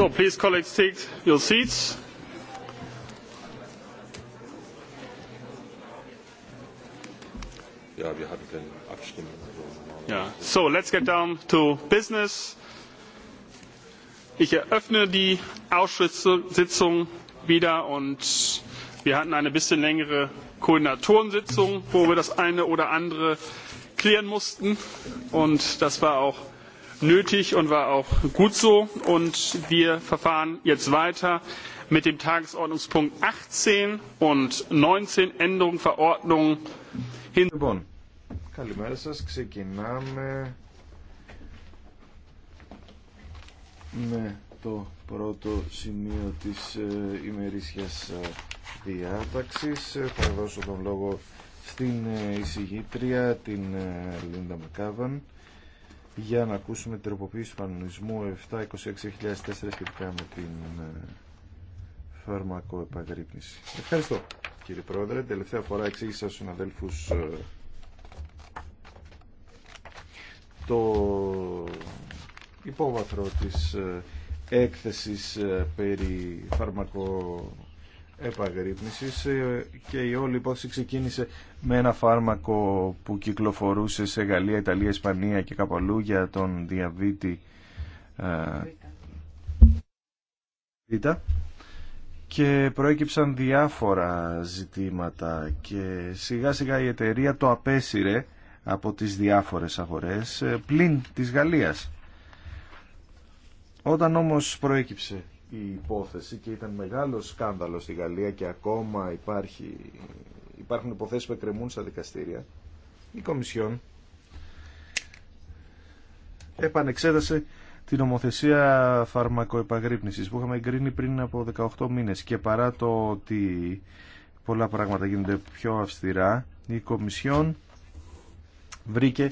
So, please, colleagues, take your seats. so, let's get down to business. Ich eröffne die Ausschusssitzung wieder und wir hatten eine bisschen längere Koordinatorensitzung, wo wir das eine oder andere klären mussten und das war auch nötig und war auch gut so. Und wir verfahren jetzt weiter mit dem Tagesordnungspunkt 18 und 19 Änderung Verordnung hin. Λοιπόν, καλημέρα σας. Ξεκινάμε με το πρώτο σημείο της ε, ημερήσιας ε, διάταξης. Ε, θα δώσω τον λόγο στην ε, εισηγήτρια, την Λίντα Μακάβαν για να ακούσουμε την τροποποίηση του κανονισμού 726-2004 σχετικά με την ε, φαρμακοεπαγρύπνηση. Ευχαριστώ κύριε Πρόεδρε. Τελευταία φορά εξήγησα στους αδέλφους ε, το υπόβαθρο της ε, έκθεσης περί φαρμακο επαγρύπνησης ε, και η όλη υπόθεση ξεκίνησε με ένα φάρμακο που κυκλοφορούσε σε Γαλλία, Ιταλία, Ισπανία και κάπου αλλού για τον διαβήτη ε, Και προέκυψαν διάφορα ζητήματα και σιγά σιγά η εταιρεία το απέσυρε από τις διάφορες αγορές ε, πλην της Γαλλίας. Όταν όμως προέκυψε η υπόθεση και ήταν μεγάλο σκάνδαλο στη Γαλλία και ακόμα υπάρχει, υπάρχουν υποθέσεις που εκκρεμούν στα δικαστήρια, η Κομισιόν επανεξέτασε την νομοθεσία φαρμακοεπαγρύπνησης που είχαμε εγκρίνει πριν από 18 μήνες και παρά το ότι πολλά πράγματα γίνονται πιο αυστηρά, η Κομισιόν βρήκε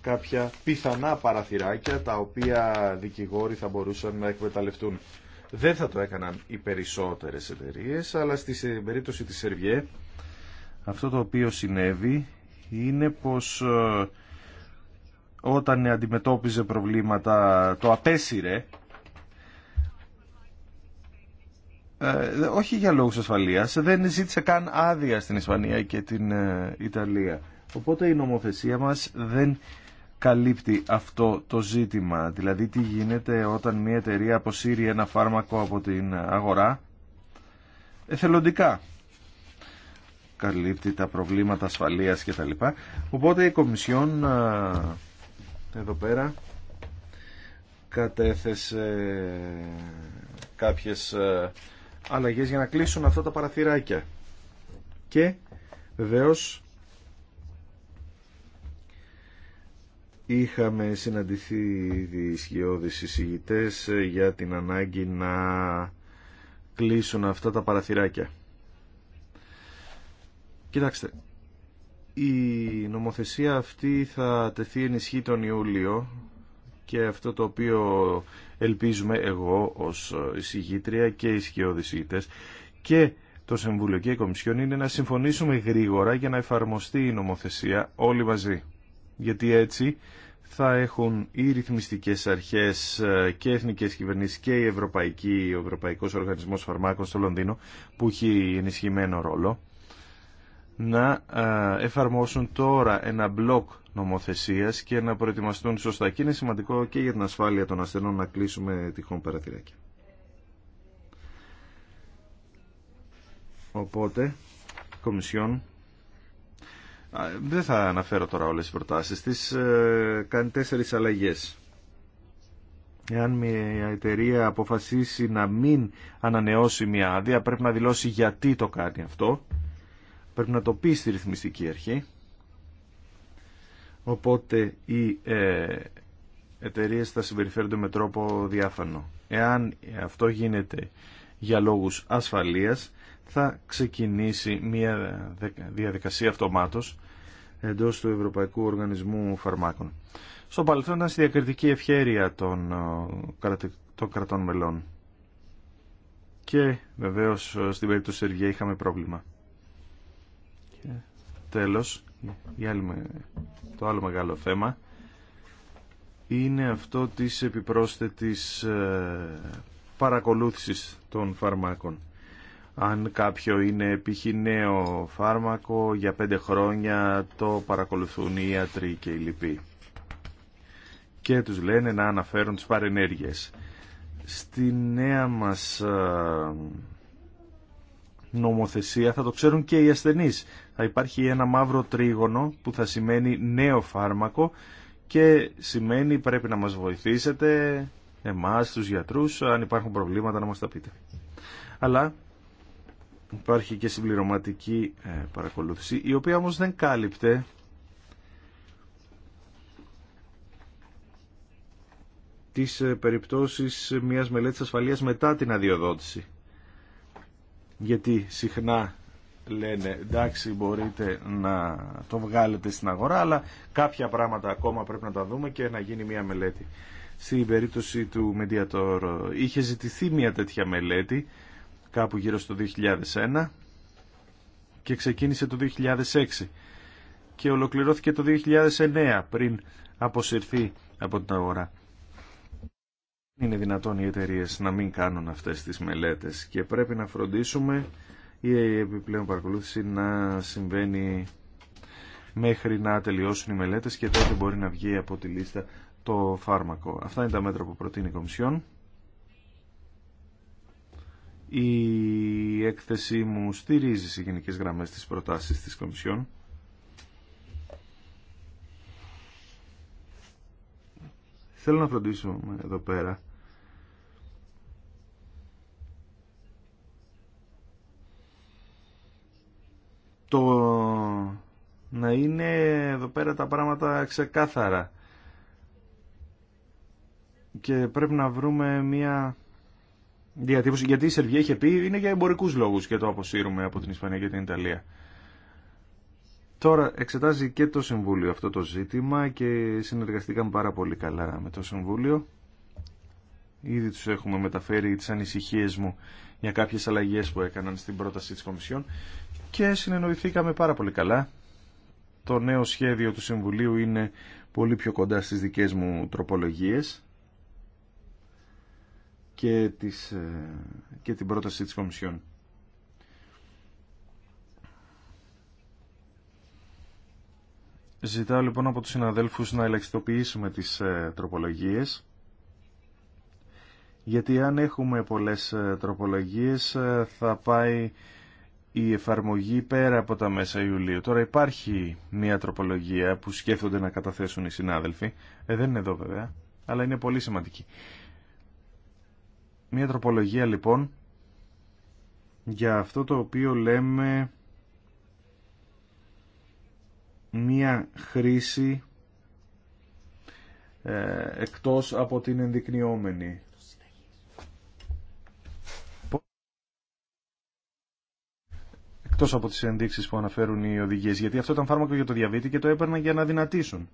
κάποια πιθανά παραθυράκια τα οποία δικηγόροι θα μπορούσαν να εκμεταλλευτούν. Δεν θα το έκαναν οι περισσότερες εταιρείε, αλλά στην περίπτωση της Σερβιέ αυτό το οποίο συνέβη είναι πως ε, όταν αντιμετώπιζε προβλήματα το απέσυρε ε, όχι για λόγους ασφαλείας, δεν ζήτησε καν άδεια στην Ισπανία και την ε, Ιταλία. Οπότε η νομοθεσία μας δεν καλύπτει αυτό το ζήτημα. Δηλαδή τι γίνεται όταν μια εταιρεία αποσύρει ένα φάρμακο από την αγορά εθελοντικά. Καλύπτει τα προβλήματα ασφαλείας λοιπά. Οπότε η Κομισιόν εδώ πέρα κατέθεσε κάποιες αλλαγές για να κλείσουν αυτά τα παραθυράκια. Και βεβαίως Είχαμε συναντηθεί οι ισχυώδεις εισηγητές για την ανάγκη να κλείσουν αυτά τα παραθυράκια. Κοιτάξτε, η νομοθεσία αυτή θα τεθεί ενισχύ τον Ιούλιο και αυτό το οποίο ελπίζουμε εγώ ως εισηγήτρια και οι εισηγητές και το Συμβούλιο και Κομισιόν είναι να συμφωνήσουμε γρήγορα για να εφαρμοστεί η νομοθεσία όλοι μαζί γιατί έτσι θα έχουν οι ρυθμιστικές αρχές ε, και εθνικές κυβερνήσεις και η Ευρωπαϊκή, ο Ευρωπαϊκός Οργανισμός Φαρμάκων στο Λονδίνο που έχει ενισχυμένο ρόλο να ε, εφαρμόσουν τώρα ένα μπλοκ νομοθεσίας και να προετοιμαστούν σωστά. Και είναι σημαντικό και για την ασφάλεια των ασθενών να κλείσουμε τυχόν παρατηράκια. Οπότε, Κομισιόν δεν θα αναφέρω τώρα όλες τις προτάσεις της. Ε, κάνει τέσσερις αλλαγές. Εάν μια εταιρεία αποφασίσει να μην ανανεώσει μια άδεια, πρέπει να δηλώσει γιατί το κάνει αυτό. Πρέπει να το πει στη ρυθμιστική αρχή. Οπότε οι ε, εταιρείε θα συμπεριφέρονται με τρόπο διάφανο. Εάν αυτό γίνεται για λόγους ασφαλείας, θα ξεκινήσει μια διαδικασία αυτομάτως εντός του Ευρωπαϊκού Οργανισμού Φαρμάκων. Στο παρελθόν ήταν στη διακριτική ευχέρεια των, κρατών μελών. Και βεβαίως στην περίπτωση του Σεργέ είχαμε πρόβλημα. Και τέλος, το άλλο μεγάλο θέμα είναι αυτό της επιπρόσθετης ε, παρακολούθησης των φαρμάκων αν κάποιο είναι π.χ. νέο φάρμακο, για πέντε χρόνια το παρακολουθούν οι ιατροί και οι λοιποί. Και τους λένε να αναφέρουν τις παρενέργειες. Στη νέα μας νομοθεσία θα το ξέρουν και οι ασθενείς. Θα υπάρχει ένα μαύρο τρίγωνο που θα σημαίνει νέο φάρμακο και σημαίνει πρέπει να μας βοηθήσετε, εμάς, τους γιατρούς, αν υπάρχουν προβλήματα να μας τα πείτε. Αλλά Υπάρχει και συμπληρωματική ε, παρακολούθηση, η οποία όμως δεν κάλυπτε τις ε, περιπτώσεις μιας μελέτης ασφαλείας μετά την αδειοδότηση. Γιατί συχνά λένε εντάξει μπορείτε να το βγάλετε στην αγορά αλλά κάποια πράγματα ακόμα πρέπει να τα δούμε και να γίνει μια μελέτη. Στην περίπτωση του Mediator ε, είχε ζητηθεί μια τέτοια μελέτη κάπου γύρω στο 2001 και ξεκίνησε το 2006 και ολοκληρώθηκε το 2009 πριν αποσυρθεί από την αγορά. Είναι δυνατόν οι εταιρείε να μην κάνουν αυτές τις μελέτες και πρέπει να φροντίσουμε η επιπλέον παρακολούθηση να συμβαίνει μέχρι να τελειώσουν οι μελέτες και τότε μπορεί να βγει από τη λίστα το φάρμακο. Αυτά είναι τα μέτρα που προτείνει η Κομισιόν. Η έκθεσή μου στηρίζει σε γενικές γραμμές τις προτάσεις της Κομισιόν. Θέλω να φροντίσουμε εδώ πέρα το να είναι εδώ πέρα τα πράγματα ξεκάθαρα και πρέπει να βρούμε μια διατύπωση, γιατί η Σερβία είχε πει είναι για εμπορικού λόγου και το αποσύρουμε από την Ισπανία και την Ιταλία. Τώρα εξετάζει και το Συμβούλιο αυτό το ζήτημα και συνεργαστήκαμε πάρα πολύ καλά με το Συμβούλιο. Ήδη τους έχουμε μεταφέρει τις ανησυχίες μου για κάποιες αλλαγές που έκαναν στην πρόταση της Κομισιόν και συνεννοηθήκαμε πάρα πολύ καλά. Το νέο σχέδιο του Συμβουλίου είναι πολύ πιο κοντά στις δικές μου τροπολογίες και, τις, ε, και την πρόταση της Κομισιόν. Ζητάω λοιπόν από τους συναδέλφους να ελεξιτοποιήσουμε τις ε, τροπολογίες γιατί αν έχουμε πολλές ε, τροπολογίες θα πάει η εφαρμογή πέρα από τα μέσα Ιουλίου. Τώρα υπάρχει μια τροπολογία που σκέφτονται να καταθέσουν οι συνάδελφοι. δεν είναι εδώ βέβαια, αλλά είναι πολύ σημαντική. Μια τροπολογία λοιπόν για αυτό το οποίο λέμε μια χρήση ε, εκτός από την ενδεικνυόμενη. Εκτός από τις ενδείξεις που αναφέρουν οι οδηγίες. Γιατί αυτό ήταν φάρμακο για το διαβήτη και το έπαιρναν για να δυνατήσουν.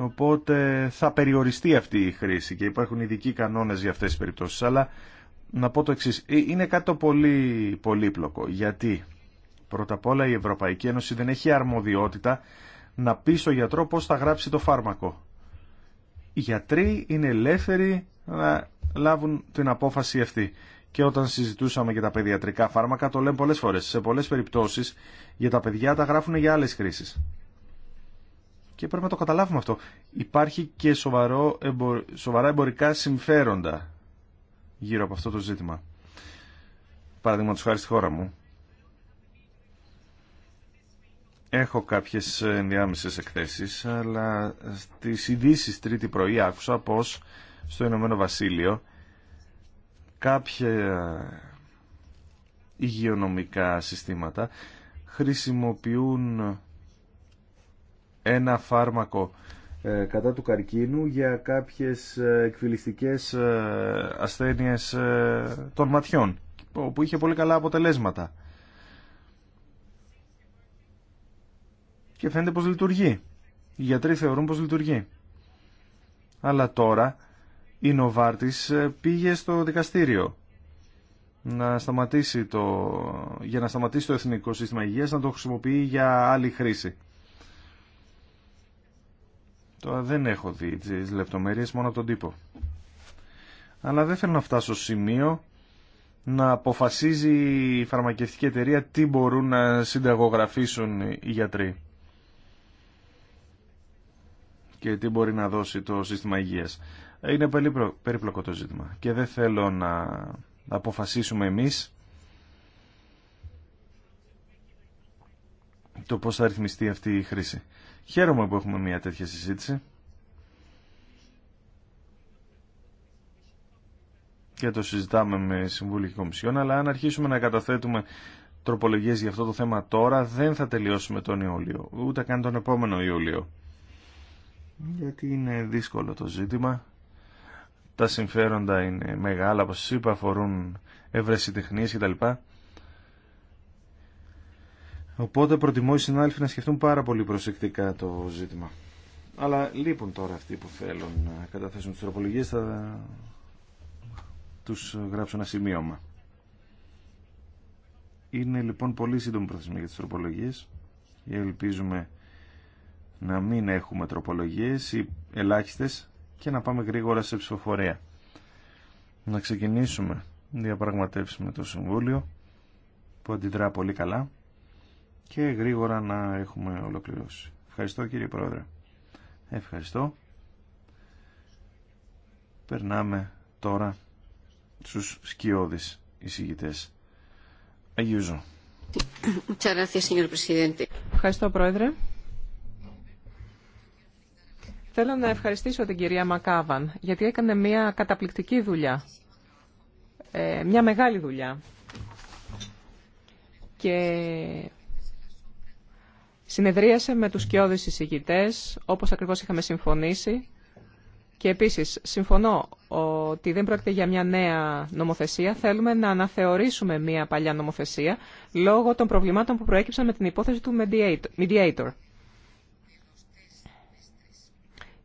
Οπότε θα περιοριστεί αυτή η χρήση και υπάρχουν ειδικοί κανόνε για αυτέ τι περιπτώσει, Αλλά να πω το εξή ε, είναι κάτι το πολύ πολύπλοκο. Γιατί πρώτα απ' όλα η Ευρωπαϊκή Ένωση δεν έχει αρμοδιότητα να πει στο γιατρό πώ θα γράψει το φάρμακο. Οι γιατροί είναι ελεύθεροι να λάβουν την απόφαση αυτή. Και όταν συζητούσαμε για τα παιδιατρικά φάρμακα, το λέμε πολλέ φορέ. Σε πολλέ περιπτώσει για τα παιδιά τα γράφουν για άλλε χρήσει και πρέπει να το καταλάβουμε αυτό. Υπάρχει και σοβαρό, σοβαρά εμπορικά συμφέροντα γύρω από αυτό το ζήτημα. Παραδείγματος χάρη στη χώρα μου. Έχω κάποιες ενδιάμεσες εκθέσεις, αλλά στις ειδήσει τρίτη πρωί άκουσα πως στο Ηνωμένο Βασίλειο κάποια υγειονομικά συστήματα χρησιμοποιούν ένα φάρμακο ε, κατά του καρκίνου για κάποιες ε, εκφυλιστικές ε, ασθένειες των ματιών που είχε πολύ καλά αποτελέσματα. Και φαίνεται πως λειτουργεί. Οι γιατροί θεωρούν πως λειτουργεί. Αλλά τώρα η Νοβάρτης πήγε στο δικαστήριο να σταματήσει το, για να σταματήσει το Εθνικό Σύστημα Υγείας να το χρησιμοποιεί για άλλη χρήση. Τώρα δεν έχω δει τις λεπτομέρειες, μόνο τον τύπο. Αλλά δεν θέλω να φτάσω στο σημείο να αποφασίζει η φαρμακευτική εταιρεία τι μπορούν να συνταγογραφήσουν οι γιατροί και τι μπορεί να δώσει το σύστημα υγείας. Είναι περίπλοκο το ζήτημα και δεν θέλω να αποφασίσουμε εμείς το πώ θα ρυθμιστεί αυτή η χρήση. Χαίρομαι που έχουμε μια τέτοια συζήτηση. Και το συζητάμε με Συμβούλη και Κομισιόν, αλλά αν αρχίσουμε να καταθέτουμε τροπολογίες για αυτό το θέμα τώρα, δεν θα τελειώσουμε τον Ιούλιο, ούτε καν τον επόμενο Ιούλιο. Γιατί είναι δύσκολο το ζήτημα. Τα συμφέροντα είναι μεγάλα, όπως σας είπα, αφορούν ευρεσιτεχνίες κτλ. Οπότε προτιμώ οι συνάδελφοι να σκεφτούν πάρα πολύ προσεκτικά το ζήτημα. Αλλά λείπουν τώρα αυτοί που θέλουν να καταθέσουν τις τροπολογίες, θα τους γράψω ένα σημείωμα. Είναι λοιπόν πολύ σύντομη προθεσμία για τις τροπολογίες. Ελπίζουμε να μην έχουμε τροπολογίες ή ελάχιστες και να πάμε γρήγορα σε ψηφοφορία. Να ξεκινήσουμε να με το Συμβούλιο που αντιδρά πολύ καλά και γρήγορα να έχουμε ολοκληρώσει. Ευχαριστώ κύριε Πρόεδρε. Ευχαριστώ. Περνάμε τώρα στους σκιώδεις εισηγητές. Αγιούζο. Ευχαριστώ Πρόεδρε. Θέλω να ευχαριστήσω την κυρία Μακάβαν γιατί έκανε μια καταπληκτική δουλειά. Ε, μια μεγάλη δουλειά. Και Συνεδρίασε με τους κοιόδης εισηγητές, όπως ακριβώς είχαμε συμφωνήσει. Και επίσης, συμφωνώ ότι δεν πρόκειται για μια νέα νομοθεσία. Θέλουμε να αναθεωρήσουμε μια παλιά νομοθεσία λόγω των προβλημάτων που προέκυψαν με την υπόθεση του mediator.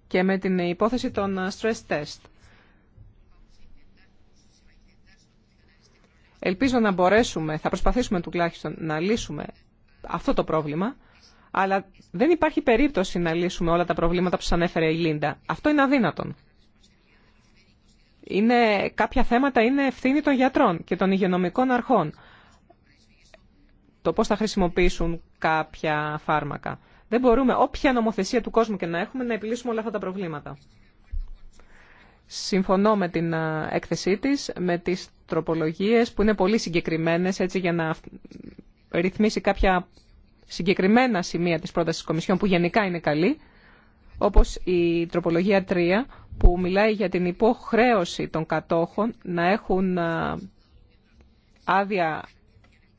Και με την υπόθεση των ε, stress test. Ελπίζω να μπορέσουμε, θα προσπαθήσουμε τουλάχιστον να λύσουμε αυτό το πρόβλημα αλλά δεν υπάρχει περίπτωση να λύσουμε όλα τα προβλήματα που σας ανέφερε η Λίντα. Αυτό είναι αδύνατον. Είναι, κάποια θέματα είναι ευθύνη των γιατρών και των υγειονομικών αρχών. Το πώς θα χρησιμοποιήσουν κάποια φάρμακα. Δεν μπορούμε, όποια νομοθεσία του κόσμου και να έχουμε, να επιλύσουμε όλα αυτά τα προβλήματα. Συμφωνώ με την έκθεσή της, με τις τροπολογίες που είναι πολύ συγκεκριμένες, έτσι για να ρυθμίσει κάποια συγκεκριμένα σημεία της πρότασης της Κομισιόν που γενικά είναι καλή, όπως η τροπολογία 3 που μιλάει για την υποχρέωση των κατόχων να έχουν άδεια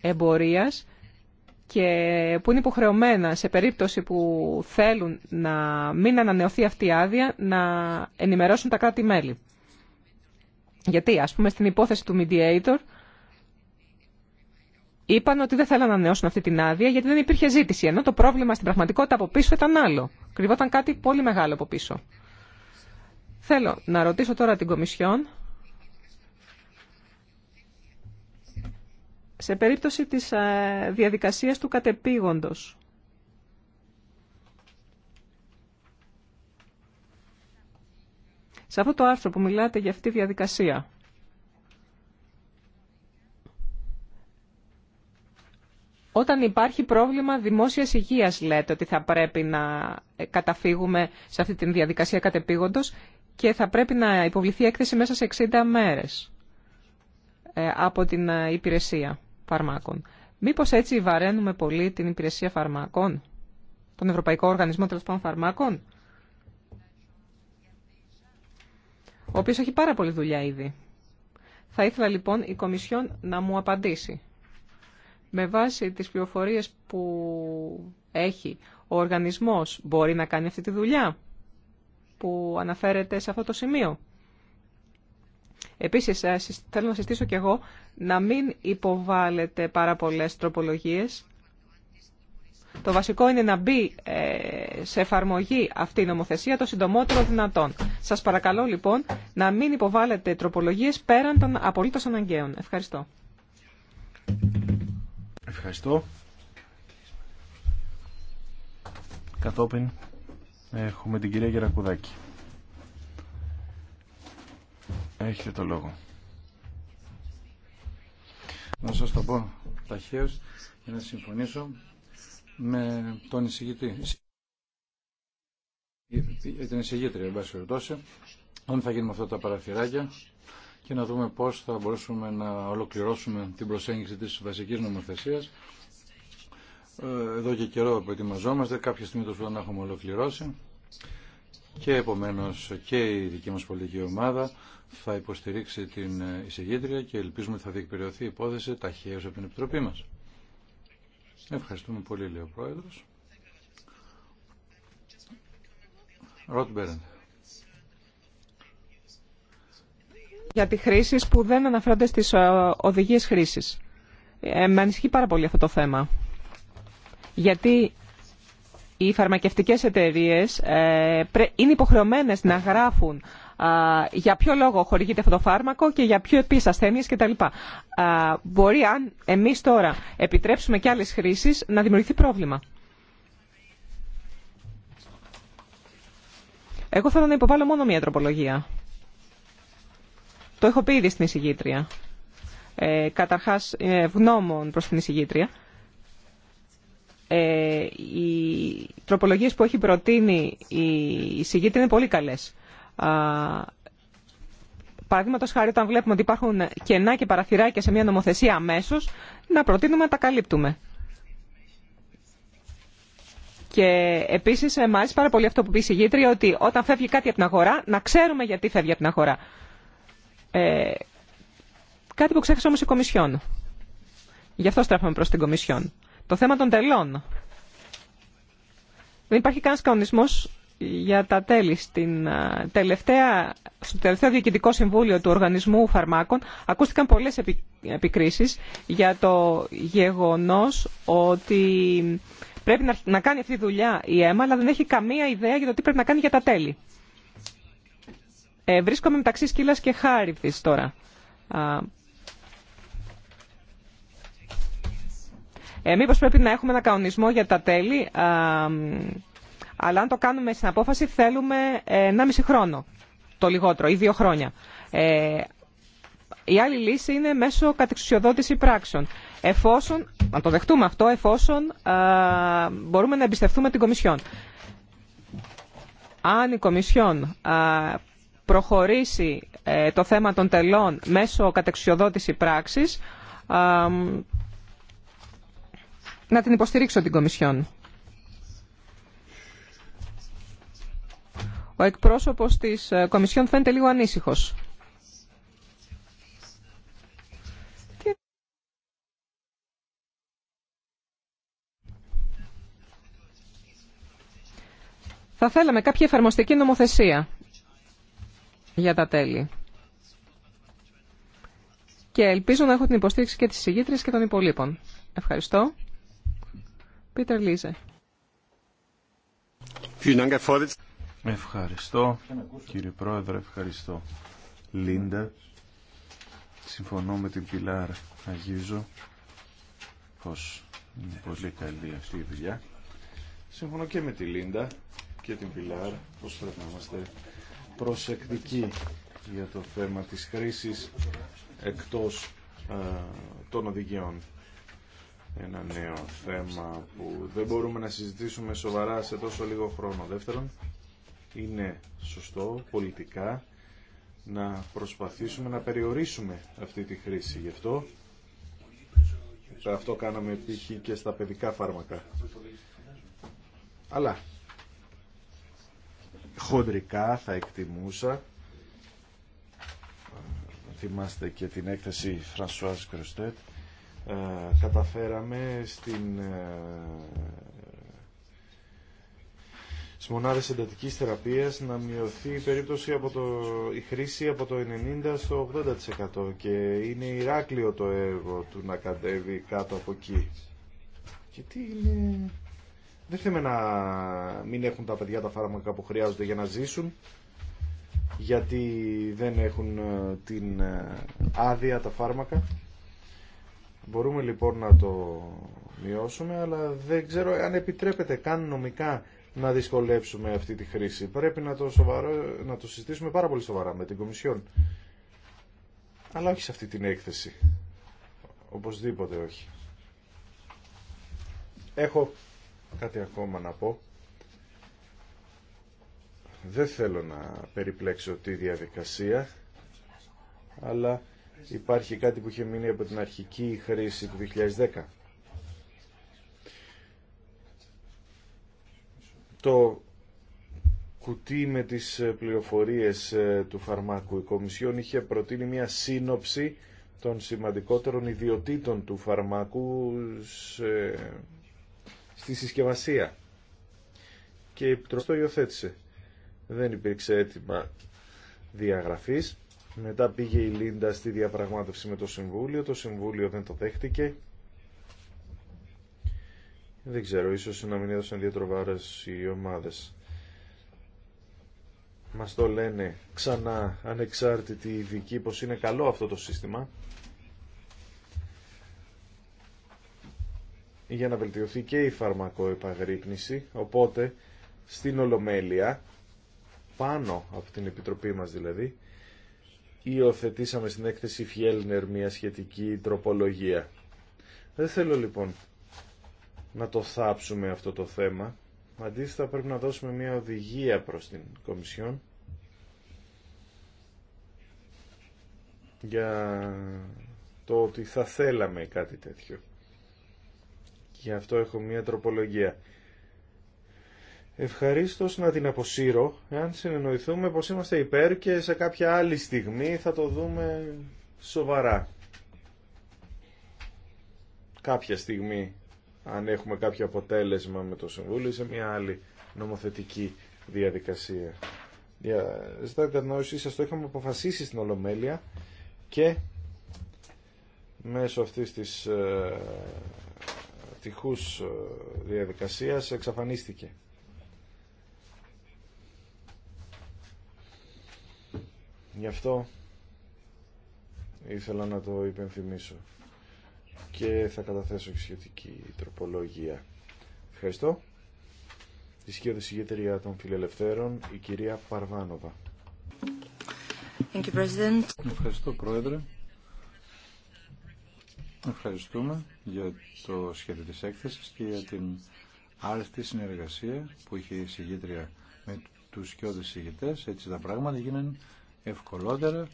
εμπορίας και που είναι υποχρεωμένα σε περίπτωση που θέλουν να μην ανανεωθεί αυτή η άδεια να ενημερώσουν τα κράτη-μέλη. Γιατί, ας πούμε, στην υπόθεση του mediator είπαν ότι δεν θέλαν να ανανεώσουν αυτή την άδεια γιατί δεν υπήρχε ζήτηση. Ενώ το πρόβλημα στην πραγματικότητα από πίσω ήταν άλλο. Κρυβόταν κάτι πολύ μεγάλο από πίσω. Θέλω να ρωτήσω τώρα την Κομισιόν. Σε περίπτωση της ε, διαδικασίας του κατεπήγοντος. Σε αυτό το άρθρο που μιλάτε για αυτή τη διαδικασία. Όταν υπάρχει πρόβλημα δημόσιας υγείας λέτε ότι θα πρέπει να ε, καταφύγουμε σε αυτή τη διαδικασία κατεπήγοντος και θα πρέπει να υποβληθεί έκθεση μέσα σε 60 μέρες ε, από την ε, υπηρεσία φαρμάκων. Μήπως έτσι βαραίνουμε πολύ την υπηρεσία φαρμάκων, τον Ευρωπαϊκό Οργανισμό Τελεσπών Φαρμάκων, ο οποίος έχει πάρα πολλή δουλειά ήδη. Θα ήθελα λοιπόν η Κομισιόν να μου απαντήσει. Με βάση τις πληροφορίες που έχει, ο οργανισμός μπορεί να κάνει αυτή τη δουλειά που αναφέρεται σε αυτό το σημείο. Επίσης, ε, θέλω να συστήσω και εγώ να μην υποβάλλετε πάρα πολλές τροπολογίες. Το βασικό είναι να μπει ε, σε εφαρμογή αυτή η νομοθεσία το συντομότερο δυνατόν. Σας παρακαλώ λοιπόν να μην υποβάλλετε τροπολογίες πέραν των απολύτως αναγκαίων. Ευχαριστώ. Ευχαριστώ. Κατόπιν έχουμε την κυρία Γερακουδάκη. Έχετε το λόγο. Να σας το πω ταχαίως για να συμφωνήσω με τον εισηγητή. Την εισηγήτρια, εν πάση περιπτώσει, αν θα γίνουμε αυτά τα παραθυράκια και να δούμε πώς θα μπορέσουμε να ολοκληρώσουμε την προσέγγιση της βασικής νομοθεσίας. Ε, εδώ και καιρό προετοιμαζόμαστε, κάποια στιγμή το να έχουμε ολοκληρώσει και επομένως και η δική μας πολιτική ομάδα θα υποστηρίξει την εισηγήτρια και ελπίζουμε ότι θα διεκπαιρεωθεί η υπόθεση ταχαίως από την Επιτροπή μας. Ευχαριστούμε πολύ, λέει Πρόεδρος. Ροτ για τη χρήση που δεν αναφέρονται στις ε, οδηγίες χρήσης. Ε, με ανησυχεί πάρα πολύ αυτό το θέμα. Γιατί οι φαρμακευτικές εταιρείες ε, είναι υποχρεωμένες να γράφουν για ποιο λόγο χορηγείται αυτό το φάρμακο και για ποιο επίσης ασθένειες κτλ. Μπορεί αν εμείς τώρα επιτρέψουμε και άλλες χρήσεις να δημιουργηθεί πρόβλημα. Εγώ θέλω να υποβάλω μόνο μία τροπολογία. Το έχω πει ήδη στην εισηγήτρια. Ε, καταρχάς, ε, ευγνώμων προς την εισηγήτρια. Ε, οι τροπολογίες που έχει προτείνει η εισηγήτρια είναι πολύ καλές. Παραδείγματο χάρη, όταν βλέπουμε ότι υπάρχουν κενά και παραθυράκια σε μια νομοθεσία αμέσω, να προτείνουμε να τα καλύπτουμε. Και επίση, ε, μου αρέσει πάρα πολύ αυτό που πει η εισηγήτρια ότι όταν φεύγει κάτι από την αγορά, να ξέρουμε γιατί φεύγει από την αγορά. Ε, κάτι που ξέχασε όμως η Κομισιόν. Γι' αυτό στράφαμε προς την Κομισιόν. Το θέμα των τελών. Δεν υπάρχει καν κανονισμός για τα τέλη. Στην ε, τελευταία, στο τελευταίο Διοικητικό Συμβούλιο του Οργανισμού Φαρμάκων ακούστηκαν πολλές επικρίσεις για το γεγονός ότι πρέπει να κάνει αυτή τη δουλειά η ΕΜΑ, αλλά δεν έχει καμία ιδέα για το τι πρέπει να κάνει για τα τέλη. Ε, βρίσκομαι μεταξύ Σκύλας και Χάριφης τώρα. Ε, μήπως πρέπει να έχουμε ένα καονισμό για τα τέλη, αλλά αν το κάνουμε στην απόφαση θέλουμε ε, ένα μισή χρόνο, το λιγότερο, ή δύο χρόνια. Ε, η άλλη λύση είναι μέσω κατεξουσιοδότηση πράξεων. Εφόσον, να το δεχτούμε αυτό, εφόσον μπορούμε να εμπιστευτούμε την Κομισιόν. Αν η Κομισιόν προχωρήσει ε, το θέμα των τελών μέσω κατεξιοδότηση πράξης, να την υποστηρίξω την Κομισιόν. Ο εκπρόσωπος της ε, Κομισιόν φαίνεται λίγο ανήσυχος. Θα θέλαμε κάποια εφαρμοστική νομοθεσία για τα τέλη. Και ελπίζω να έχω την υποστήριξη και της συγγήτρια και των υπολείπων. Ευχαριστώ. Πίτερ Λίζε. Ευχαριστώ κύριε Πρόεδρε, ευχαριστώ Λίντα. Συμφωνώ με την Πιλάρ Αγίζο πως είναι πολύ καλή αυτή η δουλειά. Συμφωνώ και με τη Λίντα και την Πιλάρ πως πρέπει να είμαστε προσεκτική για το θέμα της χρήσης εκτός ε, των οδηγιών. Ένα νέο θέμα που δεν μπορούμε να συζητήσουμε σοβαρά σε τόσο λίγο χρόνο. Δεύτερον, είναι σωστό πολιτικά να προσπαθήσουμε να περιορίσουμε αυτή τη χρήση. Γι' αυτό αυτό κάναμε π.χ. και στα παιδικά φάρμακα. Αλλά χοντρικά θα εκτιμούσα θυμάστε και την έκθεση Φρανσουάζ Κροστέτ ε, καταφέραμε στην ε, στις μονάδες εντατικής θεραπείας να μειωθεί η περίπτωση από το, η χρήση από το 90% στο 80% και είναι Ηράκλειο το έργο του να κατέβει κάτω από εκεί. Και τι είναι δεν θέλουμε να μην έχουν τα παιδιά τα φάρμακα που χρειάζονται για να ζήσουν, γιατί δεν έχουν ε, την ε, άδεια τα φάρμακα. Μπορούμε λοιπόν να το μειώσουμε, αλλά δεν ξέρω αν επιτρέπεται καν νομικά να δυσκολέψουμε αυτή τη χρήση. Πρέπει να το, να το συζητήσουμε πάρα πολύ σοβαρά με την Κομισιόν. Αλλά όχι σε αυτή την έκθεση. Οπωσδήποτε όχι. Έχω κάτι ακόμα να πω. Δεν θέλω να περιπλέξω τη διαδικασία, αλλά υπάρχει κάτι που είχε μείνει από την αρχική χρήση του 2010. Το κουτί με τις πληροφορίες ε, του φαρμάκου η Κομισιόν είχε προτείνει μια σύνοψη των σημαντικότερων ιδιωτήτων του φαρμάκου στη συσκευασία. Και η Επιτροπή το υιοθέτησε. Δεν υπήρξε έτοιμα διαγραφής. Μετά πήγε η Λίντα στη διαπραγμάτευση με το Συμβούλιο. Το Συμβούλιο δεν το δέχτηκε. Δεν ξέρω, ίσως να μην έδωσαν ιδιαίτερο οι ομάδες. Μας το λένε ξανά ανεξάρτητοι ειδικοί πως είναι καλό αυτό το σύστημα για να βελτιωθεί και η φαρμακοεπαγρύπνηση, οπότε στην Ολομέλεια, πάνω από την Επιτροπή μας δηλαδή, υιοθετήσαμε στην έκθεση Φιέλνερ μια σχετική τροπολογία. Δεν θέλω λοιπόν να το θάψουμε αυτό το θέμα. Αντίθετα πρέπει να δώσουμε μια οδηγία προς την Κομισιόν για το ότι θα θέλαμε κάτι τέτοιο. Γι' αυτό έχω μία τροπολογία. Ευχαρίστως να την αποσύρω, εάν συνεννοηθούμε πως είμαστε υπέρ και σε κάποια άλλη στιγμή θα το δούμε σοβαρά. Κάποια στιγμή, αν έχουμε κάποιο αποτέλεσμα με το Συμβούλιο σε μια άλλη νομοθετική διαδικασία. Για... Ζητάω κατανόηση, σας το είχαμε αποφασίσει στην Ολομέλεια και μέσω αυτής της ε, ευτυχούς ε, διαδικασίας εξαφανίστηκε. Γι' αυτό ήθελα να το υπενθυμίσω και θα καταθέσω και σχετική τροπολογία. Ευχαριστώ. Τη σχεδόν των φιλελευθέρων, η κυρία Παρβάνοβα. President. Ευχαριστώ, Πρόεδρε. Ευχαριστούμε για το σχέδιο της έκθεσης και για την άρεστη συνεργασία που είχε η συγγήτρια με τους σκιώδες συγγητές. Έτσι τα πράγματα γίνανε ευκολότερα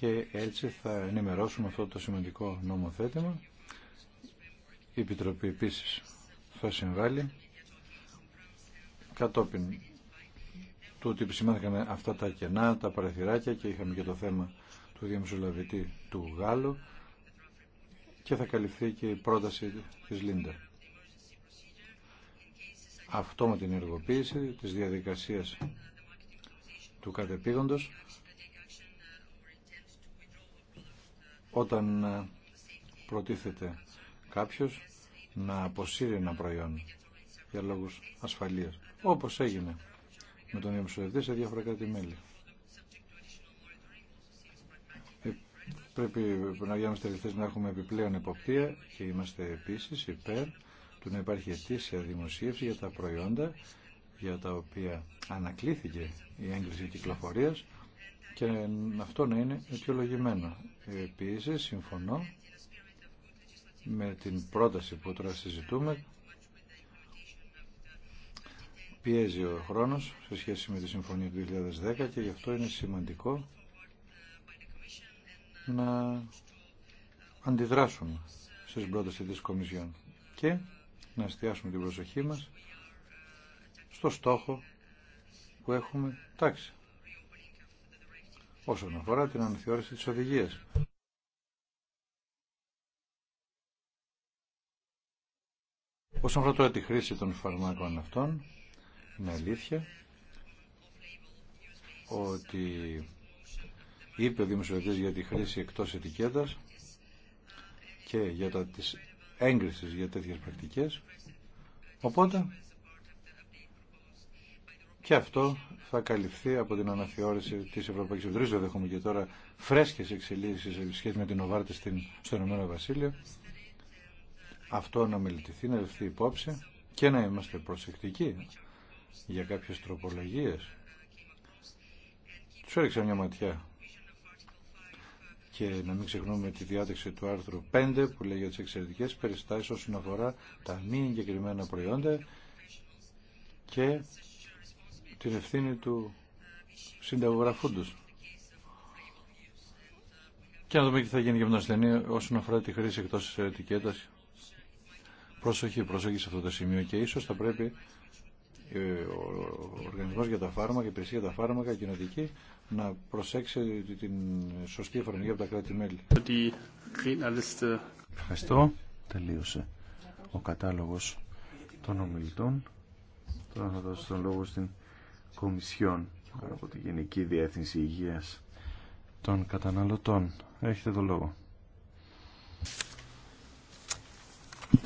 και έτσι θα ενημερώσουμε αυτό το σημαντικό νομοθέτημα. Η Επιτροπή επίσης θα συμβάλλει κατόπιν του ότι επισημάθηκαν αυτά τα κενά, τα παραθυράκια και είχαμε και το θέμα του διαμεσολαβητή του Γάλλου και θα καλυφθεί και η πρόταση της Λίντα. Αυτό με την ενεργοποίηση της διαδικασίας του κατεπήγοντος όταν προτίθεται κάποιος να αποσύρει ένα προϊόν για λόγους ασφαλείας, όπως έγινε με τον Ιεμισοδευτή σε διάφορα κράτη-μέλη. Πρέπει να είμαστε να έχουμε επιπλέον εποπτεία και είμαστε επίσης υπέρ του να υπάρχει αιτήσια δημοσίευση για τα προϊόντα για τα οποία ανακλήθηκε η έγκριση κυκλοφορίας και αυτό να είναι αιτιολογημένο. Επίσης, συμφωνώ με την πρόταση που τώρα συζητούμε. Πιέζει ο χρόνος σε σχέση με τη Συμφωνία του 2010 και γι' αυτό είναι σημαντικό να αντιδράσουμε στις πρόταση της Κομισιόν και να εστιάσουμε την προσοχή μας στο στόχο που έχουμε τάξει όσον αφορά την αναθεώρηση της οδηγίας. Όσον αφορά τώρα τη χρήση των φαρμάκων αυτών, είναι αλήθεια ότι είπε ο για τη χρήση εκτός ετικέτας και για τα τις έγκρισης για τέτοιες πρακτικές. Οπότε και αυτό θα καλυφθεί από την αναθεώρηση της Ευρωπαϊκής Επιτροπή. Δεν έχουμε και τώρα φρέσκες εξελίξει σχετικά σχέση με την Οβάρτη στην, στο Ηνωμένο Βασίλειο. Αυτό να μελετηθεί, να ληφθεί υπόψη και να είμαστε προσεκτικοί για κάποιε τροπολογίε. Του έριξα μια ματιά και να μην ξεχνούμε τη διάταξη του άρθρου 5 που λέει για τις εξαιρετικές περιστάσεις όσον αφορά τα μη εγκεκριμένα προϊόντα και την ευθύνη του τους Και να δούμε τι θα γίνει για τον ασθενή όσον αφορά τη χρήση εκτός της ετικέτας. Προσοχή, προσοχή σε αυτό το σημείο και ίσως θα πρέπει ε, ο Οργανισμός για τα Φάρμακα, η Υπηρεσία για τα Φάρμακα, κοινοτική, να προσέξει την σωστή εφαρμογή από τα κράτη-μέλη. Ευχαριστώ. Τελείωσε ο κατάλογος των ομιλητών. Τώρα θα δώσω τον λόγο στην Κομισιόν από τη Γενική Διεύθυνση Υγείας των Καταναλωτών. Έχετε τον λόγο.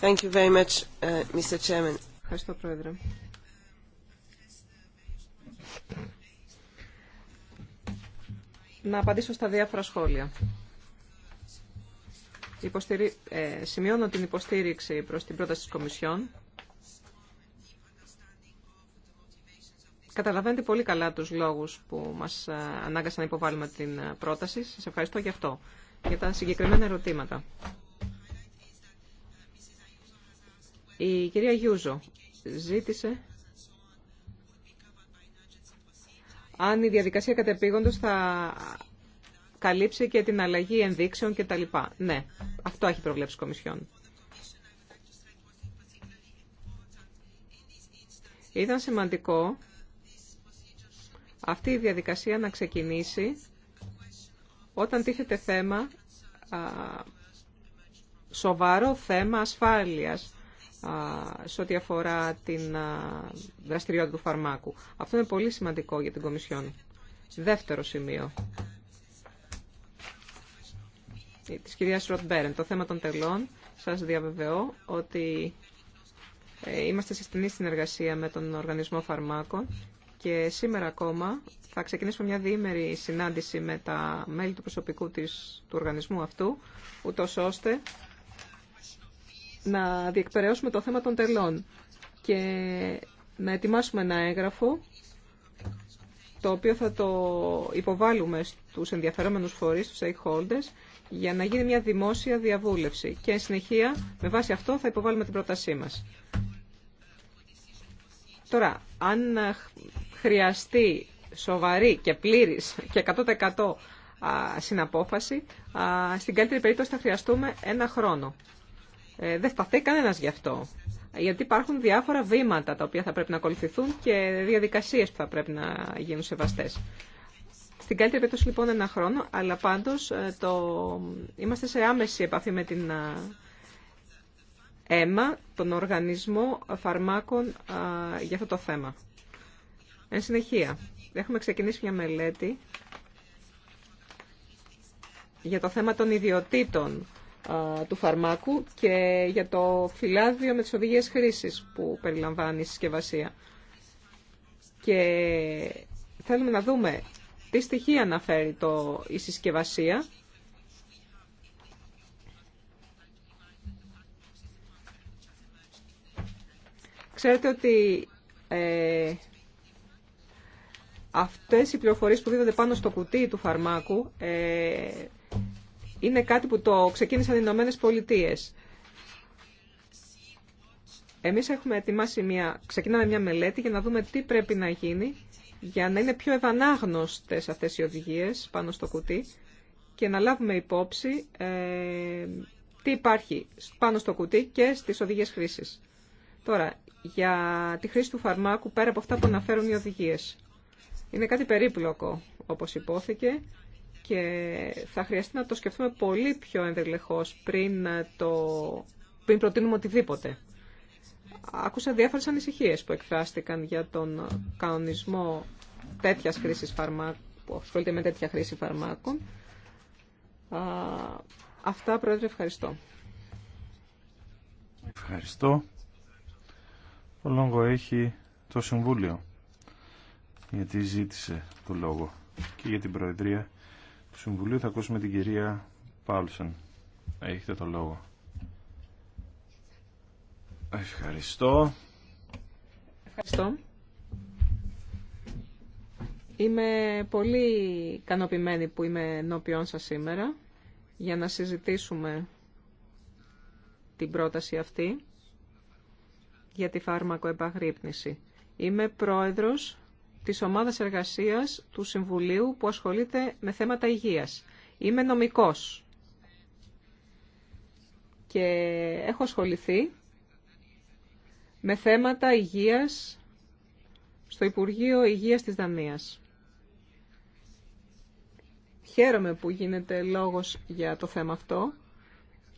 Thank you very much, uh, Mr. Chairman. Ευχαριστώ, Πρόεδρε να απαντήσω στα διάφορα σχόλια. Υποστηρι... Ε, σημειώνω την υποστήριξη προς την πρόταση της Κομισιόν. Καταλαβαίνετε πολύ καλά τους λόγους που μας ε, ανάγκασαν να υποβάλουμε την ε, πρόταση. Σας ευχαριστώ για αυτό, για τα συγκεκριμένα ερωτήματα. Η κυρία Γιούζο ζήτησε αν η διαδικασία κατεπήγοντος θα καλύψει και την αλλαγή ενδείξεων κτλ. Ναι, αυτό έχει προβλέψει η Κομισιόν. Ήταν σημαντικό αυτή η διαδικασία να ξεκινήσει όταν τίθεται θέμα, σοβαρό θέμα ασφάλειας σε ό,τι αφορά την δραστηριότητα του φαρμάκου. Αυτό είναι πολύ σημαντικό για την Κομισιόν. Δεύτερο σημείο ε, της κυρίας Ροτμπέρεν, το θέμα των τελών. Σας διαβεβαιώ ότι ε, είμαστε σε στενή συνεργασία με τον Οργανισμό Φαρμάκων και σήμερα ακόμα θα ξεκινήσουμε μια διήμερη συνάντηση με τα μέλη του προσωπικού της, του οργανισμού αυτού, ούτως ώστε να διεκπαιρεώσουμε το θέμα των τελών και να ετοιμάσουμε ένα έγγραφο το οποίο θα το υποβάλουμε στους ενδιαφερόμενους φορείς, στους stakeholders, για να γίνει μια δημόσια διαβούλευση. Και, εν συνεχεία, με βάση αυτό θα υποβάλουμε την πρότασή μας. Τώρα, αν χρειαστεί σοβαρή και πλήρης και 100% συναπόφαση, στην καλύτερη περίπτωση θα χρειαστούμε ένα χρόνο. Ε, δεν σταθεί κανένας γι' αυτό. Γιατί υπάρχουν διάφορα βήματα τα οποία θα πρέπει να ακολουθηθούν και διαδικασίες που θα πρέπει να γίνουν σεβαστές. Στην καλύτερη περίπτωση λοιπόν ένα χρόνο, αλλά πάντως ε, το... είμαστε σε άμεση επαφή με την ε, αίμα, τον οργανισμό φαρμάκων για αυτό το θέμα. Εν συνεχεία, έχουμε ξεκινήσει μια μελέτη για το θέμα των ιδιωτήτων του φαρμάκου και για το φυλάδιο με τις οδηγίες χρήσης που περιλαμβάνει η συσκευασία. Και θέλουμε να δούμε τι στοιχεία αναφέρει το, η συσκευασία Ξέρετε ότι ε, αυτές οι πληροφορίες που δίδονται πάνω στο κουτί του φαρμάκου ε, είναι κάτι που το ξεκίνησαν οι Ηνωμένε Πολιτείε. Εμείς έχουμε ετοιμάσει μια, ξεκινάμε μια μελέτη για να δούμε τι πρέπει να γίνει για να είναι πιο ευανάγνωστες αυτές οι οδηγίες πάνω στο κουτί και να λάβουμε υπόψη ε, τι υπάρχει πάνω στο κουτί και στις οδηγίες χρήσης. Τώρα, για τη χρήση του φαρμάκου πέρα από αυτά που αναφέρουν οι οδηγίες. Είναι κάτι περίπλοκο, όπως υπόθηκε και θα χρειαστεί να το σκεφτούμε πολύ πιο ενδελεχώς πριν, το... πριν προτείνουμε οτιδήποτε. Άκουσα διάφορες ανησυχίες που εκφράστηκαν για τον κανονισμό τέτοιας χρήσης φαρμάκων, που ασχολείται με τέτοια χρήση φαρμάκων. αυτά, Πρόεδρε, ευχαριστώ. Ευχαριστώ. Ο λόγο έχει το Συμβούλιο, γιατί ζήτησε το λόγο και για την Προεδρία του Συμβουλίου θα ακούσουμε την κυρία Πάουλσον. Έχετε το λόγο. Ευχαριστώ. Ευχαριστώ. Είμαι πολύ ικανοποιημένη που είμαι ενώπιόν σας σήμερα για να συζητήσουμε την πρόταση αυτή για τη φάρμακο επαγρύπνηση. Είμαι πρόεδρος της ομάδας εργασίας του Συμβουλίου που ασχολείται με θέματα υγείας. Είμαι νομικός και έχω ασχοληθεί με θέματα υγείας στο Υπουργείο Υγείας της Δανίας. Χαίρομαι που γίνεται λόγος για το θέμα αυτό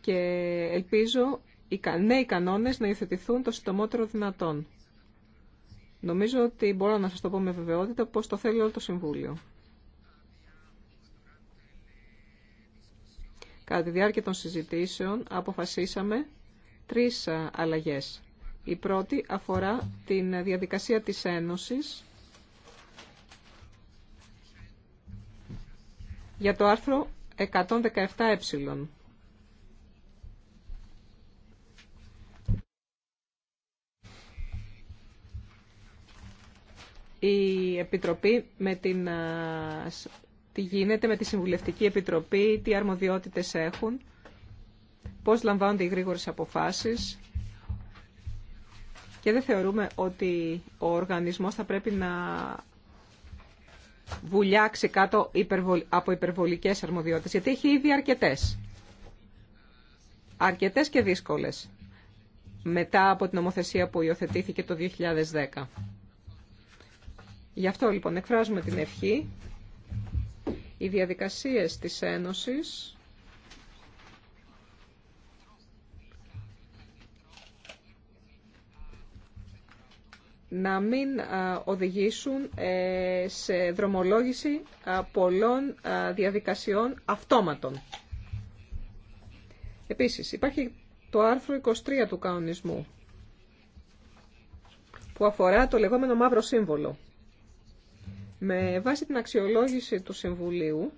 και ελπίζω οι νέοι κανόνες να υιοθετηθούν το συντομότερο δυνατόν. Νομίζω ότι μπορώ να σας το πω με βεβαιότητα πως το θέλει όλο το Συμβούλιο. Κατά τη διάρκεια των συζητήσεων αποφασίσαμε τρεις αλλαγές. Η πρώτη αφορά την διαδικασία της Ένωσης για το άρθρο 117 ε. η Επιτροπή με την, τι γίνεται με τη Συμβουλευτική Επιτροπή, τι αρμοδιότητες έχουν, πώς λαμβάνονται οι γρήγορες αποφάσεις και δεν θεωρούμε ότι ο οργανισμός θα πρέπει να βουλιάξει κάτω από υπερβολικές αρμοδιότητες, γιατί έχει ήδη αρκετές. Αρκετές και δύσκολες μετά από την νομοθεσία που υιοθετήθηκε το 2010. Γι' αυτό λοιπόν εκφράζουμε την ευχή οι διαδικασίες της Ένωσης να μην οδηγήσουν ε, σε δρομολόγηση πολλών διαδικασιών αυτόματων. Επίσης, υπάρχει το άρθρο 23 του κανονισμού που αφορά το λεγόμενο μαύρο σύμβολο. Με βάση την αξιολόγηση του Συμβουλίου,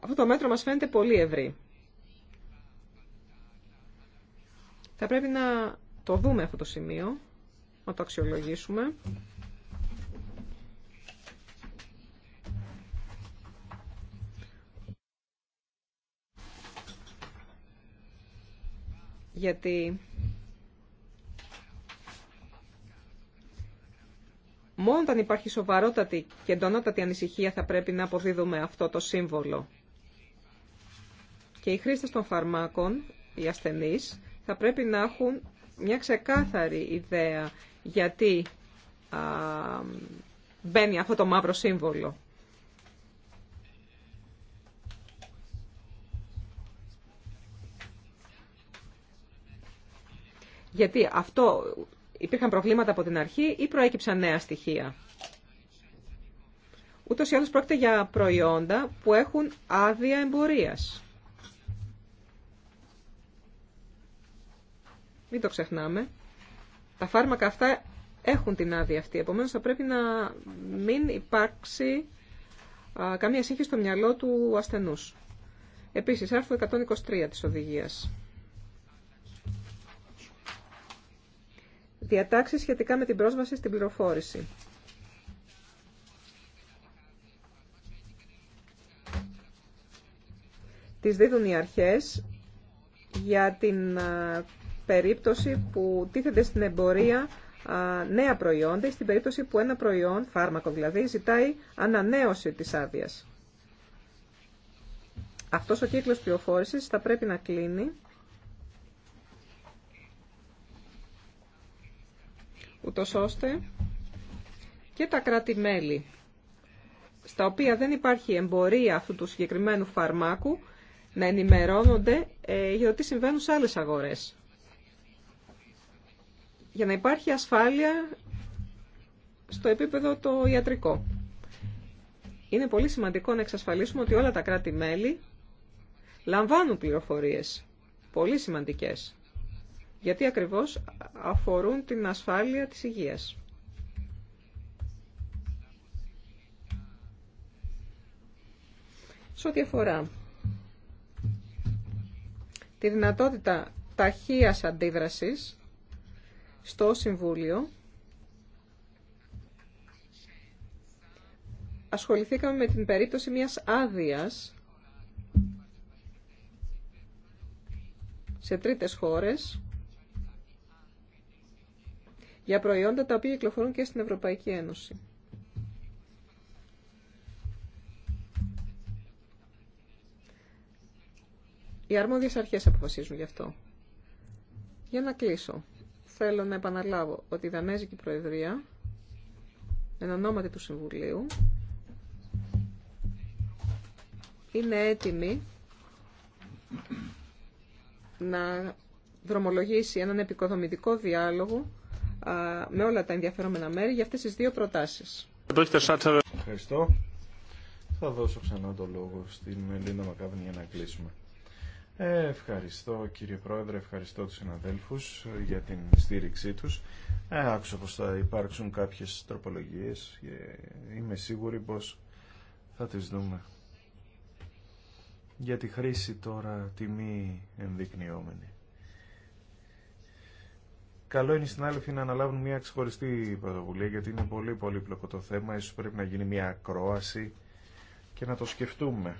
αυτό το μέτρο μας φαίνεται πολύ ευρύ. Θα πρέπει να το δούμε αυτό το σημείο, να το αξιολογήσουμε. Γιατί Μόνο όταν υπάρχει σοβαρότατη και εντονότατη ανησυχία θα πρέπει να αποδίδουμε αυτό το σύμβολο. Και οι χρήστες των φαρμάκων, οι ασθενείς, θα πρέπει να έχουν μια ξεκάθαρη ιδέα γιατί α, μπαίνει αυτό το μαύρο σύμβολο. Γιατί αυτό υπήρχαν προβλήματα από την αρχή ή προέκυψαν νέα στοιχεία. Ούτως ή άλλως πρόκειται για προϊόντα που έχουν άδεια εμπορίας. Μην το ξεχνάμε. Τα φάρμακα αυτά έχουν την άδεια αυτή. Επομένως θα πρέπει να μην υπάρξει καμία σύγχυση στο μυαλό του ασθενούς. Επίσης, άρθρο 123 της οδηγίας. Διατάξει σχετικά με την πρόσβαση στην πληροφόρηση. Τις δίδουν οι αρχές για την περίπτωση που τίθεται στην εμπορία νέα προϊόντα ή στην περίπτωση που ένα προϊόν, φάρμακο δηλαδή, ζητάει ανανέωση της άδειας. Αυτός ο κύκλος πληροφόρησης θα πρέπει να κλείνει ούτως ώστε και τα κράτη-μέλη στα οποία δεν υπάρχει εμπορία αυτού του συγκεκριμένου φαρμάκου να ενημερώνονται ε, για το τι συμβαίνουν σε άλλες αγορές. Για να υπάρχει ασφάλεια στο επίπεδο το ιατρικό. Είναι πολύ σημαντικό να εξασφαλίσουμε ότι όλα τα κράτη-μέλη λαμβάνουν πληροφορίες πολύ σημαντικές γιατί ακριβώς αφορούν την ασφάλεια της υγείας. Σε ό,τι αφορά τη δυνατότητα ταχείας αντίδρασης στο Συμβούλιο, ασχοληθήκαμε με την περίπτωση μιας άδειας σε τρίτες χώρες για προϊόντα τα οποία κυκλοφορούν και στην Ευρωπαϊκή Ένωση. Οι αρμόδιες αρχές αποφασίζουν γι' αυτό. Για να κλείσω, θέλω να επαναλάβω ότι η Δανέζικη Προεδρία, εν ονόματι του Συμβουλίου, είναι έτοιμη να δρομολογήσει έναν επικοδομητικό διάλογο με όλα τα ενδιαφερόμενα μέρη για αυτές τις δύο προτάσεις. Ευχαριστώ. Θα δώσω ξανά το λόγο στην Ελίνα Μακάβνη για να κλείσουμε. Ε, ευχαριστώ κύριε Πρόεδρε, ευχαριστώ τους συναδέλφους ε, για την στήριξή τους. Ε, άκουσα πως θα υπάρξουν κάποιες τροπολογίες. είμαι σίγουρη πως θα τις δούμε. Για τη χρήση τώρα τιμή ενδεικνυόμενη καλό είναι οι συνάδελφοι να αναλάβουν μια ξεχωριστή πρωτοβουλία γιατί είναι πολύ πολύ πολύπλοκο το θέμα. Ίσως πρέπει να γίνει μια ακρόαση και να το σκεφτούμε.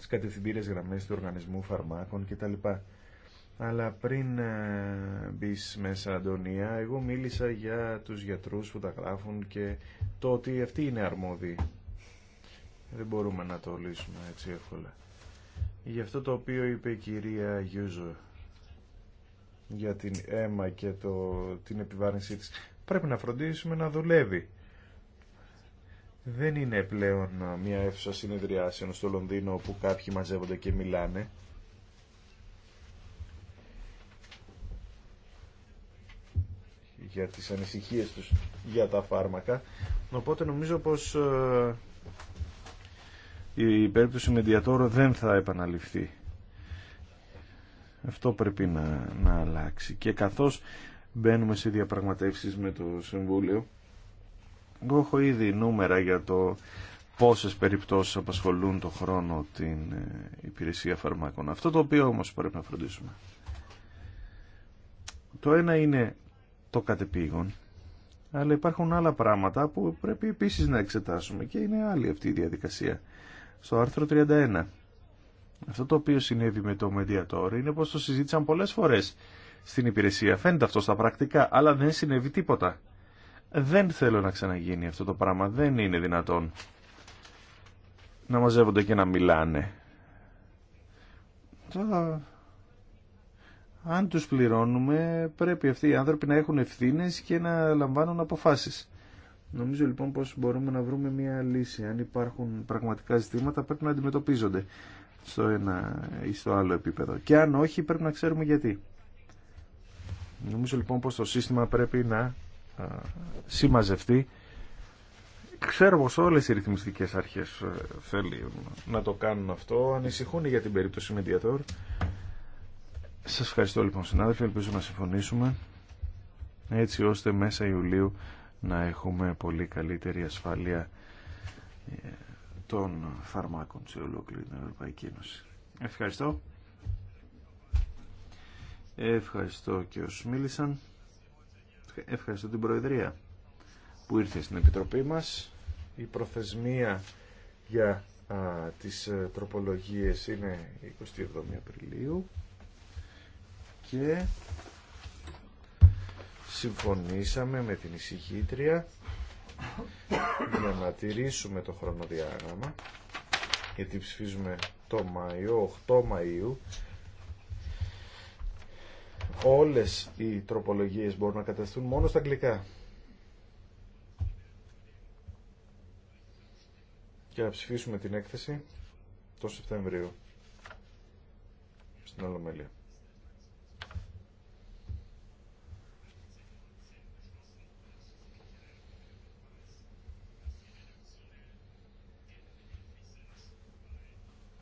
Τι κατευθυντήρε γραμμέ του οργανισμού φαρμάκων κτλ. Αλλά πριν ε, μπει μέσα, Αντωνία, εγώ μίλησα για του γιατρού που τα γράφουν και το ότι αυτοί είναι αρμόδιοι. Δεν μπορούμε να το λύσουμε έτσι εύκολα. Γι' αυτό το οποίο είπε η κυρία Γιούζο για την αίμα και το, την επιβάρυνσή της. Πρέπει να φροντίσουμε να δουλεύει. Δεν είναι πλέον μια αίθουσα συνεδριάσεων στο Λονδίνο όπου κάποιοι μαζεύονται και μιλάνε. για τις ανησυχίες τους για τα φάρμακα. Οπότε νομίζω πως ε, η περίπτωση με διατόρο δεν θα επαναληφθεί. Αυτό πρέπει να, να αλλάξει. Και καθώς μπαίνουμε σε διαπραγματεύσεις με το Συμβούλιο, εγώ έχω ήδη νούμερα για το πόσες περιπτώσεις απασχολούν το χρόνο την ε, υπηρεσία φαρμάκων. Αυτό το οποίο όμως πρέπει να φροντίσουμε. Το ένα είναι το κατεπήγον, αλλά υπάρχουν άλλα πράγματα που πρέπει επίσης να εξετάσουμε και είναι άλλη αυτή η διαδικασία. Στο άρθρο 31 αυτό το οποίο συνέβη με το Mediator είναι πως το συζήτησαν πολλές φορές στην υπηρεσία. Φαίνεται αυτό στα πρακτικά, αλλά δεν συνέβη τίποτα. Δεν θέλω να ξαναγίνει αυτό το πράγμα. Δεν είναι δυνατόν να μαζεύονται και να μιλάνε. Τώρα, αν τους πληρώνουμε, πρέπει αυτοί οι άνθρωποι να έχουν ευθύνες και να λαμβάνουν αποφάσεις. Νομίζω λοιπόν πως μπορούμε να βρούμε μια λύση. Αν υπάρχουν πραγματικά ζητήματα πρέπει να αντιμετωπίζονται στο ένα ή στο άλλο επίπεδο. Και αν όχι πρέπει να ξέρουμε γιατί. Νομίζω λοιπόν πως το σύστημα πρέπει να συμμαζευτεί. Ξέρω πως όλες οι ρυθμιστικές αρχές ε, θέλουν να το κάνουν αυτό. Ανησυχούν για την περίπτωση Mediator. Σας ευχαριστώ λοιπόν συνάδελφοι. Ελπίζω να συμφωνήσουμε έτσι ώστε μέσα Ιουλίου να έχουμε πολύ καλύτερη ασφάλεια ε, των φαρμάκων σε ολόκληρη την Ευρωπαϊκή Ένωση. Ευχαριστώ. Ευχαριστώ και όσου μίλησαν. Ευχαριστώ την Προεδρία που ήρθε στην Επιτροπή μας. Η προθεσμία για α, τις ε, τροπολογίες είναι 27 Απριλίου και συμφωνήσαμε με την εισηγήτρια για να τηρήσουμε το χρονοδιάγραμμα γιατί ψηφίζουμε το Μάιο, 8 Μαΐου όλες οι τροπολογίες μπορούν να καταστούν μόνο στα αγγλικά και να ψηφίσουμε την έκθεση το Σεπτέμβριο στην Ολομέλεια.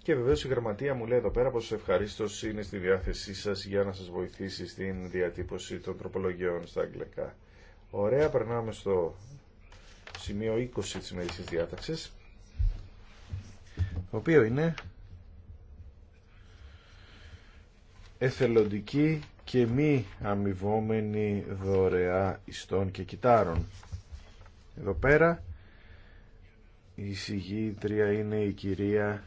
Και βεβαίως η γραμματεία μου λέει εδώ πέρα πως ευχαρίστως είναι στη διάθεσή σας για να σας βοηθήσει στην διατύπωση των τροπολογιών στα αγγλικά. Ωραία, περνάμε στο σημείο 20 της μερική διάταξης, το οποίο είναι εθελοντική και μη αμοιβόμενη δωρεά ιστών και κιτάρων. Εδώ πέρα η συγγήτρια είναι η κυρία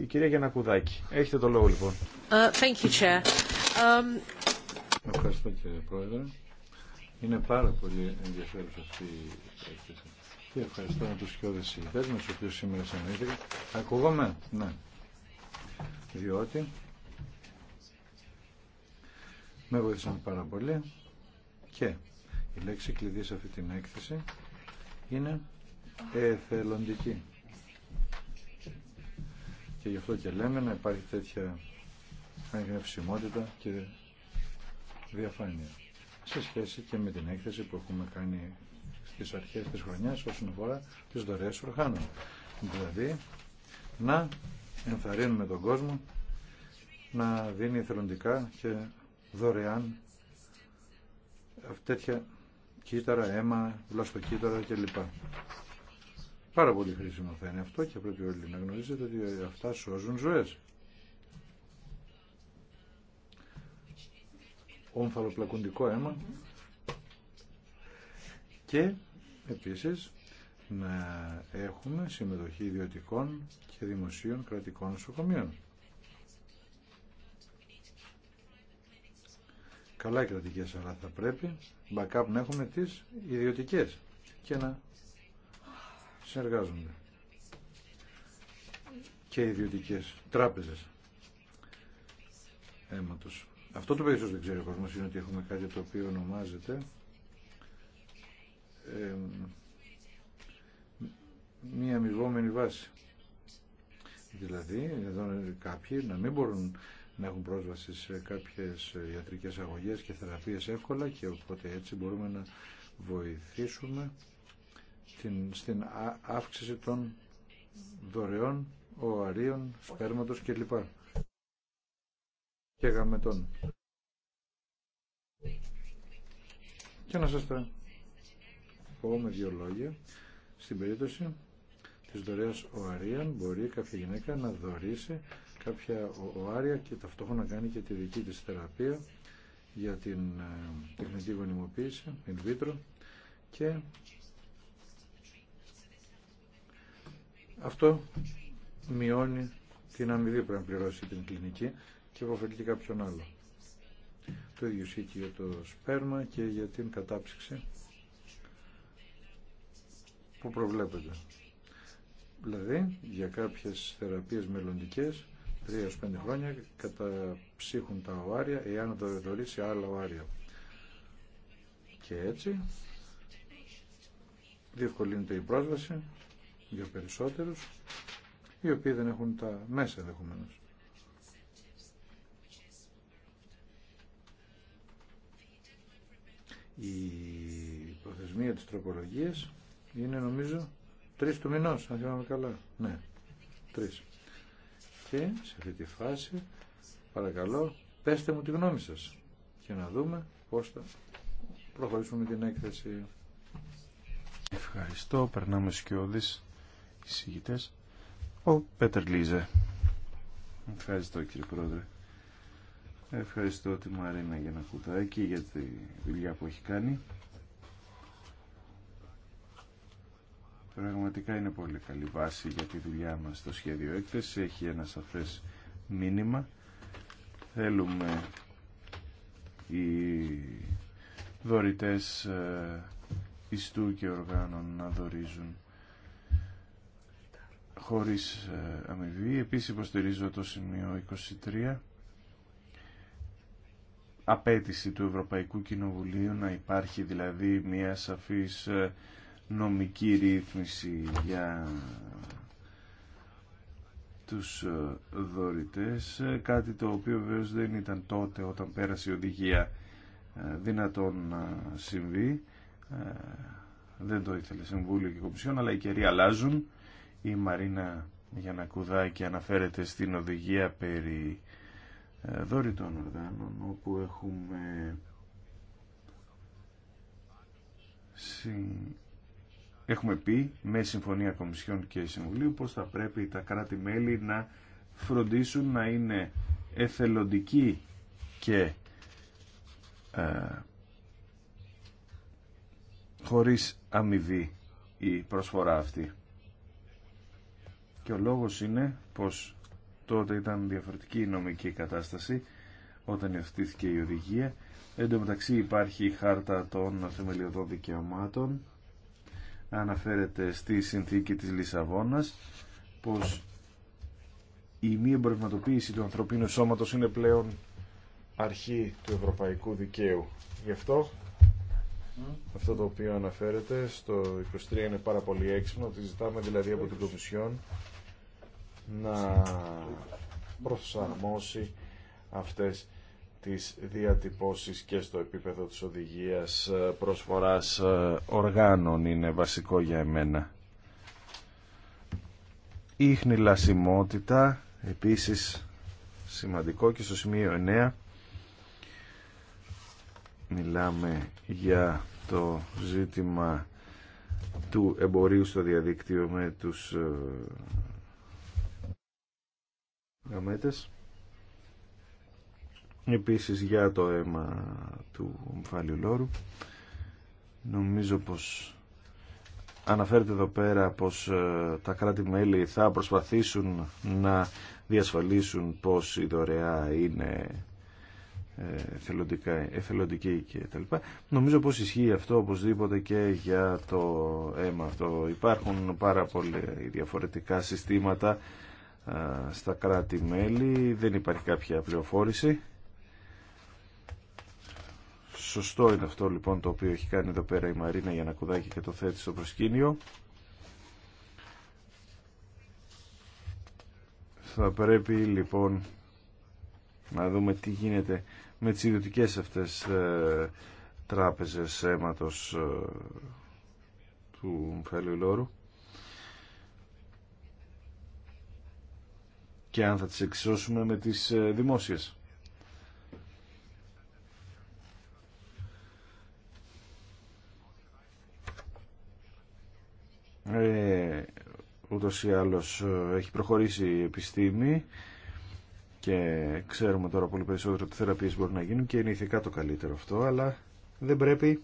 Η κυρία Γιανακουδάκη. Έχετε το λόγο λοιπόν. Ε, ευχαριστώ κύριε Πρόεδρε. Είναι πάρα πολύ ενδιαφέρουσα αυτή η έκθεση. Και ευχαριστώ τους κοιόδες συγητές με του οποίου σήμερα συναντήθηκα. Ακούγομαι, ναι. Διότι με βοήθησαν πάρα πολύ και η λέξη κλειδί σε αυτή την έκθεση είναι εθελοντική και γι' αυτό και λέμε να υπάρχει τέτοια αγνευσιμότητα και διαφάνεια σε σχέση και με την έκθεση που έχουμε κάνει στις αρχές της χρονιάς όσον αφορά τις δωρεές οργάνων. Δηλαδή, να ενθαρρύνουμε τον κόσμο να δίνει εθελοντικά και δωρεάν τέτοια κύτταρα, αίμα, βλαστοκύτταρα κλπ. Πάρα πολύ χρήσιμο θα είναι αυτό και πρέπει όλοι να γνωρίζετε ότι αυτά σώζουν ζωές. Ομφαλοπλακουντικό αίμα και επίσης να έχουμε συμμετοχή ιδιωτικών και δημοσίων κρατικών νοσοκομείων. Καλά κρατικές αλλά θα πρέπει backup να έχουμε τις ιδιωτικές και να συνεργάζονται και ιδιωτικέ τράπεζε. αίματο. Αυτό το οποίο δεν ξέρει ο κόσμο είναι ότι έχουμε κάτι το οποίο ονομάζεται ε, μία αμοιβόμενη βάση. Δηλαδή, εδώ κάποιοι να μην μπορούν να έχουν πρόσβαση σε κάποιες ιατρικές αγωγές και θεραπείες εύκολα και οπότε έτσι μπορούμε να βοηθήσουμε στην, αύξηση των δωρεών, οαρίων, σπέρματος κλπ. Και γαμετών. Και να σας τα πω με δύο λόγια. Στην περίπτωση της δωρεάς οαρίαν μπορεί κάποια γυναίκα να δωρήσει κάποια οάρια και ταυτόχρονα κάνει και τη δική της θεραπεία για την ε, τεχνητή γονιμοποίηση, την vitro, και Αυτό μειώνει την αμοιβή που να πληρώσει την κλινική και υποφελεί και κάποιον άλλο. Το ίδιο ισχύει για το σπέρμα και για την κατάψυξη που προβλέπεται. Δηλαδή, για κάποιες θεραπείες μελλοντικές, 3-5 χρόνια, καταψύχουν τα οάρια, εάν το δωρήσει άλλα οάρια. Και έτσι, διευκολύνεται η πρόσβαση για περισσότερους οι οποίοι δεν έχουν τα μέσα ενδεχομένω. Η προθεσμία της τροπολογίας είναι νομίζω τρεις του μηνός, αν θυμάμαι καλά. Ναι, τρεις. Και σε αυτή τη φάση, παρακαλώ, πέστε μου τη γνώμη σας και να δούμε πώς θα προχωρήσουμε την έκθεση. Ευχαριστώ. Περνάμε σκιώδης. Ο Πέτερ Λίζε. Ευχαριστώ κύριε Πρόεδρε. Ευχαριστώ τη Μαρίνα για να κουτάκι για τη δουλειά που έχει κάνει. Πραγματικά είναι πολύ καλή βάση για τη δουλειά μας στο σχέδιο έκθεση. Έχει ένα σαφές μήνυμα. Θέλουμε οι δωρητές ε, ιστού και οργάνων να δωρίζουν χωρίς ε, αμοιβή. Επίσης υποστηρίζω το σημείο 23 απέτηση του Ευρωπαϊκού Κοινοβουλίου να υπάρχει δηλαδή μια σαφής ε, νομική ρύθμιση για τους ε, δωρητές κάτι το οποίο βέβαια δεν ήταν τότε όταν πέρασε η οδηγία δυνατόν να συμβεί δεν το ήθελε Συμβούλιο και Κομισιόν αλλά οι καιροί αλλάζουν η Μαρίνα Γιανακουδάκη αναφέρεται στην οδηγία περί ε, δωρητών οργάνων όπου έχουμε έχουμε πει με συμφωνία Κομισιών και Συμβουλίου πως θα πρέπει τα κράτη-μέλη να φροντίσουν να είναι εθελοντικοί και ε, χωρίς αμοιβή η προσφορά αυτή. Και ο λόγος είναι πως τότε ήταν διαφορετική η νομική κατάσταση όταν ευθύθηκε η οδηγία. Εν τω μεταξύ υπάρχει η χάρτα των θεμελιωδών δικαιωμάτων. Αναφέρεται στη συνθήκη της Λισαβόνας πως η μη εμπορευματοποίηση του ανθρωπίνου σώματος είναι πλέον αρχή του ευρωπαϊκού δικαίου. Γι' αυτό αυτό το οποίο αναφέρεται στο 23 είναι πάρα πολύ έξυπνο, ζητάμε δηλαδή από την Κομισιόν να προσαρμόσει αυτές τις διατυπώσεις και στο επίπεδο της οδηγίας ε, προσφοράς ε, οργάνων είναι βασικό για εμένα. Η λασιμότητα επίσης σημαντικό και στο σημείο 9 μιλάμε για το ζήτημα του εμπορίου στο διαδίκτυο με τους ε, γαμέτες. Επίσης για το αίμα του ομφάλιου λόρου. Νομίζω πως αναφέρεται εδώ πέρα πως ε, τα κράτη-μέλη θα προσπαθήσουν να διασφαλίσουν πως η δωρεά είναι ε, εθελοντική και τα Νομίζω πως ισχύει αυτό οπωσδήποτε και για το αίμα αυτό. Υπάρχουν πάρα πολλά διαφορετικά συστήματα στα κράτη-μέλη. Δεν υπάρχει κάποια πληροφόρηση. Σωστό είναι αυτό λοιπόν το οποίο έχει κάνει εδώ πέρα η Μαρίνα για να κουδάκι και το θέτει στο προσκήνιο. Θα πρέπει λοιπόν να δούμε τι γίνεται με τις ιδιωτικές αυτές ε, τράπεζες αίματος ε, του Μιχαήλου και αν θα τις εξισώσουμε με τις ε, δημόσιες. Ε, ούτως ή άλλως ε, έχει προχωρήσει η επιστήμη και ξέρουμε τώρα πολύ περισσότερο τι θεραπείες μπορούν να γίνουν και είναι ηθικά το καλύτερο αυτό, αλλά δεν πρέπει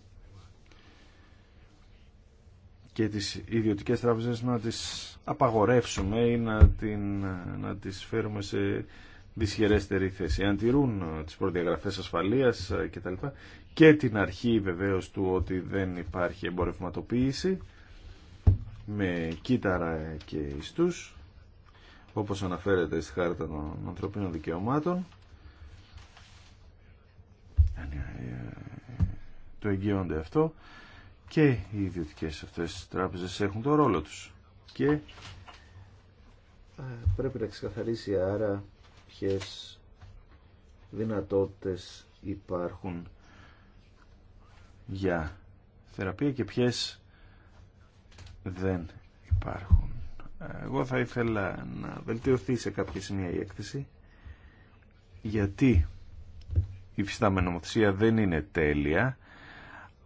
και τις ιδιωτικές τράπεζες να τις απαγορεύσουμε ή να, την, να τις φέρουμε σε δυσχερέστερη θέση. Αν τηρούν ε, τις προδιαγραφές ασφαλείας ε, κτλ. Και την αρχή βεβαίως του ότι δεν υπάρχει εμπορευματοποίηση με κύτταρα και ιστούς όπως αναφέρεται στη χάρτα των ανθρωπίνων δικαιωμάτων ε, το εγγυώνται αυτό και οι ιδιωτικέ αυτές τράπεζες έχουν το ρόλο τους και ε, πρέπει να ξεκαθαρίσει άρα ποιες δυνατότητες υπάρχουν για θεραπεία και ποιες δεν υπάρχουν. Εγώ θα ήθελα να βελτιωθεί σε κάποια σημεία η έκθεση γιατί η φυστάμενη νομοθεσία δεν είναι τέλεια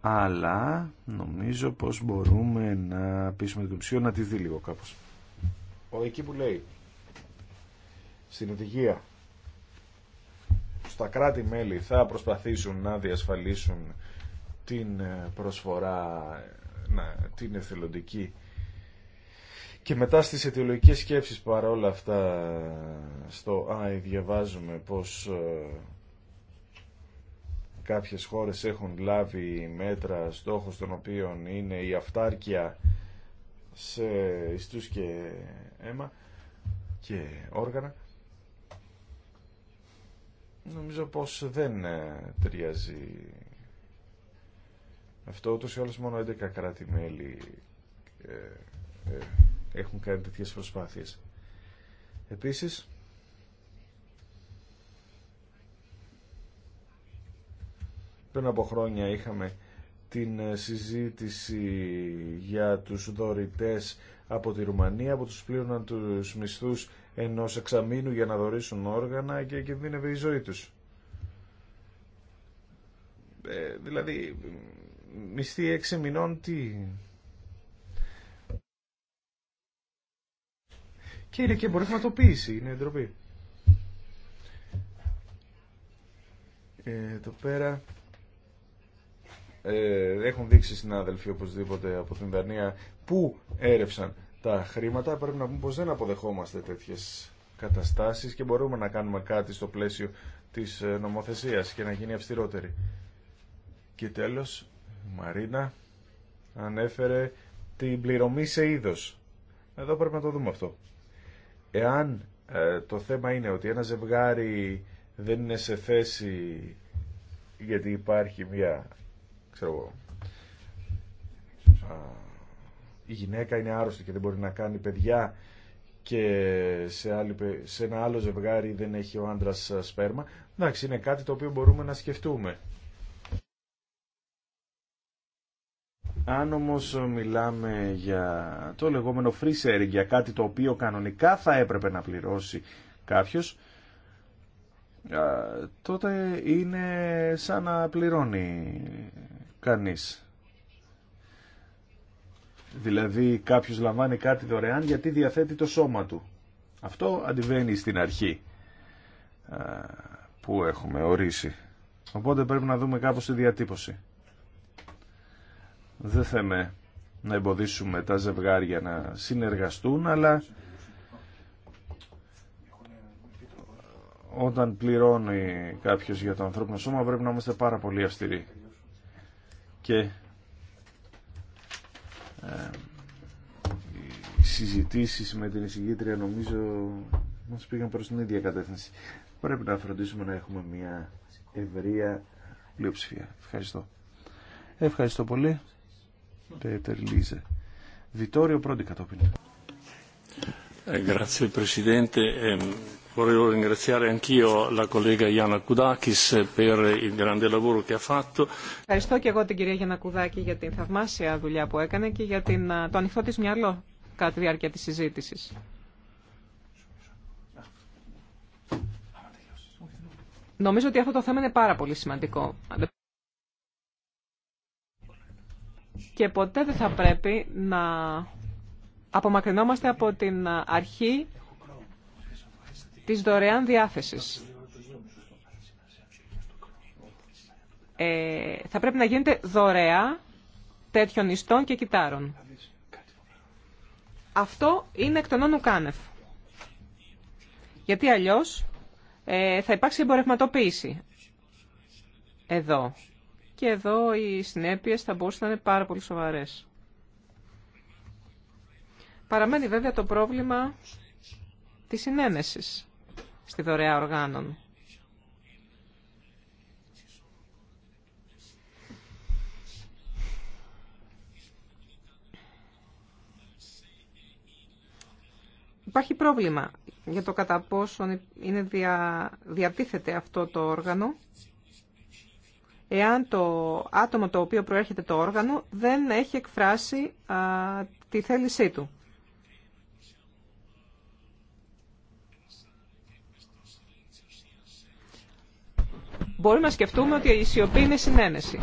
αλλά νομίζω πως μπορούμε να πείσουμε την ψυχή να τη δει λίγο κάπως. Ο εκεί που λέει στην οδηγία στα κράτη-μέλη θα προσπαθήσουν να διασφαλίσουν την ε, προσφορά, να, την εθελοντική και μετά στις αιτιολογικές σκέψεις παρόλα αυτά στο ΆΕ διαβάζουμε πως ε, κάποιες χώρες έχουν λάβει μέτρα στόχος των οποίων είναι η αυτάρκεια σε ιστούς και αίμα και όργανα νομίζω πως δεν ε, ταιριάζει αυτό ούτως ή όλες μόνο 11 κράτη-μέλη ε, ε, έχουν κάνει τέτοιες προσπάθειες. Επίσης, Πριν από χρόνια είχαμε την ε, συζήτηση για τους δωρητές από τη Ρουμανία που τους πλήρωναν τους μισθούς ενός εξαμήνου για να δωρήσουν όργανα και κινδύνευε η ζωή τους. Ε, δηλαδή, μισθή έξι μηνών τι... Και είναι και εμπορευματοποίηση, είναι ντροπή. Ε, εδώ πέρα ε, έχουν δείξει συνάδελφοι οπωσδήποτε από την Δανία που έρευσαν τα χρήματα. Πρέπει να πούμε πως δεν αποδεχόμαστε τέτοιες καταστάσεις και μπορούμε να κάνουμε κάτι στο πλαίσιο της ε, νομοθεσίας και να γίνει αυστηρότερη. Και τέλος, η Μαρίνα ανέφερε την πληρωμή σε είδος. Εδώ πρέπει να το δούμε αυτό. Εάν ε, το θέμα είναι ότι ένα ζευγάρι δεν είναι σε θέση γιατί υπάρχει μια ξέρω η γυναίκα είναι άρρωστη και δεν μπορεί να κάνει παιδιά και σε, άλλη, σε ένα άλλο ζευγάρι δεν έχει ο άντρας σπέρμα. Εντάξει, είναι κάτι το οποίο μπορούμε να σκεφτούμε. Αν όμω μιλάμε για το λεγόμενο free sharing, για κάτι το οποίο κανονικά θα έπρεπε να πληρώσει κάποιος, τότε είναι σαν να πληρώνει κανείς. Δηλαδή κάποιος λαμβάνει κάτι δωρεάν γιατί διαθέτει το σώμα του. Αυτό αντιβαίνει στην αρχή που έχουμε ορίσει. Οπότε πρέπει να δούμε κάπως τη διατύπωση. Δεν θέμε να εμποδίσουμε τα ζευγάρια να συνεργαστούν, αλλά όταν πληρώνει κάποιος για το ανθρώπινο σώμα πρέπει να είμαστε πάρα πολύ αυστηροί και ε, οι συζητήσεις με την εισηγήτρια νομίζω μας πήγαν προς την ίδια κατεύθυνση. Πρέπει να φροντίσουμε να έχουμε μια ευρεία πλειοψηφία. Ευχαριστώ. Ευχαριστώ πολύ. Πέτερ Λίζε. Βιτόριο πρώτη κατόπιν. Ε, grazie Presidente. Ε, Ευχαριστώ και εγώ την κυρία Γιάννα Κουδάκη για την θαυμάσια δουλειά που έκανε και για την, το ανοιχτό της μυαλό κατά τη διάρκεια της συζήτησης. Νομίζω ότι αυτό το θέμα είναι πάρα πολύ σημαντικό. Και ποτέ δεν θα πρέπει να απομακρυνόμαστε από την αρχή της δωρεάν διάθεσης. Ε, θα πρέπει να γίνεται δωρεά τέτοιων ιστών και κιτάρων. Αυτό είναι εκ των όνων κάνευ. Γιατί αλλιώς ε, θα υπάρξει εμπορευματοποίηση εδώ. Και εδώ οι συνέπειες θα μπορούσαν να είναι πάρα πολύ σοβαρές. Παραμένει βέβαια το πρόβλημα της συνένεσης στη δωρεά οργάνων. Υπάρχει πρόβλημα για το κατά πόσο είναι δια, διατίθεται αυτό το όργανο εάν το άτομο το οποίο προέρχεται το όργανο δεν έχει εκφράσει τη θέλησή του. μπορούμε να σκεφτούμε ότι η σιωπή είναι συνένεση.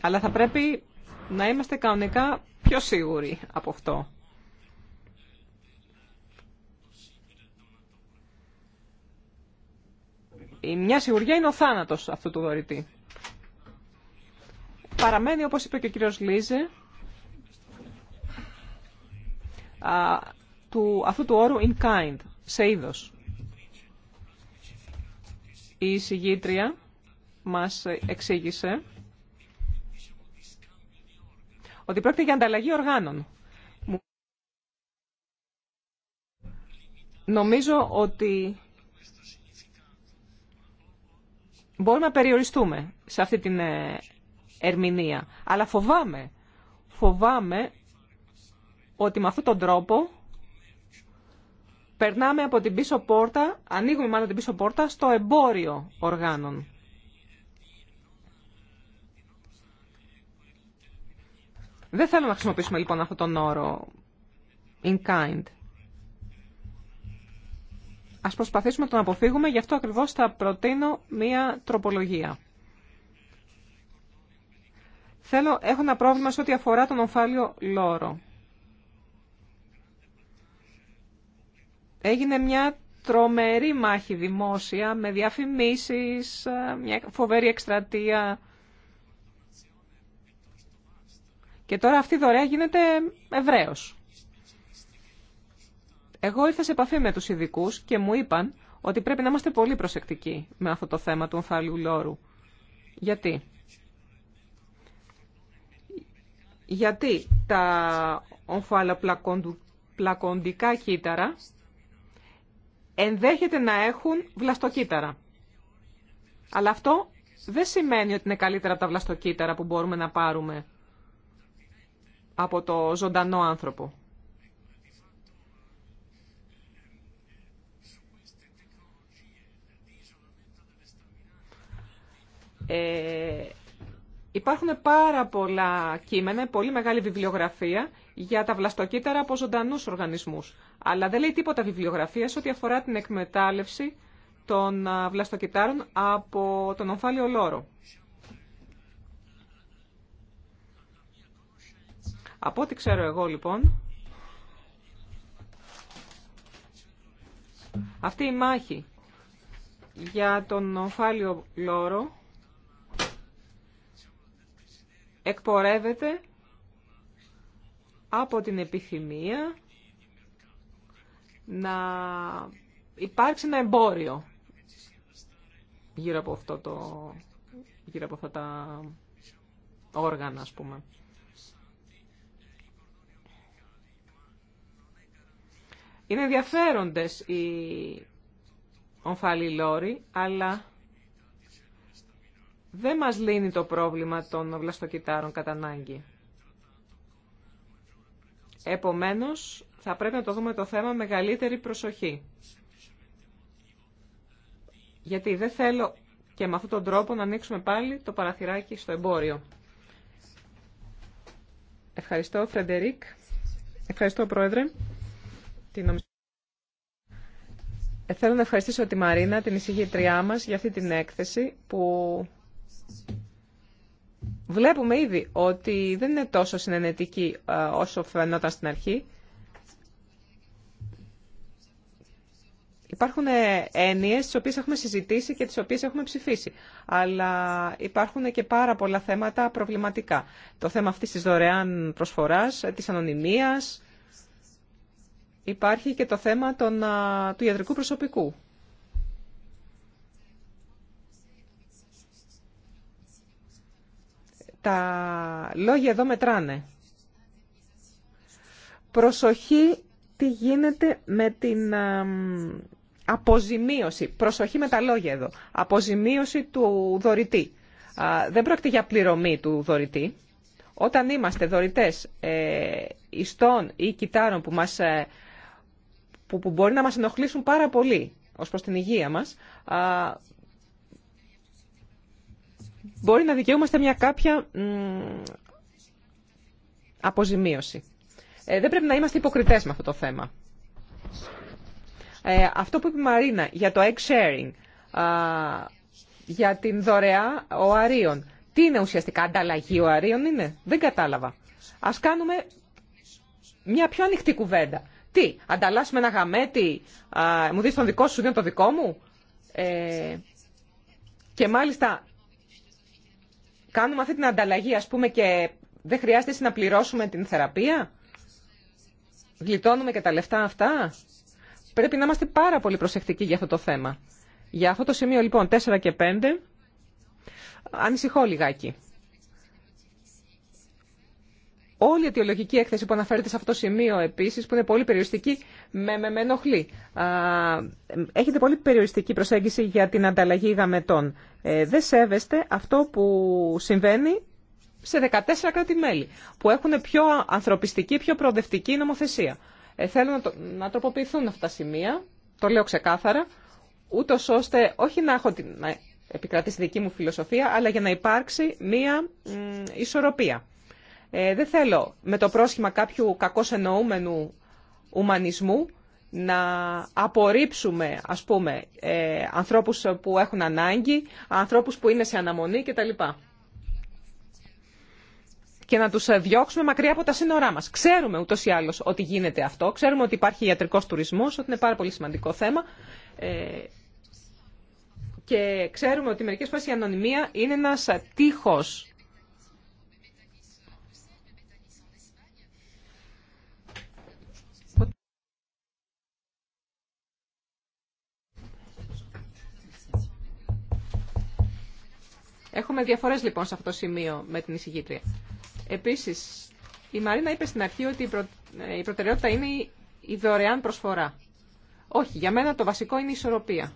Αλλά θα πρέπει να είμαστε κανονικά πιο σίγουροι από αυτό. Η μια σιγουριά είναι ο θάνατος αυτού του δωρητή. Παραμένει, όπως είπε και ο κύριος Λίζε, του, αυτού του όρου in kind, σε είδος η εισηγήτρια μας εξήγησε ότι πρόκειται για ανταλλαγή οργάνων. Νομίζω ότι μπορούμε να περιοριστούμε σε αυτή την ε, ερμηνεία. Αλλά φοβάμαι, φοβάμαι ότι με αυτόν τον τρόπο περνάμε από την πίσω πόρτα, ανοίγουμε μάλλον την πίσω πόρτα στο εμπόριο οργάνων. Δεν θέλουμε να χρησιμοποιήσουμε λοιπόν αυτόν τον όρο in kind. Ας προσπαθήσουμε να τον αποφύγουμε, γι' αυτό ακριβώς θα προτείνω μία τροπολογία. Θέλω, έχω ένα πρόβλημα σε ό,τι αφορά τον ομφάλιο λόρο. Έγινε μια τρομερή μάχη δημόσια με διαφημίσεις, ε, μια φοβερή εκστρατεία. Και τώρα αυτή η δωρεά γίνεται ευρέως. Εγώ ήρθα σε επαφή με τους ειδικού και μου είπαν ότι πρέπει να είμαστε πολύ προσεκτικοί με αυτό το θέμα του ομφάλιου λόρου. Γιατί? Γιατί τα ομφαλοπλακοντικά κύτταρα ενδέχεται να έχουν βλαστοκύτταρα. Αλλά αυτό δεν σημαίνει ότι είναι καλύτερα από τα βλαστοκύτταρα που μπορούμε να πάρουμε από το ζωντανό άνθρωπο. Ε, υπάρχουν πάρα πολλά κείμενα, πολύ μεγάλη βιβλιογραφία για τα βλαστοκύτταρα από ζωντανού οργανισμού. Αλλά δεν λέει τίποτα βιβλιογραφία ό,τι αφορά την εκμετάλλευση των βλαστοκυτάρων από τον ομφάλιο λόρο. Από ό,τι ξέρω εγώ λοιπόν, αυτή η μάχη για τον ομφάλιο λόρο εκπορεύεται από την επιθυμία να υπάρξει ένα εμπόριο γύρω από, αυτό το, γύρω από αυτά τα όργανα, ας πούμε. Είναι ενδιαφέροντες οι ομφαλοί λόροι, αλλά δεν μας λύνει το πρόβλημα των βλαστοκυτάρων κατά ανάγκη. Επομένως, θα πρέπει να το δούμε το θέμα μεγαλύτερη προσοχή. Γιατί δεν θέλω και με αυτόν τον τρόπο να ανοίξουμε πάλι το παραθυράκι στο εμπόριο. Ευχαριστώ, Φρεντερίκ. Ευχαριστώ, Πρόεδρε. Ε, θέλω να ευχαριστήσω τη Μαρίνα, την εισηγήτριά μας, για αυτή την έκθεση που Βλέπουμε ήδη ότι δεν είναι τόσο συνενετική ε, όσο φαινόταν στην αρχή. Υπάρχουν έννοιες τις οποίες έχουμε συζητήσει και τις οποίες έχουμε ψηφίσει. Αλλά υπάρχουν και πάρα πολλά θέματα προβληματικά. Το θέμα αυτής της δωρεάν προσφοράς, ε, της ανωνυμίας. Υπάρχει και το θέμα των, του ιατρικού προσωπικού Τα λόγια εδώ μετράνε. Προσοχή τι γίνεται με την αποζημίωση. Προσοχή με τα λόγια εδώ. Αποζημίωση του δωρητή. Δεν πρόκειται για πληρωμή του δωρητή. Όταν είμαστε δωρητές ε, ιστών ή κιτάρων που, μας, ε, που, που μπορεί να μας ενοχλήσουν πάρα πολύ ως προς την υγεία μας, μπορεί να δικαιούμαστε μια κάποια αποζημίωση. Ε, δεν πρέπει να είμαστε υποκριτές με αυτό το θέμα. Ε, αυτό που είπε η Μαρίνα για το egg sharing, για την δωρεά ο αρίων. Τι είναι ουσιαστικά ανταλλαγή αρίων είναι. Δεν κατάλαβα. Ας κάνουμε μια πιο ανοιχτή κουβέντα. Τι, ανταλλάσσουμε ένα γαμέτι, μου δεις τον δικό σου, δίνω το δικό μου. Ε, και μάλιστα κάνουμε αυτή την ανταλλαγή, ας πούμε, και δεν χρειάζεται να πληρώσουμε την θεραπεία. Γλιτώνουμε και τα λεφτά αυτά. Πρέπει να είμαστε πάρα πολύ προσεκτικοί για αυτό το θέμα. Για αυτό το σημείο, λοιπόν, 4 και 5, ανησυχώ λιγάκι όλη η αιτιολογική έκθεση που αναφέρεται σε αυτό το σημείο επίση που είναι πολύ περιοριστική, με, με, με ενοχλεί. έχετε πολύ περιοριστική προσέγγιση για την ανταλλαγή γαμετών. Ε, δεν σέβεστε αυτό που συμβαίνει σε 14 κράτη-μέλη, που έχουν πιο ανθρωπιστική, πιο προοδευτική νομοθεσία. Ε, θέλω να, το, τροποποιηθούν αυτά τα σημεία, το λέω ξεκάθαρα, ούτω ώστε όχι να έχω την, να επικρατήσει δική μου φιλοσοφία, αλλά για να υπάρξει μία ισορροπία. Ε, δεν θέλω με το πρόσχημα κάποιου κακώς εννοούμενου ουμανισμού να απορρίψουμε, ας πούμε, ε, ανθρώπους που έχουν ανάγκη, ανθρώπους που είναι σε αναμονή κτλ. Και να τους ε, διώξουμε μακριά από τα σύνορά μας. Ξέρουμε ούτως ή άλλως ότι γίνεται αυτό. Ξέρουμε ότι υπάρχει ιατρικός τουρισμός, ότι είναι πάρα πολύ σημαντικό θέμα. και ξέρουμε ότι μερικές φορές η ανωνυμία είναι ένας τείχος Έχουμε διαφορές λοιπόν σε αυτό το σημείο με την εισηγήτρια. Επίσης, η Μαρίνα είπε στην αρχή ότι η, προ... η προτεραιότητα είναι η δωρεάν προσφορά. Όχι, για μένα το βασικό είναι η ισορροπία.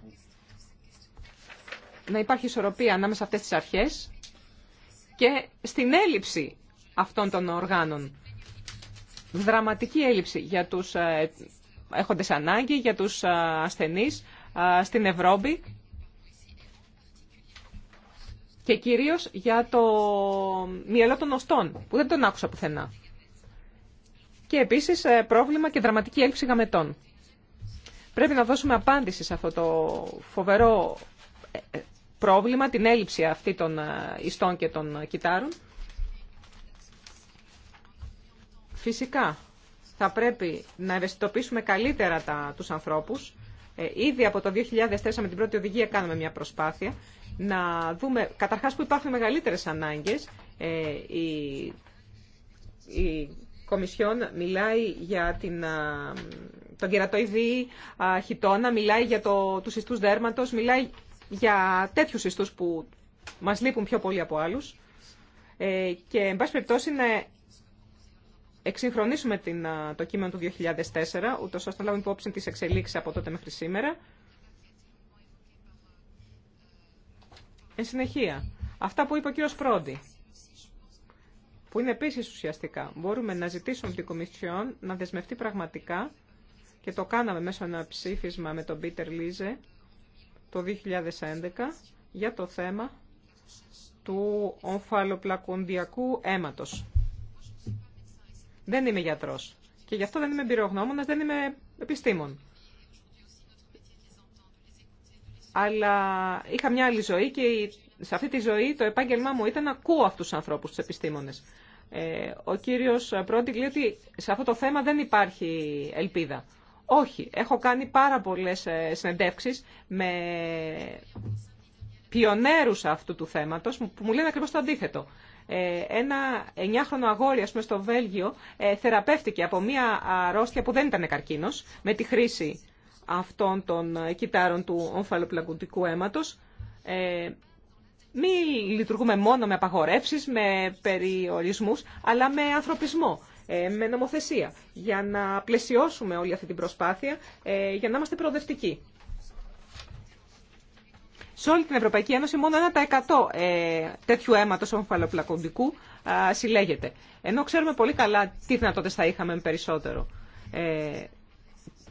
Να υπάρχει ισορροπία ανάμεσα αυτές τις αρχές και στην έλλειψη αυτών των οργάνων. Δραματική έλλειψη για τους ε, έχοντες ανάγκη, για τους ε, ασθενείς ε, στην Ευρώπη και κυρίως για το μυαλό των οστών, που δεν τον άκουσα πουθενά. Και επίσης ε, πρόβλημα και δραματική έλλειψη γαμετών. Πρέπει να δώσουμε απάντηση σε αυτό το φοβερό ε, ε, πρόβλημα, την έλλειψη αυτή των ιστών και των κιτάρων. Φυσικά, θα πρέπει να ευαισθητοποιήσουμε καλύτερα τα, τους ανθρώπους ε, ήδη από το 2004 με την πρώτη οδηγία κάναμε μια προσπάθεια να δούμε καταρχάς που υπάρχουν μεγαλύτερες ανάγκες. Ε, η, η Κομισιόν μιλάει για την, τον κερατοειδή χιτώνα, μιλάει για το, τους ιστούς δέρματος, μιλάει για τέτοιους ιστούς που μας λείπουν πιο πολύ από άλλους. Ε, και, εν πάση περιπτώσει, εξυγχρονίσουμε την, το κείμενο του 2004, ούτως ώστε να λάβουμε υπόψη τις εξελίξεις από τότε μέχρι σήμερα. Εν συνεχεία, αυτά που είπε ο κύριος Πρόντι, που είναι επίσης ουσιαστικά, μπορούμε να ζητήσουμε την Κομισιόν να δεσμευτεί πραγματικά, και το κάναμε μέσω ένα ψήφισμα με τον Πίτερ Λίζε το 2011, για το θέμα του ομφαλοπλακονδιακού αίματος. Δεν είμαι γιατρός. Και γι' αυτό δεν είμαι εμπειρογνώμονα, δεν είμαι επιστήμον. Αλλά είχα μια άλλη ζωή και σε αυτή τη ζωή το επάγγελμά μου ήταν να ακούω αυτού του ανθρώπου του επιστήμονες. Ε, ο κύριος Πρόντιγκ λέει ότι σε αυτό το θέμα δεν υπάρχει ελπίδα. Όχι, έχω κάνει πάρα πολλές ε, συνεντεύξει με πιονέρους αυτού του θέματο που μου λένε ακριβώ το αντίθετο. Ε, ένα αγόρι, πούμε, στο Βέλγιο, ε, θεραπεύτηκε από μία αρρώστια που δεν ήταν καρκίνος, με τη χρήση αυτών των ε, κυτάρων του ομφαλοπλακουτικού αίματος. Μη λειτουργούμε μόνο με απαγορεύσεις, με περιορισμούς, αλλά με ανθρωπισμό με νομοθεσία, για να πλαισιώσουμε όλη αυτή την προσπάθεια, για να είμαστε προοδευτικοί. Σε όλη την Ευρωπαϊκή Ένωση μόνο 1% ε, τέτοιου αίματο ομφαλοπλακοντικού συλλέγεται. Ενώ ξέρουμε πολύ καλά τι δυνατότητε θα είχαμε περισσότερο. Ε,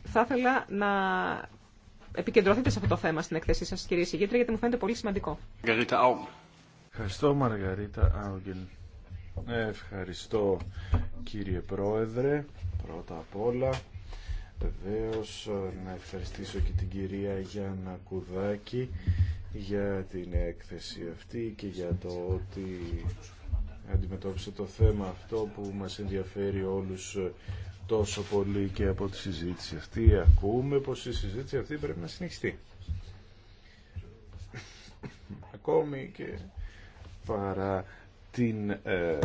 θα ήθελα να επικεντρωθείτε σε αυτό το θέμα στην εκθέσή σα, κυρία Συγγήτρια, γιατί μου φαίνεται πολύ σημαντικό. Ευχαριστώ, Μαργαρίτα Ευχαριστώ, κύριε Πρόεδρε. Πρώτα απ' όλα Βεβαίω να ευχαριστήσω και την κυρία Γιάννα Κουδάκη για την έκθεση αυτή και για το ότι αντιμετώπισε το θέμα αυτό που μας ενδιαφέρει όλους τόσο πολύ και από τη συζήτηση αυτή ακούμε πως η συζήτηση αυτή πρέπει να συνεχιστεί ακόμη και παρά την ε,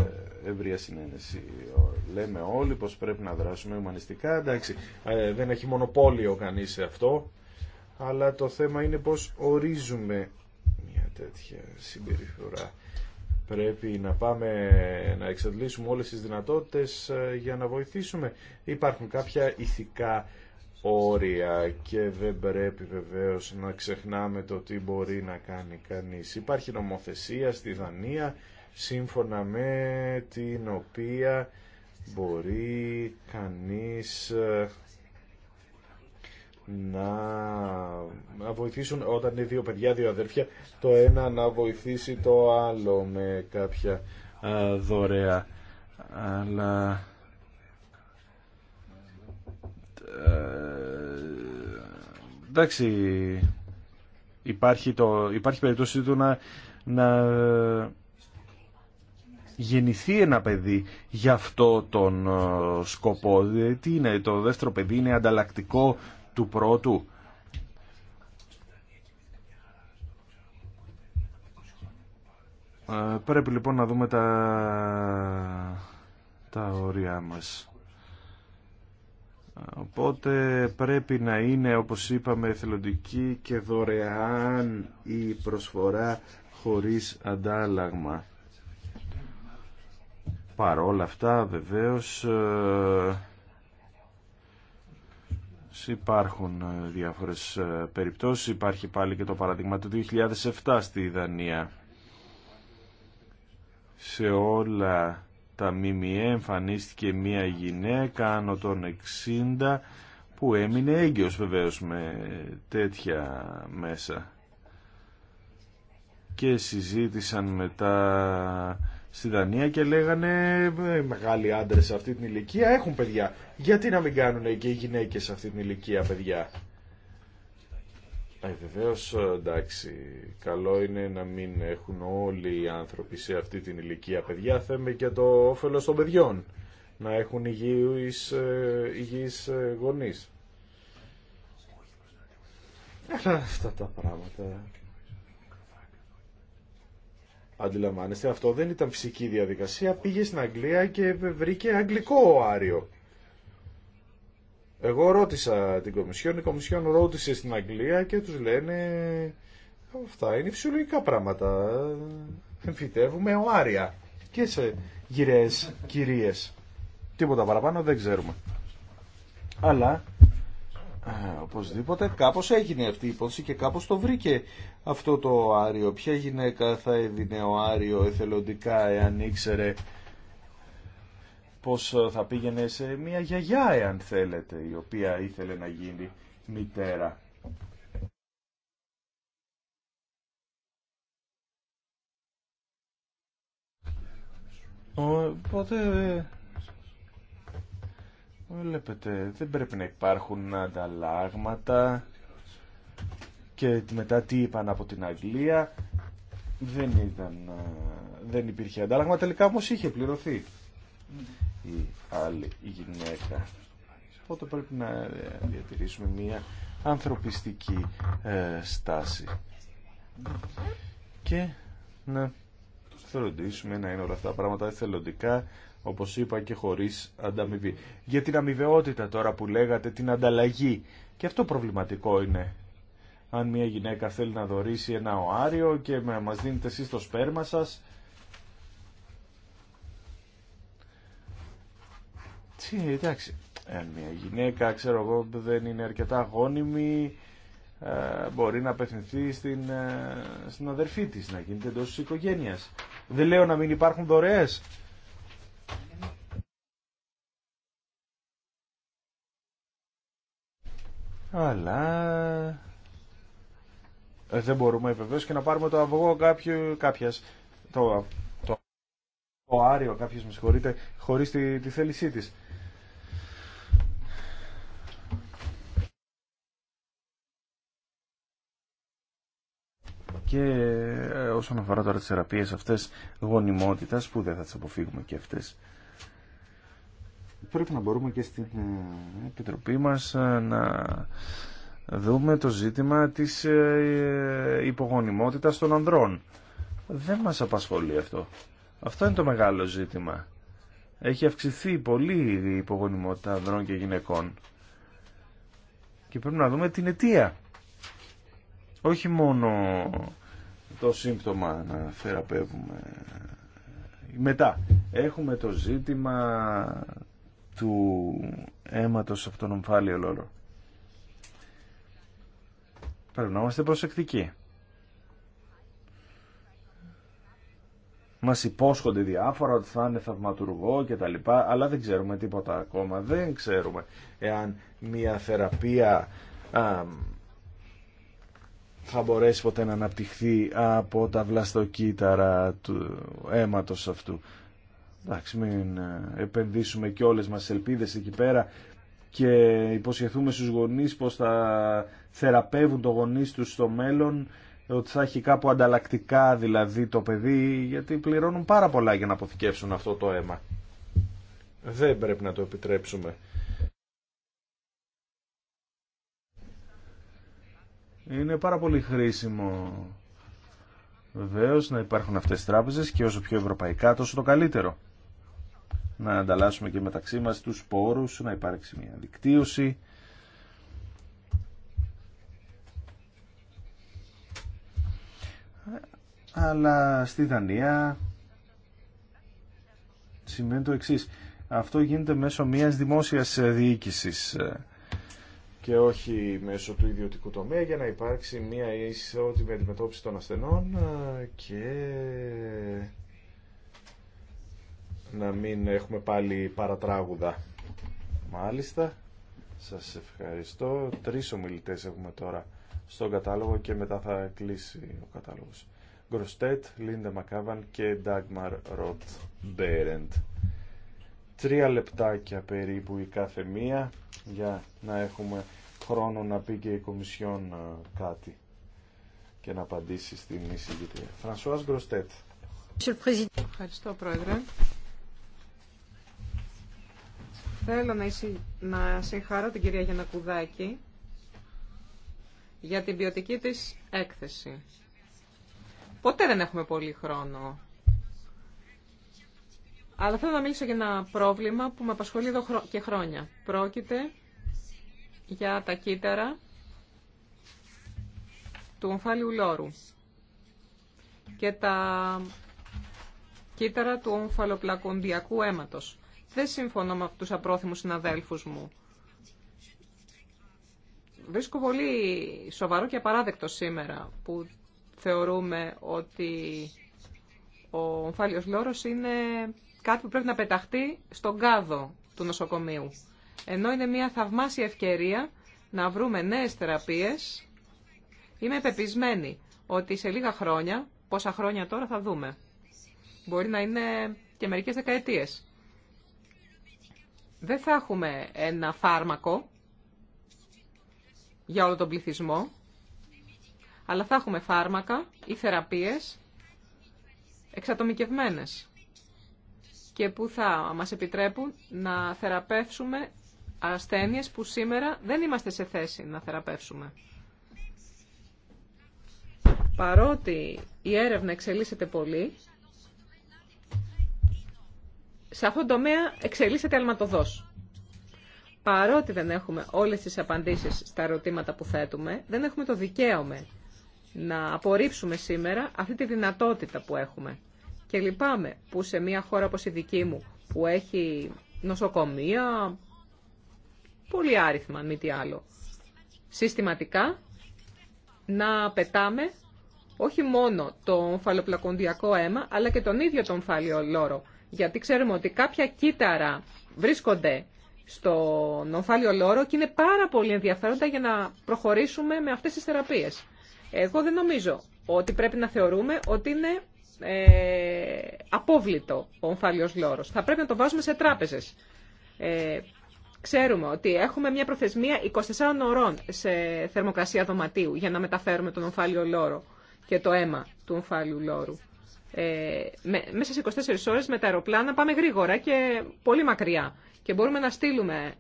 ευρεία συνένεση. Λέμε όλοι πως πρέπει να δράσουμε ουμανιστικά. Εντάξει, ε, δεν έχει μονοπόλιο κανείς σε αυτό, αλλά το θέμα είναι πως ορίζουμε μια τέτοια συμπεριφορά. Πρέπει να πάμε να εξαντλήσουμε όλες τις δυνατότητες ε, για να βοηθήσουμε. Υπάρχουν κάποια ηθικά όρια και δεν πρέπει βεβαίως να ξεχνάμε το τι μπορεί να κάνει κανείς. Υπάρχει νομοθεσία στη Δανία σύμφωνα με την οποία μπορεί κανείς ε, να βοηθήσουν όταν είναι δύο παιδιά, δύο αδέρφια, το ένα να βοηθήσει το άλλο με κάποια ε, δωρεά. Αλλά ε, εντάξει, υπάρχει, το, υπάρχει περίπτωση του να, να γεννηθεί ένα παιδί για αυτό τον ε, σκοπό. Ε, τι είναι, το δεύτερο παιδί είναι ανταλλακτικό του πρώτου. Ε, πρέπει λοιπόν να δούμε τα, τα όρια μας. Οπότε πρέπει να είναι, όπως είπαμε, εθελοντική και δωρεάν η προσφορά χωρίς αντάλλαγμα. Παρόλα αυτά βεβαίως ε, υπάρχουν ε, διάφορες ε, περιπτώσεις. Υπάρχει πάλι και το παράδειγμα του 2007 στη Δανία. Σε όλα τα ΜΜΕ εμφανίστηκε μία γυναίκα άνω των 60 που έμεινε έγκυος βεβαίως με τέτοια μέσα. Και συζήτησαν μετά στη Δανία και λέγανε «Ε, μεγάλοι άντρες σε αυτή την ηλικία έχουν παιδιά. Γιατί να μην κάνουν και οι γυναίκες σε αυτή την ηλικία παιδιά. Ε, Βεβαίω, εντάξει, καλό είναι να μην έχουν όλοι οι άνθρωποι σε αυτή την ηλικία παιδιά, θέμε και το όφελο των παιδιών, να έχουν υγιείς, ε, γονεί. Ε, γονείς. Αλλά αυτά τα πράγματα Αντιλαμβάνεστε, αυτό δεν ήταν φυσική διαδικασία. Πήγε στην Αγγλία και βρήκε αγγλικό άριο. Εγώ ρώτησα την Κομισιόν, η Κομισιόν ρώτησε στην Αγγλία και τους λένε αυτά είναι φυσιολογικά πράγματα. Εμφυτεύουμε οάρια και σε γυρές κυρίες. Τίποτα παραπάνω δεν ξέρουμε. Αλλά ε, οπωσδήποτε κάπως έγινε αυτή η υπόθεση και κάπως το βρήκε αυτό το Άριο. Ποια γυναίκα θα έδινε ο Άριο εθελοντικά εάν ήξερε πως ε, θα πήγαινε σε μια γιαγιά εάν θέλετε η οποία ήθελε να γίνει μητέρα. Οπότε ε, Βλέπετε, δεν πρέπει να υπάρχουν ανταλλάγματα και μετά τι είπαν από την Αγγλία δεν, ήταν, δεν υπήρχε αντάλλαγμα τελικά όμως είχε πληρωθεί η άλλη γυναίκα οπότε πρέπει να ε, διατηρήσουμε μια ανθρωπιστική ε, στάση και να φροντίσουμε να είναι όλα αυτά τα πράγματα εθελοντικά όπως είπα και χωρίς ανταμοιβή. Για την αμοιβαιότητα τώρα που λέγατε, την ανταλλαγή, και αυτό προβληματικό είναι. Αν μια γυναίκα θέλει να δωρήσει ένα οάριο και μας δίνετε εσείς το σπέρμα σας, Τι, εντάξει, αν μια γυναίκα, ξέρω εγώ, δεν είναι αρκετά γόνιμη, ε, μπορεί να απευθυνθεί στην, ε, στην αδερφή της, να γίνεται εντός της οικογένειας. Δεν λέω να μην υπάρχουν δωρεές, αλλά ε, δεν μπορούμε βεβαίω και να πάρουμε το αυγό κάποιου, κάποιας, το, το, το άριο κάποιος με συγχωρείτε, χωρίς τη, τη θέλησή της. και ε, όσον αφορά τώρα τις θεραπείες αυτές γονιμότητας που δεν θα τις αποφύγουμε και αυτές πρέπει να μπορούμε και στην ε, Επιτροπή μας ε, να δούμε το ζήτημα της υπογονιμότητας των ανδρών. Δεν μας απασχολεί αυτό. Αυτό είναι το μεγάλο ζήτημα. Έχει αυξηθεί πολύ η υπογονιμότητα ανδρών και γυναικών. Και πρέπει να δούμε την αιτία. Όχι μόνο το σύμπτωμα να θεραπεύουμε. Μετά, έχουμε το ζήτημα του αίματος από τον ομφάλιο λόρο. Πρέπει να είμαστε προσεκτικοί. Μας υπόσχονται διάφορα ότι θα είναι θαυματουργό και τα λοιπά, αλλά δεν ξέρουμε τίποτα ακόμα. Δεν ξέρουμε εάν μια θεραπεία θα μπορέσει ποτέ να αναπτυχθεί από τα βλαστοκύτταρα του αίματος αυτού. Εντάξει, μην ε, επενδύσουμε και όλες μας ελπίδες εκεί πέρα και υποσχεθούμε στους γονείς πως θα θεραπεύουν το γονείς τους στο μέλλον ότι θα έχει κάπου ανταλλακτικά δηλαδή το παιδί γιατί πληρώνουν πάρα πολλά για να αποθηκεύσουν αυτό το αίμα. Δεν πρέπει να το επιτρέψουμε. είναι πάρα πολύ χρήσιμο βεβαίω να υπάρχουν αυτές οι τράπεζες και όσο πιο ευρωπαϊκά τόσο το καλύτερο. Να ανταλλάσσουμε και μεταξύ μας τους πόρους, να υπάρξει μια δικτύωση. Αλλά στη Δανία σημαίνει το εξής. Αυτό γίνεται μέσω μιας δημόσιας διοίκησης και όχι μέσω του ιδιωτικού τομέα για να υπάρξει μια ισότιμη αντιμετώπιση των ασθενών ε, και να μην έχουμε πάλι παρατράγουδα. Μάλιστα, σας ευχαριστώ. Τρεις ομιλητές έχουμε τώρα στον κατάλογο και μετά θα κλείσει ο κατάλογος. Γκροστέτ, Λίντα Μακάβαν και Ντάγμαρ Ροτ Μπέρεντ τρία λεπτάκια περίπου η κάθε μία για να έχουμε χρόνο να πει και η Κομισιόν ε, κάτι και να απαντήσει στην εισηγητρία. Φρανσουάς Γκροστέτ. Ευχαριστώ Πρόεδρε. Θέλω να, ειση... να συγχαρώ την κυρία Γιανακουδάκη για την ποιοτική της έκθεση. Ποτέ δεν έχουμε πολύ χρόνο αλλά θέλω να μιλήσω για ένα πρόβλημα που με απασχολεί εδώ και χρόνια. Πρόκειται για τα κύτταρα του ομφάλιου λόρου και τα κύτταρα του ομφαλοπλακοντιακού αίματος. Δεν συμφωνώ με τους απρόθυμους συναδέλφους μου. Βρίσκω πολύ σοβαρό και απαράδεκτο σήμερα που θεωρούμε ότι ο ομφάλιος λόρος είναι κάτι που πρέπει να πεταχτεί στον κάδο του νοσοκομείου. Ενώ είναι μια θαυμάσια ευκαιρία να βρούμε νέες θεραπείες, είμαι πεπισμένη ότι σε λίγα χρόνια, πόσα χρόνια τώρα θα δούμε, μπορεί να είναι και μερικές δεκαετίες, δεν θα έχουμε ένα φάρμακο για όλο τον πληθυσμό, αλλά θα έχουμε φάρμακα ή θεραπείες εξατομικευμένες και που θα μας επιτρέπουν να θεραπεύσουμε ασθένειες που σήμερα δεν είμαστε σε θέση να θεραπεύσουμε. Παρότι η έρευνα εξελίσσεται πολύ, σε αυτόν τον τομέα εξελίσσεται αλματοδός. Παρότι δεν έχουμε όλες τις απαντήσεις στα ερωτήματα που θέτουμε, δεν έχουμε το δικαίωμα να απορρίψουμε σήμερα αυτή τη δυνατότητα που έχουμε. Και λυπάμαι που σε μια χώρα όπως η δική μου, που έχει νοσοκομεία, πολύ άριθμα, μη τι άλλο, συστηματικά να πετάμε όχι μόνο το φαλοπλακοντιακό αίμα, αλλά και τον ίδιο τον λόρο. Γιατί ξέρουμε ότι κάποια κύτταρα βρίσκονται στον ομφάλιο λόρο και είναι πάρα πολύ ενδιαφέροντα για να προχωρήσουμε με αυτές τις θεραπείες. Εγώ δεν νομίζω ότι πρέπει να θεωρούμε ότι είναι ε, απόβλητο ο ομφάλιος λόρος. Θα πρέπει να το βάζουμε σε τράπεζες. Ε, ξέρουμε ότι έχουμε μια προθεσμία 24 ωρών σε θερμοκρασία δωματίου για να μεταφέρουμε τον ομφάλιο λόρο και το αίμα του ομφάλιου λόρου. Ε, μέσα σε 24 ώρες με τα αεροπλάνα πάμε γρήγορα και πολύ μακριά και μπορούμε να στείλουμε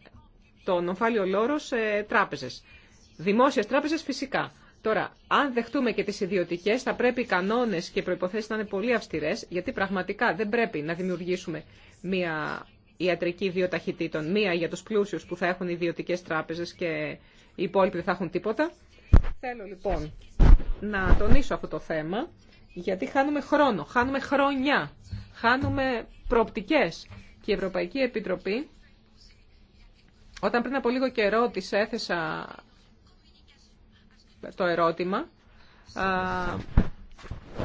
τον ομφάλιο λόρο σε τράπεζες. Δημόσιες τράπεζες φυσικά. Τώρα, αν δεχτούμε και τι ιδιωτικέ, θα πρέπει οι κανόνε και οι προποθέσει να είναι πολύ αυστηρέ, γιατί πραγματικά δεν πρέπει να δημιουργήσουμε μια ιατρική δύο ταχυτήτων. Μία για του πλούσιου που θα έχουν ιδιωτικέ τράπεζε και οι υπόλοιποι δεν θα έχουν τίποτα. Θέλω λοιπόν να τονίσω αυτό το θέμα, γιατί χάνουμε χρόνο, χάνουμε χρόνια, χάνουμε προοπτικές. Και η Ευρωπαϊκή Επιτροπή, όταν πριν από λίγο καιρό τη έθεσα το ερώτημα.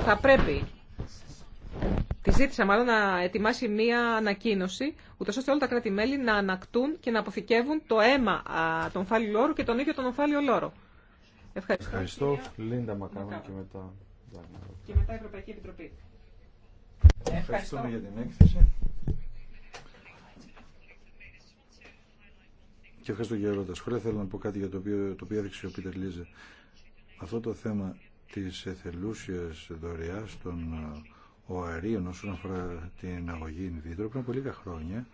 Θα πρέπει, τη ζήτησα μάλλον να ετοιμάσει μία ανακοίνωση, ούτω ώστε όλα τα κράτη-μέλη να ανακτούν και να αποθηκεύουν το αίμα των φάλιου λόρου και τον ίδιο τον ομφάλιο λόρο. Ευχαριστώ. Ευχαριστώ. Λίντα Μακάβα και μετά. Και μετά Ευρωπαϊκή Επιτροπή. Ευχαριστούμε για την έκθεση. Και ευχαριστώ για ερώτηση. Θέλω να πω κάτι για το οποίο, το οποίο έδειξε ο Πίτερ Λίζε αυτό το θέμα της εθελούσιας δωρεάς των ε, οαρίων όσον αφορά την αγωγή in πριν από λίγα χρόνια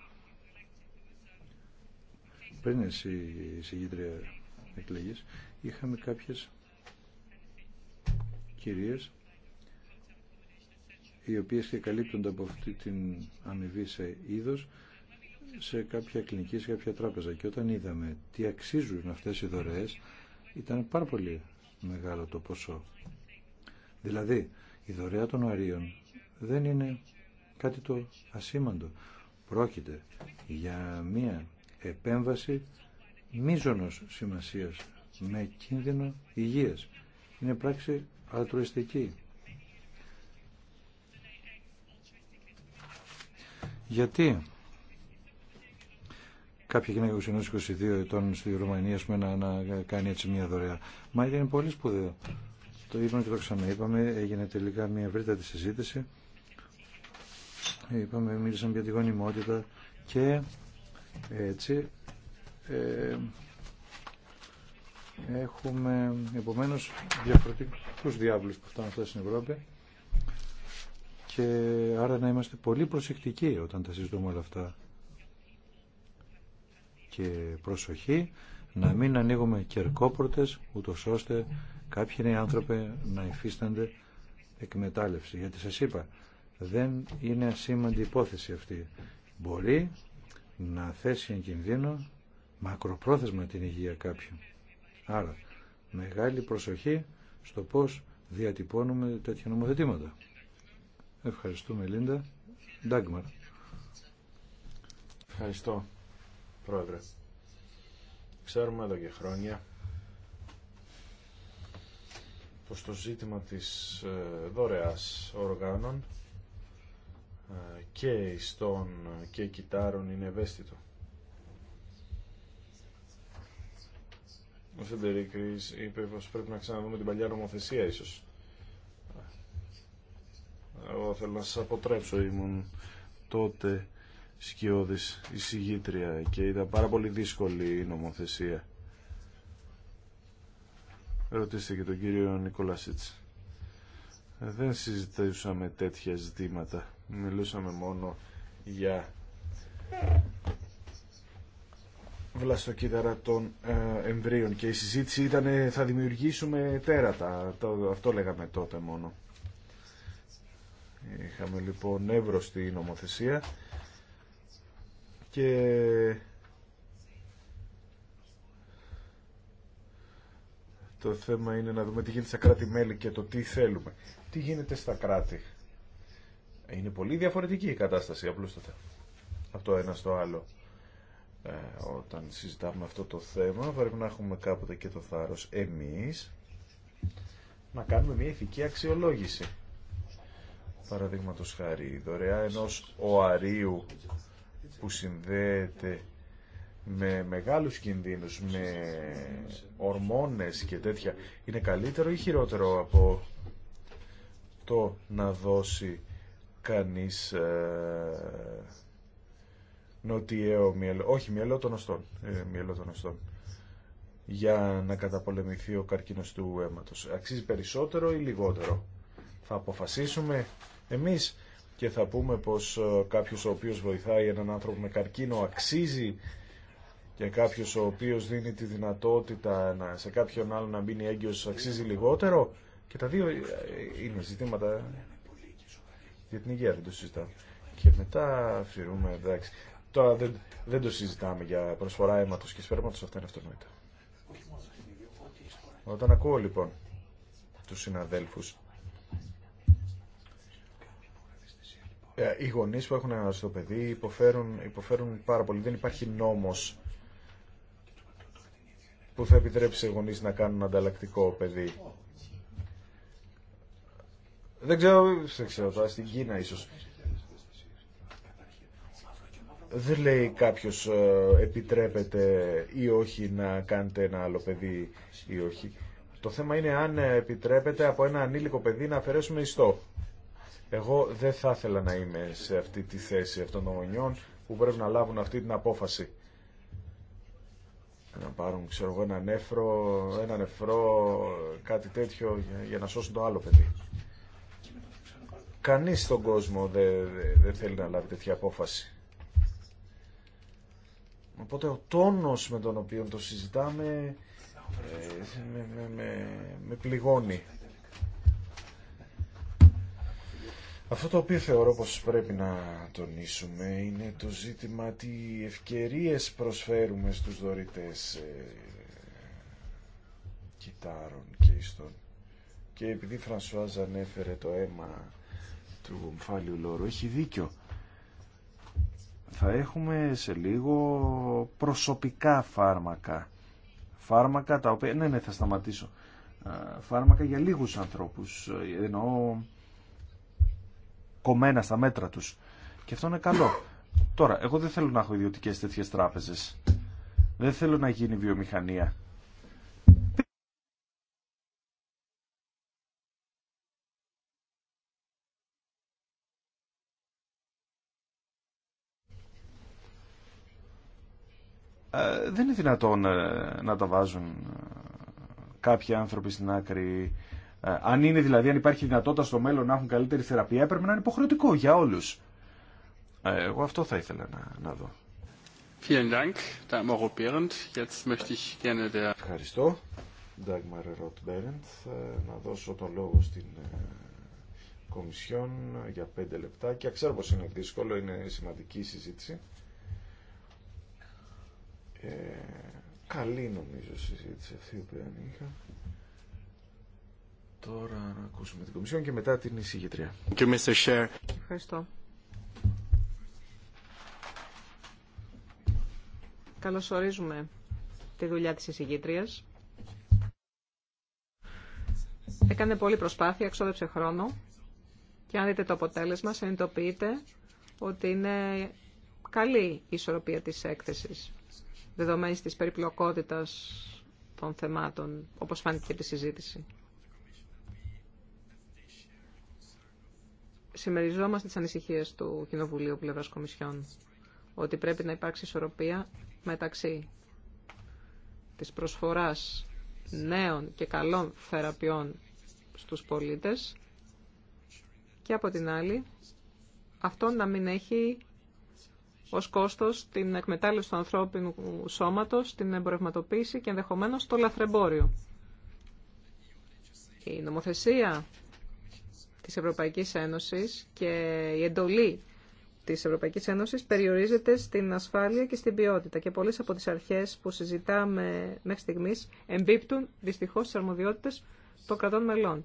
πριν εσύ η συγκήτρια είχαμε κάποιες κυρίες οι οποίες και καλύπτονται από αυτή την αμοιβή σε είδος σε κάποια κλινική, σε κάποια τράπεζα και όταν είδαμε τι αξίζουν αυτές οι δωρεές ήταν πάρα πολύ μεγάλο το ποσό. Δηλαδή, η δωρεά των αρίων δεν είναι κάτι το ασήμαντο. Πρόκειται για μία επέμβαση μίζωνος σημασίας με κίνδυνο υγείας. Είναι πράξη αλτρουιστική. Γιατί κάποια γυναίκα 22 ετών στη Ρουμανία πούμε, να, κάνει έτσι μια δωρεά. Μα είναι πολύ σπουδαίο. Το είπαμε και το ξαναείπαμε, έγινε τελικά μια ευρύτατη συζήτηση. Είπαμε, μίλησαμε για τη γονιμότητα και έτσι ε, έχουμε επομένως διαφορετικούς διάβλους που φτάνουν αυτά στην Ευρώπη και άρα να είμαστε πολύ προσεκτικοί όταν τα συζητούμε όλα αυτά και προσοχή να μην ανοίγουμε κερκόπορτες ούτως ώστε κάποιοι νέοι άνθρωποι να υφίστανται εκμετάλλευση. Γιατί σας είπα, δεν είναι ασήμαντη υπόθεση αυτή. Μπορεί να θέσει εν κινδύνο μακροπρόθεσμα την υγεία κάποιου. Άρα, μεγάλη προσοχή στο πώς διατυπώνουμε τέτοια νομοθετήματα. Ευχαριστούμε, Λίντα. Ντάγμαρ. Ευχαριστώ. Πρόεδρε. Ξέρουμε εδώ και χρόνια πως το ζήτημα της ε, δωρεάς οργάνων ε, και ιστών και κιτάρων είναι ευαίσθητο. Ο Φεντερίκ είπε πως πρέπει να ξαναδούμε την παλιά νομοθεσία ίσως. Ε, εγώ θέλω να σας αποτρέψω, ήμουν τότε η εισηγήτρια και ήταν πάρα πολύ δύσκολη η νομοθεσία. Ρωτήστε και τον κύριο Νικολασίτς. Δεν συζητήσαμε τέτοια ζητήματα. Μιλούσαμε μόνο για βλαστοκύτταρα των ε, εμβρίων και η συζήτηση ήταν ε, θα δημιουργήσουμε τέρατα. Αυτό λέγαμε τότε μόνο. Είχαμε λοιπόν εύρωστη νομοθεσία και το θέμα είναι να δούμε τι γίνεται στα κράτη-μέλη και το τι θέλουμε. Τι γίνεται στα κράτη. Είναι πολύ διαφορετική η κατάσταση, απλούστατα, από το ένα στο άλλο. Ε, όταν συζητάμε αυτό το θέμα, πρέπει να έχουμε κάποτε και το θάρρος εμείς να κάνουμε μια ηθική αξιολόγηση. Παραδείγματος χάρη, δωρεά ενός οαρίου που συνδέεται με μεγάλους κινδύνους, με ορμόνες και τέτοια, είναι καλύτερο ή χειρότερο από το να δώσει κανείς νοτιέο ε, νοτιαίο όχι μυαλό των οστών, ε, των οστών, για να καταπολεμηθεί ο καρκίνος του αίματος. Αξίζει περισσότερο ή λιγότερο. Θα αποφασίσουμε εμείς και θα πούμε πως ε, κάποιος ο οποίος βοηθάει έναν άνθρωπο με καρκίνο αξίζει και κάποιος ο οποίος δίνει τη δυνατότητα να, σε κάποιον άλλο να μπει έγκυος αξίζει λιγότερο και τα δύο ε, είναι ζητήματα για την υγεία δεν το συζητάμε και μετά αφηρούμε εντάξει τώρα δεν, δεν το συζητάμε για προσφορά αίματος και σπέρματος αυτά είναι αυτονόητα όταν ακούω λοιπόν τους συναδέλφους Ε, οι γονεί που έχουν ένα στο παιδί υποφέρουν, υποφέρουν πάρα πολύ. Δεν υπάρχει νόμος που θα επιτρέψει σε γονείς να κάνουν ανταλλακτικό παιδί. Δεν ξέρω, δεν ξέρω τώρα, στην Κίνα ίσως. Δεν λέει κάποιος ε, επιτρέπεται ή όχι να κάνετε ένα άλλο παιδί ή όχι. Το θέμα είναι αν επιτρέπεται από ένα ανήλικο παιδί να αφαιρέσουμε ιστό. Εγώ δεν θα ήθελα να είμαι σε αυτή τη θέση αυτών των γονιών που πρέπει να λάβουν αυτή την απόφαση. Να πάρουν, ξέρω εγώ, ένα νεφρό, ένα νεφρό, κάτι τέτοιο για, να σώσουν το άλλο παιδί. Κανείς στον κόσμο δεν δε, θέλει να λάβει τέτοια απόφαση. Οπότε ο τόνος με τον οποίο το συζητάμε ε, με, με, με, με πληγώνει. Αυτό το οποίο θεωρώ πως πρέπει να τονίσουμε είναι το ζήτημα τι ευκαιρίες προσφέρουμε στους δωρητές ε, κιτάρων και ιστών. Και επειδή Φρανσουάζ ανέφερε το αίμα του ομφάλιου λόρου, έχει δίκιο. Θα έχουμε σε λίγο προσωπικά φάρμακα. Φάρμακα τα οποία... Ναι, ναι, θα σταματήσω. Φάρμακα για λίγους ανθρώπους. Ε, εννοώ κομμένα στα μέτρα τους. Και αυτό είναι καλό. Τώρα, εγώ δεν θέλω να έχω ιδιωτικέ τέτοιε τράπεζε. Δεν θέλω να γίνει βιομηχανία. Ε, δεν είναι δυνατόν ε, να τα βάζουν ε, κάποιοι άνθρωποι στην άκρη ε, αν είναι δηλαδή, αν υπάρχει δυνατότητα στο μέλλον να έχουν καλύτερη θεραπεία, έπρεπε να είναι υποχρεωτικό για όλους. Ε, εγώ αυτό θα ήθελα να, να δω. Ευχαριστώ. Dagmar roth ε, Να δώσω τον λόγο στην Κομισιόν για πέντε λεπτά και ξέρω πως είναι δύσκολο, είναι σημαντική η συζήτηση. Ε, καλή νομίζω συζήτηση αυτή που είχα. Τώρα να ακούσουμε την Κομισιόν και μετά την εισηγητρία. Ευχαριστώ. Καλωσορίζουμε τη δουλειά της εισηγήτριας. Έκανε πολλή προσπάθεια, εξόδεψε χρόνο και αν δείτε το αποτέλεσμα συνειδητοποιείτε ότι είναι καλή η ισορροπία της έκθεσης δεδομένης της περιπλοκότητας των θεμάτων, όπως φάνηκε τη συζήτηση. συμμεριζόμαστε τις ανησυχίες του Κοινοβουλίου πλευράς Κομισιόν, ότι πρέπει να υπάρξει ισορροπία μεταξύ της προσφοράς νέων και καλών θεραπείων στους πολίτες και από την άλλη αυτό να μην έχει ως κόστος την εκμετάλλευση του ανθρώπινου σώματος, την εμπορευματοποίηση και ενδεχομένως το λαθρεμπόριο. Η νομοθεσία της Ευρωπαϊκής Ένωσης και η εντολή της Ευρωπαϊκής Ένωσης περιορίζεται στην ασφάλεια και στην ποιότητα και πολλές από τις αρχές που συζητάμε μέχρι στιγμής εμπίπτουν δυστυχώς στις αρμοδιότητες των κρατών μελών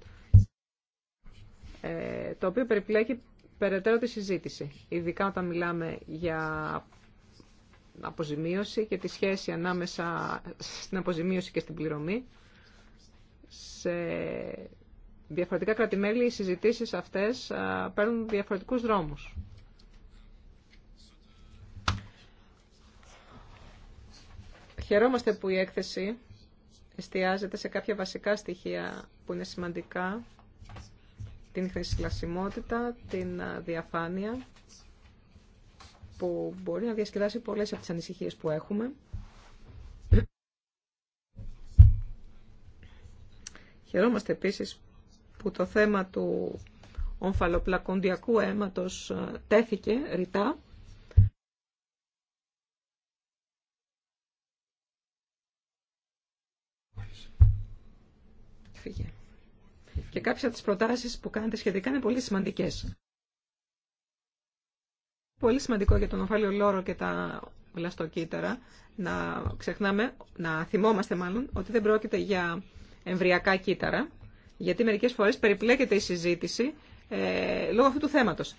ε, το οποίο περιπλέκει περαιτέρω τη συζήτηση ειδικά όταν μιλάμε για αποζημίωση και τη σχέση ανάμεσα στην αποζημίωση και στην πληρωμή σε διαφορετικά κρατημέλη οι συζητήσεις αυτές παίρνουν διαφορετικούς δρόμους. Χαιρόμαστε που η έκθεση εστιάζεται σε κάποια βασικά στοιχεία που είναι σημαντικά, την χρησιμότητα, την διαφάνεια, που μπορεί να διασκεδάσει πολλές από τις ανησυχίες που έχουμε. Χαιρόμαστε επίσης που το θέμα του ομφαλοπλακοντιακού αίματος ε, τέθηκε ρητά. Και κάποιες από τις προτάσεις που κάνετε σχετικά είναι πολύ σημαντικές. Πολύ σημαντικό για τον ομφάλιο λόρο και τα βλαστοκύτταρα να ξεχνάμε, να θυμόμαστε μάλλον, ότι δεν πρόκειται για εμβριακά κύτταρα, γιατί μερικές φορές περιπλέκεται η συζήτηση ε, λόγω αυτού του θέματος.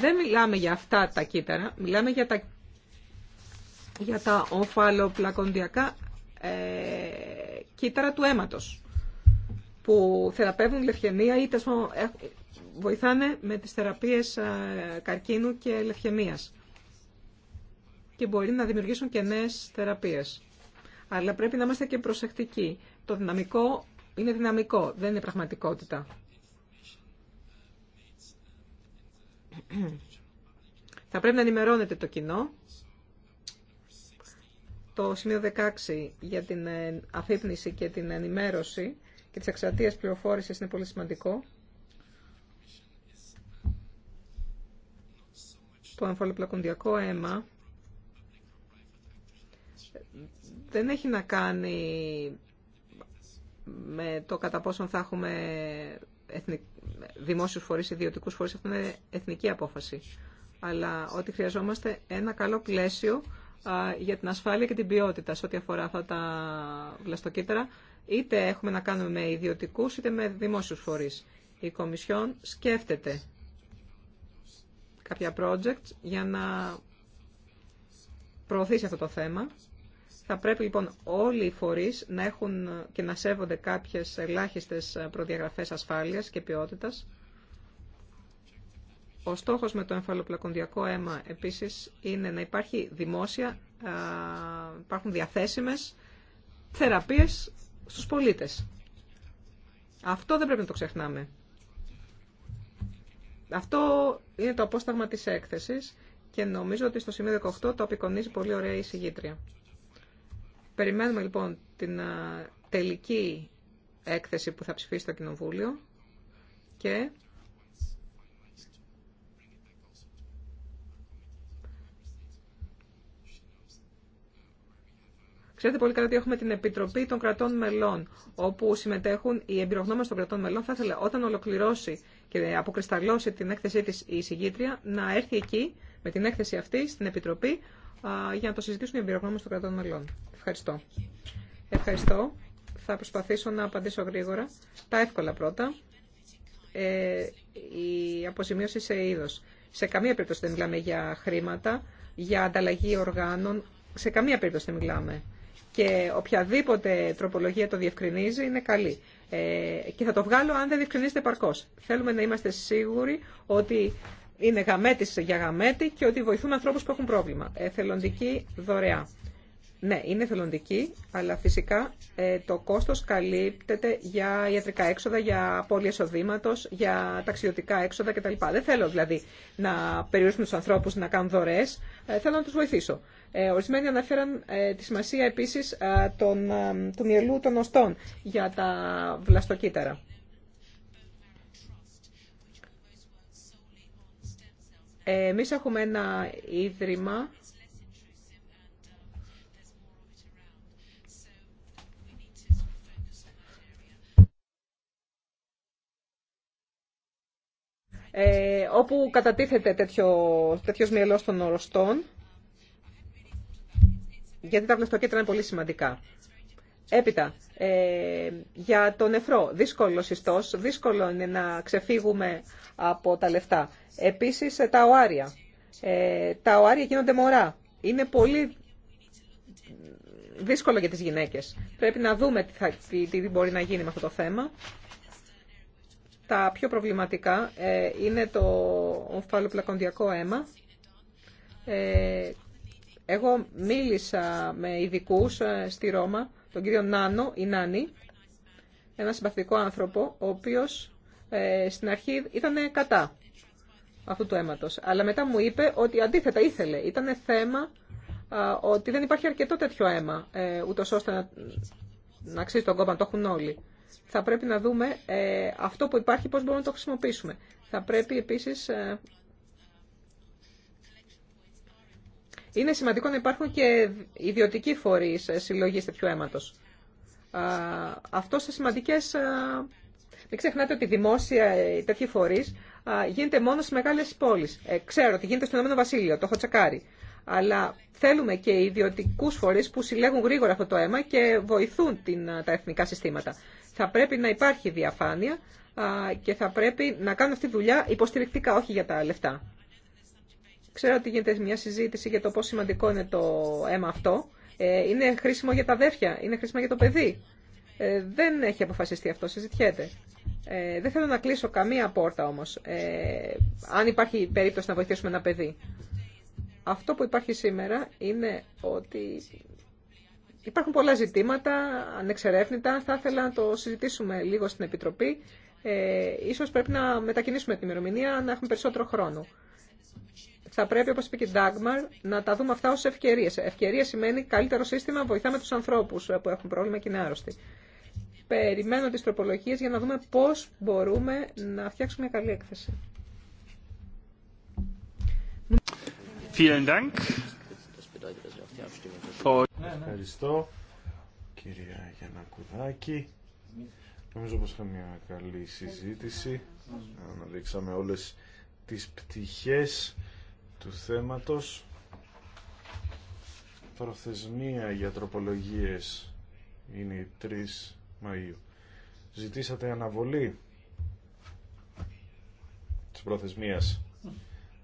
Δεν μιλάμε για αυτά τα κύτταρα, μιλάμε για τα, για τα ε, κύτταρα του αίματος που θεραπεύουν λευχαιμία ή τεσμο, βοηθάνε με τις θεραπείες ε, καρκίνου και λευχαιμίας και μπορεί να δημιουργήσουν και νέες θεραπείες. Αλλά πρέπει να είμαστε και προσεκτικοί. Το δυναμικό είναι δυναμικό, δεν είναι πραγματικότητα. Θα πρέπει να ενημερώνετε το κοινό. Το σημείο 16 για την ε, αφύπνιση και την ενημέρωση και τις εξαρτίες πληροφόρησης είναι πολύ σημαντικό. Το εμφαλοπλακοντιακό αίμα δεν έχει να κάνει με το κατά πόσον θα έχουμε εθνικ... δημόσιους φορείς, ιδιωτικούς φορείς, αυτό είναι εθνική απόφαση. Αλλά ότι χρειαζόμαστε ένα καλό πλαίσιο για την ασφάλεια και την ποιότητα σε ό,τι αφορά αυτά τα βλαστοκύτταρα, είτε έχουμε να κάνουμε με ιδιωτικούς είτε με δημόσιους φορείς. Η Κομισιόν σκέφτεται κάποια project για να προωθήσει αυτό το θέμα θα πρέπει λοιπόν όλοι οι φορείς να έχουν και να σέβονται κάποιες ελάχιστες προδιαγραφές ασφάλειας και ποιότητας. Ο στόχος με το εμφαλοπλακονδιακό αίμα επίσης είναι να υπάρχει δημόσια, υπάρχουν διαθέσιμες θεραπείες στους πολίτες. Αυτό δεν πρέπει να το ξεχνάμε. Αυτό είναι το απόσταγμα της έκθεσης και νομίζω ότι στο σημείο 18 το απεικονίζει πολύ ωραία η συγγήτρια. Περιμένουμε λοιπόν την τελική έκθεση που θα ψηφίσει το Κοινοβούλιο και Ξέρετε πολύ καλά ότι έχουμε την Επιτροπή των Κρατών Μελών, όπου συμμετέχουν οι εμπειρογνώμες των κρατών μελών. Θα ήθελα όταν ολοκληρώσει και αποκρισταλώσει την έκθεσή της η συγγήτρια να έρθει εκεί με την έκθεση αυτή στην Επιτροπή, για να το συζητήσουν οι εμπειρογνώμε των κρατών μελών. Ευχαριστώ. Ευχαριστώ. Θα προσπαθήσω να απαντήσω γρήγορα. Τα εύκολα πρώτα. Ε, η αποζημίωση σε είδο. Σε καμία περίπτωση δεν μιλάμε για χρήματα, για ανταλλαγή οργάνων. Σε καμία περίπτωση δεν μιλάμε. Και οποιαδήποτε τροπολογία το διευκρινίζει είναι καλή. Ε, και θα το βγάλω αν δεν διευκρινίζεται παρκώ. Θέλουμε να είμαστε σίγουροι ότι είναι γαμέτης για γαμέτη και ότι βοηθούν ανθρώπους που έχουν πρόβλημα. Εθελοντική δωρεά. Ναι, είναι εθελοντική, αλλά φυσικά ε, το κόστος καλύπτεται για ιατρικά έξοδα, για απώλεια εισοδήματο, για ταξιδιωτικά έξοδα κτλ. Δεν θέλω δηλαδή να περιορίσουμε του ανθρώπου να κάνουν δωρεές, ε, θέλω να τους βοηθήσω. Ε, ορισμένοι αναφέραν ε, τη σημασία επίσης του μυελού των οστών για τα βλαστοκύτταρα. Εμεί έχουμε ένα ίδρυμα ε, όπου κατατίθεται τέτοιο, τέτοιος μυελός των οροστών, γιατί τα βλεφτοκέντρα είναι πολύ σημαντικά. Έπειτα, ε, για το νεφρό, δύσκολο ιστός, δύσκολο είναι να ξεφύγουμε από τα λεφτά. Επίσης, ε, τα οάρια. Ε, τα οάρια γίνονται μωρά. Είναι πολύ δύσκολο για τις γυναίκες. Πρέπει να δούμε τι, θα, τι, μπορεί να γίνει με αυτό το θέμα. Τα πιο προβληματικά ε, είναι το ομφαλοπλακοντιακό αίμα. Ε, εγώ μίλησα με ειδικού στη Ρώμα τον κύριο Νάνο ή Νάνη, ένα συμπαθητικό άνθρωπο, ο οποίος ε, στην αρχή ήταν κατά αυτού του αίματο. Αλλά μετά μου είπε ότι αντίθετα ήθελε. Ήταν θέμα ότι δεν υπάρχει αρκετό τέτοιο αίμα, ε, ώστε να, να αξίζει τον κόμμα, το έχουν όλοι. Θα πρέπει να δούμε ε, αυτό που υπάρχει, πώς μπορούμε να το χρησιμοποιήσουμε. Θα πρέπει επίσης ε, Είναι σημαντικό να υπάρχουν και ιδιωτικοί φορεί ε, συλλογή τέτοιου αίματος. Αυτό σε σημαντικέ. Μην ξεχνάτε ότι δημόσια ε, τέτοιοι φορεί γίνεται μόνο στις μεγάλες πόλεις. Ε, ξέρω ότι γίνεται στο Ηνωμένο Βασίλειο, το έχω Αλλά θέλουμε και ιδιωτικού φορεί που συλλέγουν γρήγορα αυτό το αίμα και βοηθούν την, τα εθνικά συστήματα. Θα πρέπει να υπάρχει διαφάνεια και θα πρέπει να κάνουν αυτή τη δουλειά υποστηρικτικά, όχι για τα λεφτά. Ξέρω ότι γίνεται μια συζήτηση για το πόσο σημαντικό είναι το αίμα αυτό. Ε, είναι χρήσιμο για τα αδέρφια, είναι χρήσιμο για το παιδί. Ε, δεν έχει αποφασιστεί αυτό, συζητιέται. Ε, δεν θέλω να κλείσω καμία πόρτα όμως, ε, αν υπάρχει περίπτωση να βοηθήσουμε ένα παιδί. Αυτό που υπάρχει σήμερα είναι ότι υπάρχουν πολλά ζητήματα ανεξερεύνητα. Θα ήθελα να το συζητήσουμε λίγο στην Επιτροπή. Ε, ίσως πρέπει να μετακινήσουμε την ημερομηνία, να έχουμε περισσότερο χρόνο θα πρέπει, όπως είπε και η Ντάγμαρ, να τα δούμε αυτά ως ευκαιρίες. Ευκαιρία σημαίνει καλύτερο σύστημα, βοηθάμε τους ανθρώπους που έχουν πρόβλημα και είναι άρρωστοι. Περιμένω τις τροπολογίε για να δούμε πώς μπορούμε να φτιάξουμε μια καλή έκθεση. Ευχαριστώ, κυρία Γιανακουδάκη. Νομίζω πως είχαμε μια καλή συζήτηση. Αναδείξαμε όλες τις πτυχές του θέματος προθεσμία για τροπολογίες είναι η 3 Μαΐου ζητήσατε αναβολή της προθεσμίας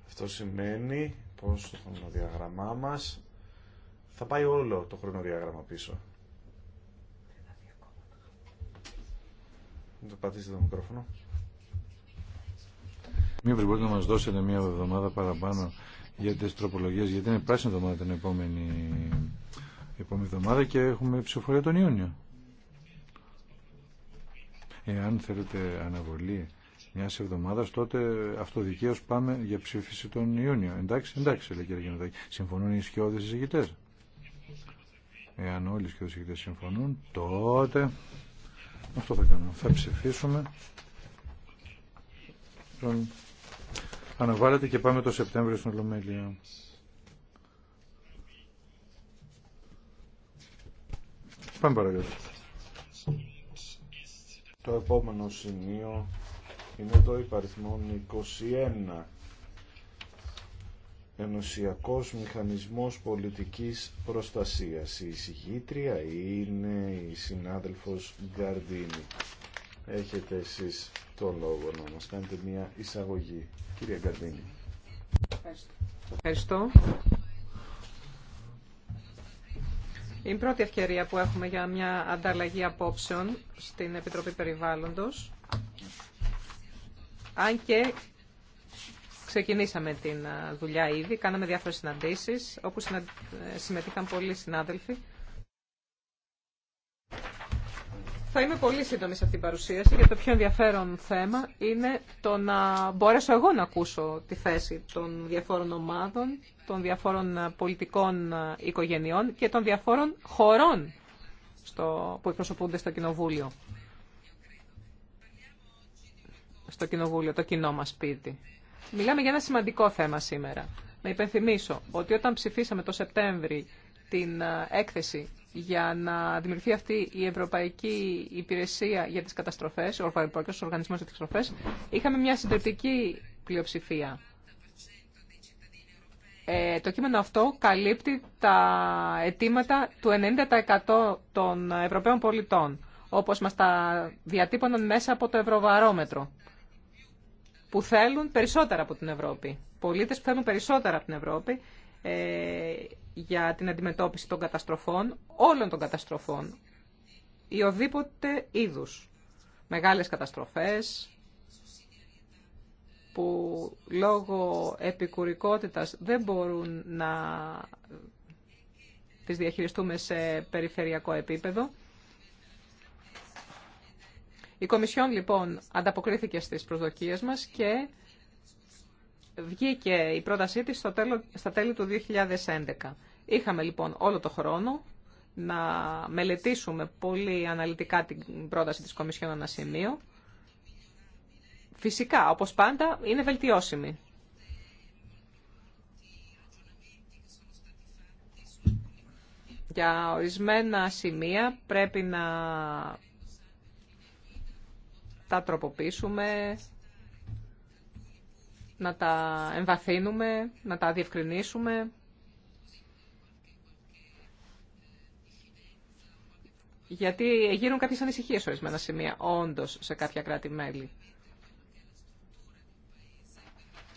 αυτό σημαίνει πως το χρονοδιαγραμμά μας θα πάει όλο το χρονοδιάγραμμα πίσω το πατήσετε το μικρόφωνο Μήπω μπορείτε να μα δώσετε μια εβδομάδα παραπάνω για τι τροπολογίε γιατί είναι πράσινη εβδομάδα την επόμενη, επόμενη εβδομάδα και έχουμε ψηφοφορία τον Ιούνιο. Εάν θέλετε αναβολή μια εβδομάδα, τότε αυτοδικαίω πάμε για ψήφιση τον Ιούνιο. Εντάξει, εντάξει, λέει κύριε Γεννατάκη. Συμφωνούν οι σκιώδε συζητητέ. Εάν όλοι οι σκιώδε συζητητέ συμφωνούν, τότε αυτό θα κάνουμε. Θα ψηφίσουμε τον αναβάλλεται και πάμε το Σεπτέμβριο στην Ολομέλεια. Πάμε παρακαλώ. Το επόμενο σημείο είναι το υπαριθμό 21. Ενωσιακός Μηχανισμός Πολιτικής Προστασίας. Η εισηγήτρια είναι η συνάδελφος Γκαρδίνη. Έχετε εσείς τον λόγο να μας κάνετε μια εισαγωγή. Κυρία Ευχαριστώ. η πρώτη ευκαιρία που έχουμε για μια ανταλλαγή απόψεων στην Επιτροπή Περιβάλλοντος. Αν και ξεκινήσαμε την δουλειά ήδη, κάναμε διάφορες συναντήσεις, όπου ε, συμμετείχαν πολλοί συνάδελφοι Θα είμαι πολύ σύντομη σε αυτή την παρουσίαση, γιατί το πιο ενδιαφέρον θέμα είναι το να μπορέσω εγώ να ακούσω τη θέση των διαφόρων ομάδων, των διαφόρων πολιτικών οικογενειών και των διαφόρων χωρών στο, που εκπροσωπούνται στο κοινοβούλιο. Στο κοινοβούλιο, το κοινό μας σπίτι. Μιλάμε για ένα σημαντικό θέμα σήμερα. Να υπενθυμίσω ότι όταν ψηφίσαμε το Σεπτέμβρη την ε, έκθεση για να δημιουργηθεί αυτή η Ευρωπαϊκή Υπηρεσία για τις Καταστροφές, ο Ευρωπαϊκός Οργανισμός για τις Καταστροφές, είχαμε μια συντριπτική πλειοψηφία. Ε, το κείμενο αυτό καλύπτει τα αιτήματα του 90% των Ευρωπαίων πολιτών, όπως μας τα διατύπωναν μέσα από το Ευρωβαρόμετρο, που θέλουν περισσότερα από την Ευρώπη. Πολίτες που θέλουν περισσότερα από την Ευρώπη, ε, για την αντιμετώπιση των καταστροφών, όλων των καταστροφών, ή οδήποτε είδους. Μεγάλες καταστροφές που λόγω επικουρικότητας δεν μπορούν να τις διαχειριστούμε σε περιφερειακό επίπεδο. Η Κομισιόν λοιπόν ανταποκρίθηκε στις προσδοκίες μας και βγήκε η πρότασή της στο στα τέλη του 2011. Είχαμε λοιπόν όλο το χρόνο να μελετήσουμε πολύ αναλυτικά την πρόταση της Κομισιόν Ανασημείου. Φυσικά, όπως πάντα, είναι βελτιώσιμη. Για ορισμένα σημεία πρέπει να τα τροποποιήσουμε, να τα εμβαθύνουμε, να τα διευκρινίσουμε. Γιατί γίνουν κάποιες ανησυχίες ορισμένα σημεία, όντως, σε κάποια κράτη-μέλη.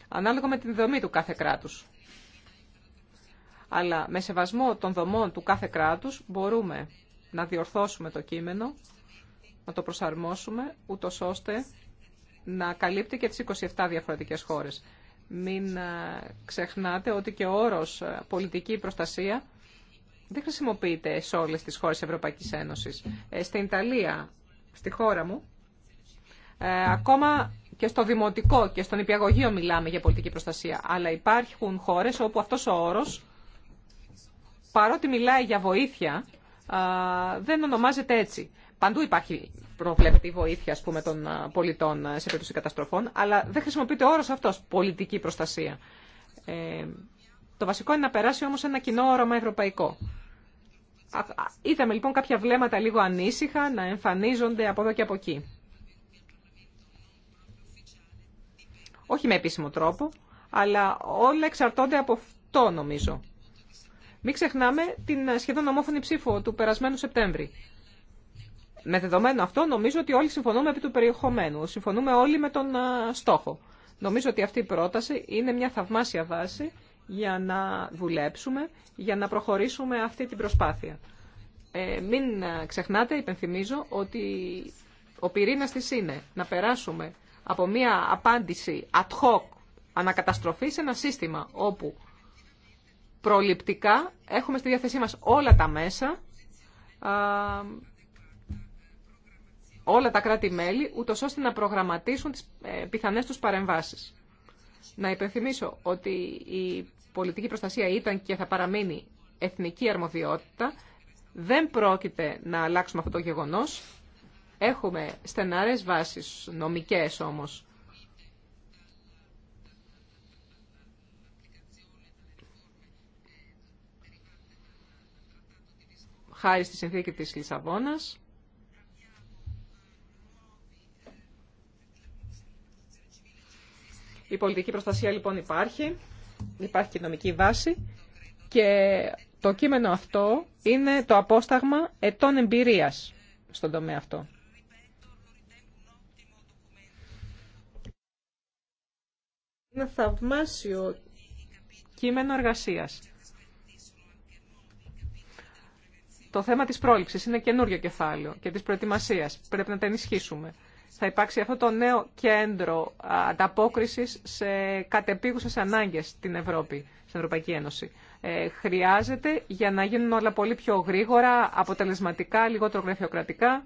Ανάλογα με την δομή του κάθε κράτους. Αλλά με σεβασμό των δομών του κάθε κράτους μπορούμε να διορθώσουμε το κείμενο, να το προσαρμόσουμε, ούτως ώστε να καλύπτει και τις 27 διαφορετικές χώρες. Μην ε, ξεχνάτε ότι και ο όρος ε, πολιτική προστασία δεν χρησιμοποιείται σε όλες τις χώρες Ευρωπαϊκής Ένωσης. Ε, στην Ιταλία, στη χώρα μου, ακόμα και στο δημοτικό και στον υπηαγωγείο μιλάμε για πολιτική προστασία. Αλλά υπάρχουν χώρες όπου αυτός ο όρος, παρότι μιλάει για βοήθεια, δεν ονομάζεται έτσι παντού υπάρχει προβλέπεται η βοήθεια ας πούμε, των πολιτών σε περίπτωση καταστροφών, αλλά δεν χρησιμοποιείται ο όρος αυτός, πολιτική προστασία. Ε, το βασικό είναι να περάσει όμως ένα κοινό όραμα ευρωπαϊκό. Είδαμε λοιπόν κάποια βλέμματα λίγο ανήσυχα να εμφανίζονται από εδώ και από εκεί. Όχι με επίσημο τρόπο, αλλά όλα εξαρτώνται από αυτό νομίζω. Μην ξεχνάμε την σχεδόν ομόφωνη ψήφο του περασμένου Σεπτέμβρη με δεδομένο αυτό νομίζω ότι όλοι συμφωνούμε επί του περιεχομένου. Συμφωνούμε όλοι με τον στόχο. Νομίζω ότι αυτή η πρόταση είναι μια θαυμάσια βάση για να δουλέψουμε, για να προχωρήσουμε αυτή την προσπάθεια. Ε, μην ξεχνάτε, υπενθυμίζω, ότι ο πυρήνας της είναι να περάσουμε από μια απάντηση ad hoc ανακαταστροφή σε ένα σύστημα όπου προληπτικά έχουμε στη διάθεσή μας όλα τα μέσα όλα τα κράτη-μέλη, ούτω ώστε να προγραμματίσουν τις ε, πιθανές τους παρεμβάσεις. Να υπενθυμίσω ότι η πολιτική προστασία ήταν και θα παραμείνει εθνική αρμοδιότητα. Δεν πρόκειται να αλλάξουμε αυτό το γεγονός. Έχουμε στεναρές βάσεις νομικές όμως. Χάρη στη συνθήκη της Λισαβόνας Η πολιτική προστασία λοιπόν υπάρχει, υπάρχει και νομική βάση και το κείμενο αυτό είναι το απόσταγμα ετών εμπειρίας στον τομέα αυτό. Ένα θαυμάσιο κείμενο εργασίας. Το θέμα της πρόληψης είναι καινούριο κεφάλαιο και της προετοιμασίας. Πρέπει να τα ενισχύσουμε θα υπάρξει αυτό το νέο κέντρο ανταπόκρισης σε κατεπίγουσε ανάγκες στην Ευρώπη, στην Ευρωπαϊκή Ένωση. Ε, χρειάζεται για να γίνουν όλα πολύ πιο γρήγορα, αποτελεσματικά, λιγότερο γραφειοκρατικά.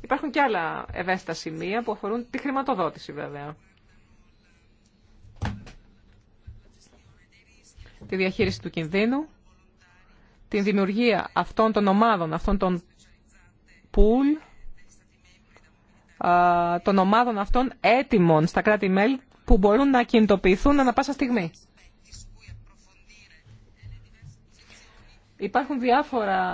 Υπάρχουν και άλλα ευαίσθητα σημεία που αφορούν τη χρηματοδότηση βέβαια. Τη διαχείριση του κινδύνου την δημιουργία αυτών των ομάδων, αυτών των πουλ, των ομάδων αυτών έτοιμων στα κράτη-μέλη που μπορούν να κινητοποιηθούν ανα πάσα στιγμή. Υπάρχουν διάφορα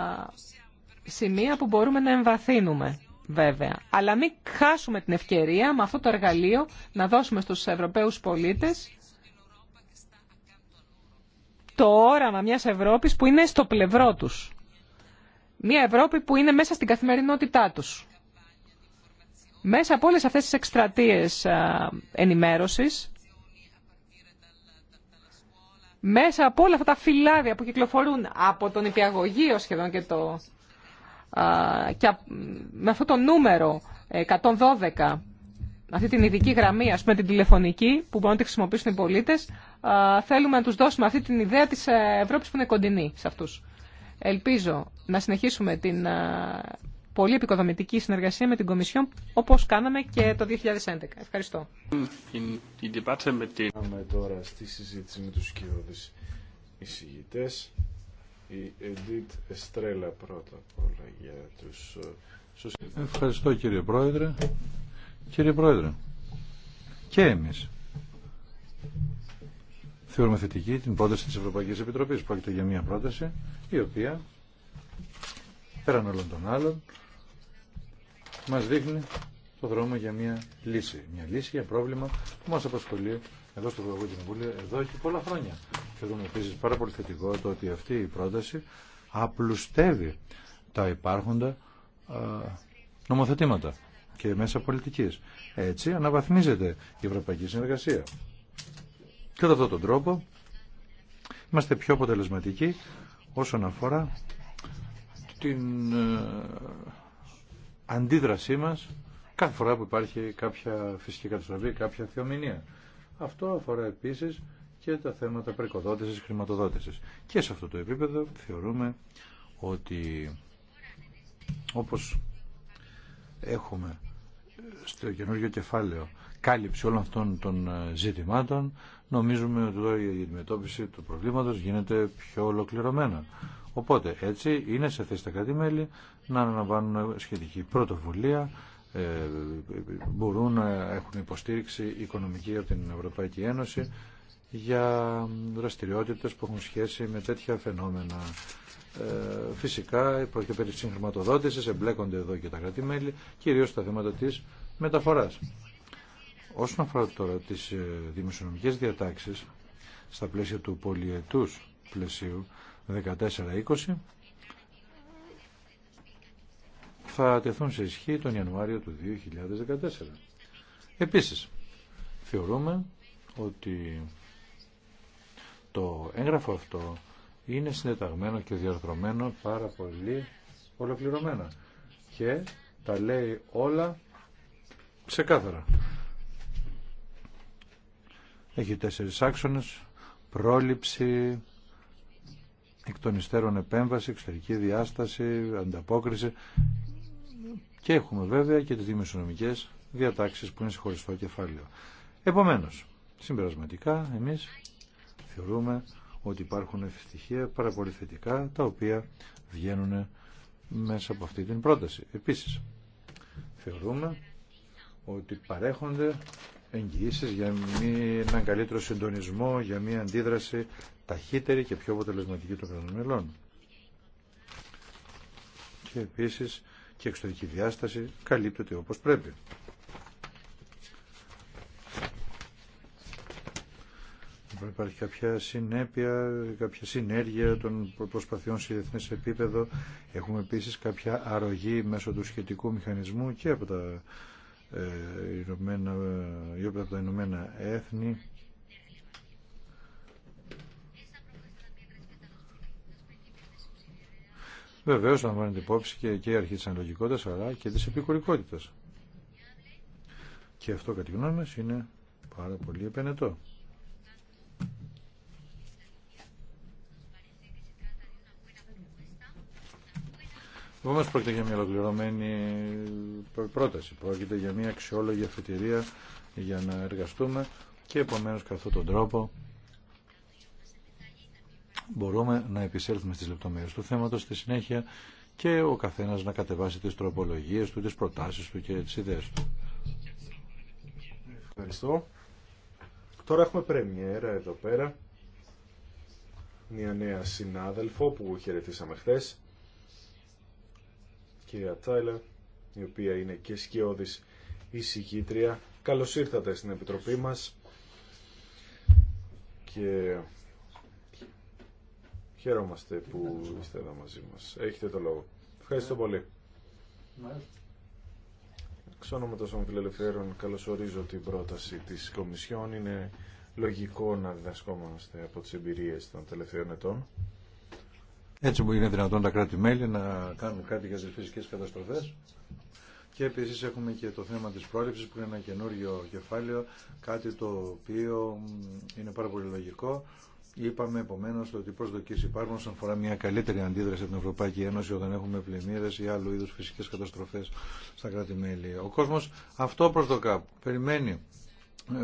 σημεία που μπορούμε να εμβαθύνουμε βέβαια. Αλλά μην χάσουμε την ευκαιρία με αυτό το εργαλείο να δώσουμε στους Ευρωπαίους πολίτες το όραμα μιας Ευρώπης που είναι στο πλευρό τους. Μια Ευρώπη που είναι μέσα στην καθημερινότητά τους. Μέσα από όλες αυτές τις εκστρατείες ενημέρωσης, μέσα από όλα αυτά τα φυλάδια που κυκλοφορούν από τον υπηαγωγείο σχεδόν και το... και με αυτό το νούμερο 112 ε, αυτή την ειδική γραμμή, ας πούμε την τηλεφωνική που μπορούν να τη χρησιμοποιήσουν οι πολίτες, θέλουμε να τους δώσουμε αυτή την ιδέα της ε, Ευρώπης που είναι κοντινή σε αυτού. Ελπίζω να συνεχίσουμε την πολύ επικοδομητική συνεργασία με την Κομισιόν, όπως κάναμε και το 2011. Ευχαριστώ. Η πρώτα ε, Ευχαριστώ κύριε Πρόεδρε κύριε Πρόεδρε. Και εμείς θεωρούμε θετική την πρόταση της Ευρωπαϊκής Επιτροπής. Πρόκειται για μια πρόταση η οποία πέραν όλων των άλλων μας δείχνει το δρόμο για μια λύση. Μια λύση για πρόβλημα που μας απασχολεί εδώ στο Ευρωπαϊκό Κοινοβούλιο εδώ και πολλά χρόνια. δούμε επίση πάρα πολύ θετικό το ότι αυτή η πρόταση απλουστεύει τα υπάρχοντα νομοθετήματα και μέσα πολιτικής. Έτσι αναβαθμίζεται η ευρωπαϊκή συνεργασία. Κατά αυτόν τον τρόπο είμαστε πιο αποτελεσματικοί όσον αφορά την ε, αντίδρασή μας κάθε φορά που υπάρχει κάποια φυσική καταστροφή, κάποια θεομηνία. Αυτό αφορά επίσης και τα θέματα περικοδότησης, χρηματοδότησης. Και σε αυτό το επίπεδο θεωρούμε ότι όπως έχουμε στο καινούργιο κεφάλαιο κάλυψη όλων αυτών των ε, ζητημάτων νομίζουμε ότι η αντιμετώπιση του προβλήματος γίνεται πιο ολοκληρωμένα. Οπότε έτσι είναι σε θέση τα κρατη να αναβάνουν σχετική πρωτοβουλία, ε, μπορούν να έχουν υποστήριξη οικονομική από την Ευρωπαϊκή Ένωση για δραστηριότητες που έχουν σχέση με τέτοια φαινόμενα. Ε, φυσικά πρόκειται περί συγχρηματοδότηση, εμπλέκονται εδώ και τα κρατημέλη, κυρίω στα θέματα τη μεταφοράς. Όσον αφορά τώρα τις ε, δημοσιονομικέ διατάξεις, στα πλαίσια του πολιετούς πλαισίου 14-20, θα τεθούν σε ισχύ τον Ιανουάριο του 2014. Επίσης, θεωρούμε ότι το έγγραφο αυτό είναι συνδεταγμένο και διαρθρωμένο πάρα πολύ ολοκληρωμένα και τα λέει όλα ξεκάθαρα. Έχει τέσσερις άξονες, πρόληψη, εκ των υστέρων επέμβαση, εξωτερική διάσταση, ανταπόκριση και έχουμε βέβαια και τις δημοσιονομικές διατάξεις που είναι σε χωριστό κεφάλαιο. Επομένως, συμπερασματικά εμείς θεωρούμε ότι υπάρχουν στοιχεία πάρα τα οποία βγαίνουν μέσα από αυτή την πρόταση. Επίσης, θεωρούμε ότι παρέχονται εγγυήσεις για έναν καλύτερο συντονισμό, για μια αντίδραση ταχύτερη και πιο αποτελεσματική των κρατών μελών. Και επίσης και εξωτερική διάσταση καλύπτεται όπως πρέπει. υπάρχει κάποια συνέπεια, κάποια συνέργεια των προσπαθειών σε διεθνέ επίπεδο. Έχουμε επίσης κάποια αρρωγή μέσω του σχετικού μηχανισμού και από τα, ε, Ηνωμένα, ή Έθνη. Βεβαίως να βάλετε υπόψη και, και η αρχή της αναλογικότητας αλλά και της επικουρικότητας. Και αυτό κατά τη γνώμη είναι πάρα πολύ επενετό. Όμω πρόκειται για μια ολοκληρωμένη πρόταση. Πρόκειται για μια αξιόλογη αφετηρία για να εργαστούμε και επομένω κατά αυτόν τον τρόπο μπορούμε να επισέλθουμε στις λεπτομέρειες του θέματος στη συνέχεια και ο καθένας να κατεβάσει τις τροπολογίες του, τις προτάσεις του και τις ιδέες του. Ευχαριστώ. Τώρα έχουμε πρεμιέρα εδώ πέρα. Μια νέα συνάδελφο που χαιρετήσαμε χθες κυρία Τάιλερ, η οποία είναι και σκιώδης εισηγήτρια. Καλώς ήρθατε στην Επιτροπή μας και χαιρόμαστε που είστε εδώ μαζί μας. Έχετε το λόγο. Ευχαριστώ πολύ. Ξόνομα των φιλελευθέρων καλωσορίζω την πρόταση της Κομισιόν. Είναι λογικό να διδασκόμαστε από τις εμπειρίες των τελευταίων ετών έτσι που είναι δυνατόν τα κράτη-μέλη να κάνουν κάτι για τι φυσικέ καταστροφέ. Και επίση έχουμε και το θέμα τη πρόληψης που είναι ένα καινούριο κεφάλαιο, κάτι το οποίο είναι πάρα πολύ λογικό. Είπαμε επομένω ότι οι προσδοκίε υπάρχουν όσον αφορά μια καλύτερη αντίδραση από την Ευρωπαϊκή Ένωση όταν έχουμε πλημμύρε ή άλλου είδου φυσικέ καταστροφέ στα κράτη-μέλη. Ο κόσμο αυτό προσδοκά. Περιμένει.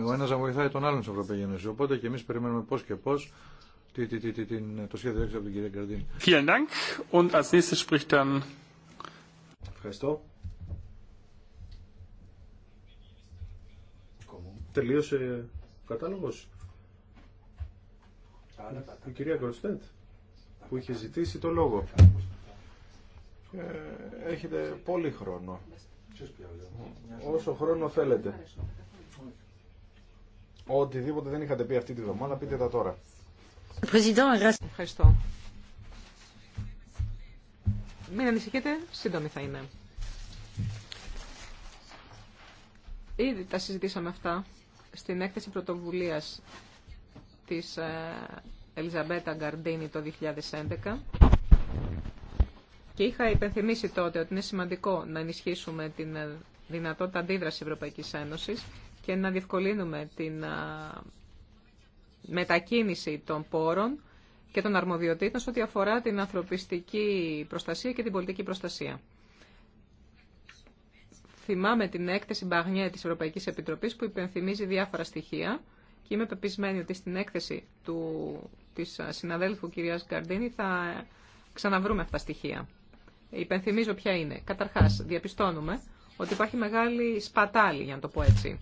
Ο ένα να βοηθάει τον άλλον στην Ευρωπαϊκή Ένωση. Οπότε και εμεί περιμένουμε πώ και πώ το σχέδιο έξω από την κυρία Καρδίνη. Ευχαριστώ. Τελείωσε ο κατάλογος. Η κυρία Γκροστέτ που είχε ζητήσει το λόγο. Ε, έχετε πολύ χρόνο. Όσο χρόνο θέλετε. Οτιδήποτε δεν είχατε πει αυτή τη βδομάδα, πείτε τα τώρα. Μην ανησυχείτε, σύντομη θα είναι. Ήδη τα συζητήσαμε αυτά στην έκθεση πρωτοβουλίας της ε, Ελιζαμπέτα Γκαρντίνη το 2011 και είχα υπενθυμίσει τότε ότι είναι σημαντικό να ενισχύσουμε τη ε, δυνατότητα αντίδραση Ευρωπαϊκής Ένωσης και να διευκολύνουμε την ε, μετακίνηση των πόρων και των αρμοδιοτήτων σε ό,τι αφορά την ανθρωπιστική προστασία και την πολιτική προστασία. Θυμάμαι την έκθεση Μπαγνιέ της Ευρωπαϊκής Επιτροπής που υπενθυμίζει διάφορα στοιχεία και είμαι πεπισμένη ότι στην έκθεση του, της συναδέλφου κυρίας Γκαρντίνη θα ξαναβρούμε αυτά τα στοιχεία. Υπενθυμίζω ποια είναι. Καταρχάς, διαπιστώνουμε ότι υπάρχει μεγάλη σπατάλη, για να το πω έτσι,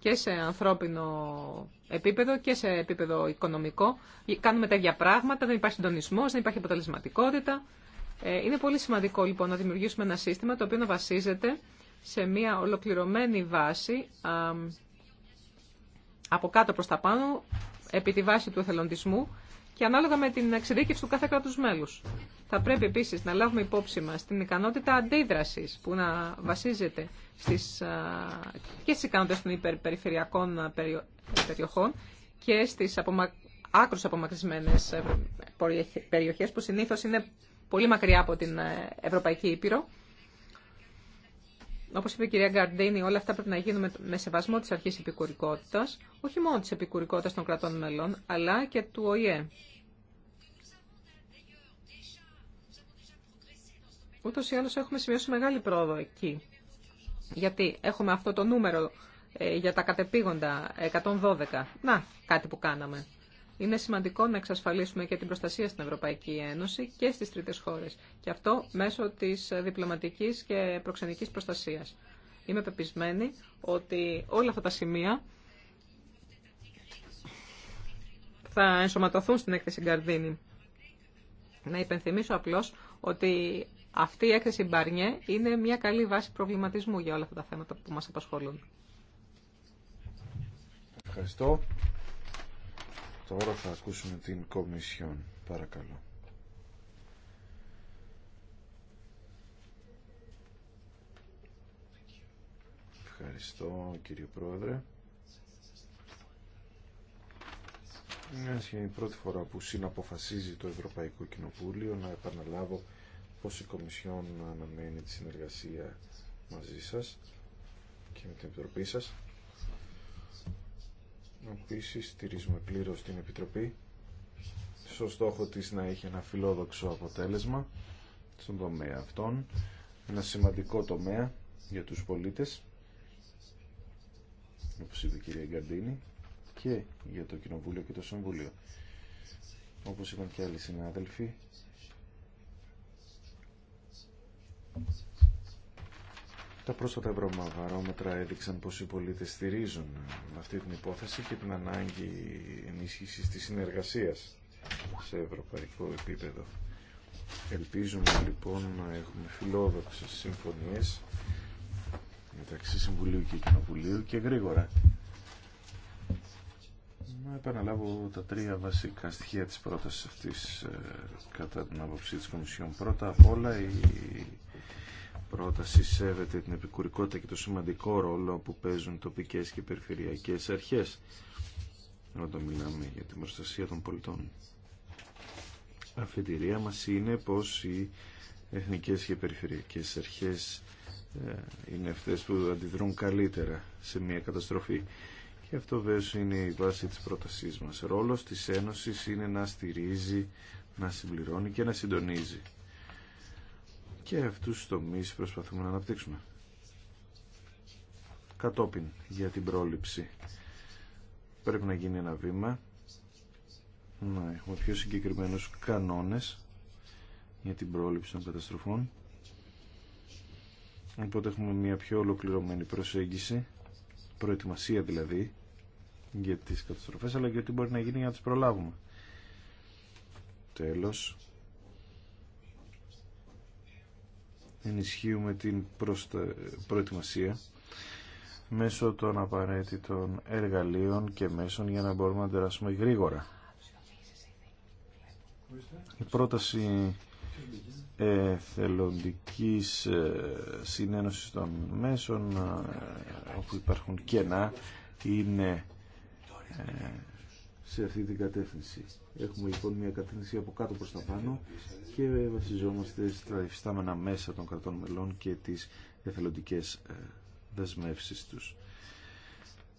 και σε ανθρώπινο επίπεδο και σε επίπεδο οικονομικό. Κάνουμε τέτοια πράγματα, δεν υπάρχει συντονισμό, δεν υπάρχει αποτελεσματικότητα. Ε, είναι πολύ σημαντικό λοιπόν να δημιουργήσουμε ένα σύστημα το οποίο να βασίζεται σε μια ολοκληρωμένη βάση από κάτω προς τα πάνω επί τη βάση του εθελοντισμού και ανάλογα με την εξειδίκευση του κάθε κράτου μέλου. Θα πρέπει επίση να λάβουμε υπόψη μα την ικανότητα αντίδραση που να βασίζεται στις, και στι ικανότητε των υπερπεριφερειακών περιοχών και στι απομα... απομακρυσμένε απομακρυσμένες ε, περιοχές που συνήθω είναι πολύ μακριά από την ε, Ευρωπαϊκή Ήπειρο. Όπω είπε η κυρία Γκαρντίνη, όλα αυτά πρέπει να γίνουν με σεβασμό τη αρχή επικουρικότητα, όχι μόνο τη επικουρικότητα των κρατών μελών, αλλά και του ΟΗΕ. Ούτως ή άλλως έχουμε σημειώσει μεγάλη πρόοδο εκεί. Γιατί έχουμε αυτό το νούμερο ε, για τα κατεπήγοντα 112. Να, κάτι που κάναμε. Είναι σημαντικό να εξασφαλίσουμε και την προστασία στην Ευρωπαϊκή Ένωση και στις τρίτες χώρες. Και αυτό μέσω της διπλωματικής και προξενικής προστασίας. Είμαι πεπισμένη ότι όλα αυτά τα σημεία θα ενσωματωθούν στην έκθεση Γκαρδίνη. Να υπενθυμίσω απλώς ότι αυτή η έκθεση Μπαρνιέ είναι μια καλή βάση προβληματισμού για όλα αυτά τα θέματα που μας απασχολούν. Ευχαριστώ. Τώρα θα ακούσουμε την Κομισιόν. Παρακαλώ. Ευχαριστώ κύριε Πρόεδρε. Είναι η πρώτη φορά που συναποφασίζει το Ευρωπαϊκό Κοινοβούλιο να επαναλάβω πως η Κομισιόν αναμένει τη συνεργασία μαζί σας και με την Επιτροπή σας. Επίσης, στηρίζουμε πλήρω την Επιτροπή στο στόχο της να έχει ένα φιλόδοξο αποτέλεσμα στον τομέα αυτών, ένα σημαντικό τομέα για τους πολίτες, όπως είπε η κυρία και για το Κοινοβούλιο και το Συμβούλιο. Όπως είπαν και άλλοι συνάδελφοι, τα πρόσφατα ευρωμαβαρόμετρα έδειξαν πως οι πολίτες στηρίζουν αυτή την υπόθεση και την ανάγκη ενίσχυσης της συνεργασίας σε ευρωπαϊκό επίπεδο. Ελπίζουμε λοιπόν να έχουμε φιλόδοξες συμφωνίες μεταξύ Συμβουλίου και Κοινοβουλίου και γρήγορα. Να επαναλάβω τα τρία βασικά στοιχεία της πρότασης αυτής ε, κατά την άποψή της Κομισιόν. Πρώτα απ' όλα η πρόταση σέβεται την επικουρικότητα και το σημαντικό ρόλο που παίζουν τοπικές και περιφερειακές αρχές όταν μιλάμε για την προστασία των πολιτών. Αφεντηρία μας είναι πως οι εθνικές και περιφερειακές αρχές ε, είναι αυτές που αντιδρούν καλύτερα σε μια καταστροφή. Και αυτό βέβαια είναι η βάση της πρότασής μας. Ρόλος της Ένωσης είναι να στηρίζει, να συμπληρώνει και να συντονίζει και αυτούς τους τομείς προσπαθούμε να αναπτύξουμε. Κατόπιν για την πρόληψη πρέπει να γίνει ένα βήμα να έχουμε πιο συγκεκριμένους κανόνες για την πρόληψη των καταστροφών οπότε έχουμε μια πιο ολοκληρωμένη προσέγγιση προετοιμασία δηλαδή για τις καταστροφές αλλά και τι μπορεί να γίνει για να τις προλάβουμε τέλος ενισχύουμε την προετοιμασία μέσω των απαραίτητων εργαλείων και μέσων για να μπορούμε να αντιδράσουμε γρήγορα. Η πρόταση εθελοντικής ε, συνένωσης των μέσων ε, όπου υπάρχουν κενά είναι ε, σε αυτή την κατεύθυνση. Έχουμε λοιπόν μια κατεύθυνση από κάτω προς τα πάνω και βασιζόμαστε στα υφιστάμενα μέσα των κρατών μελών και τις εθελοντικές ε, δεσμεύσεις τους.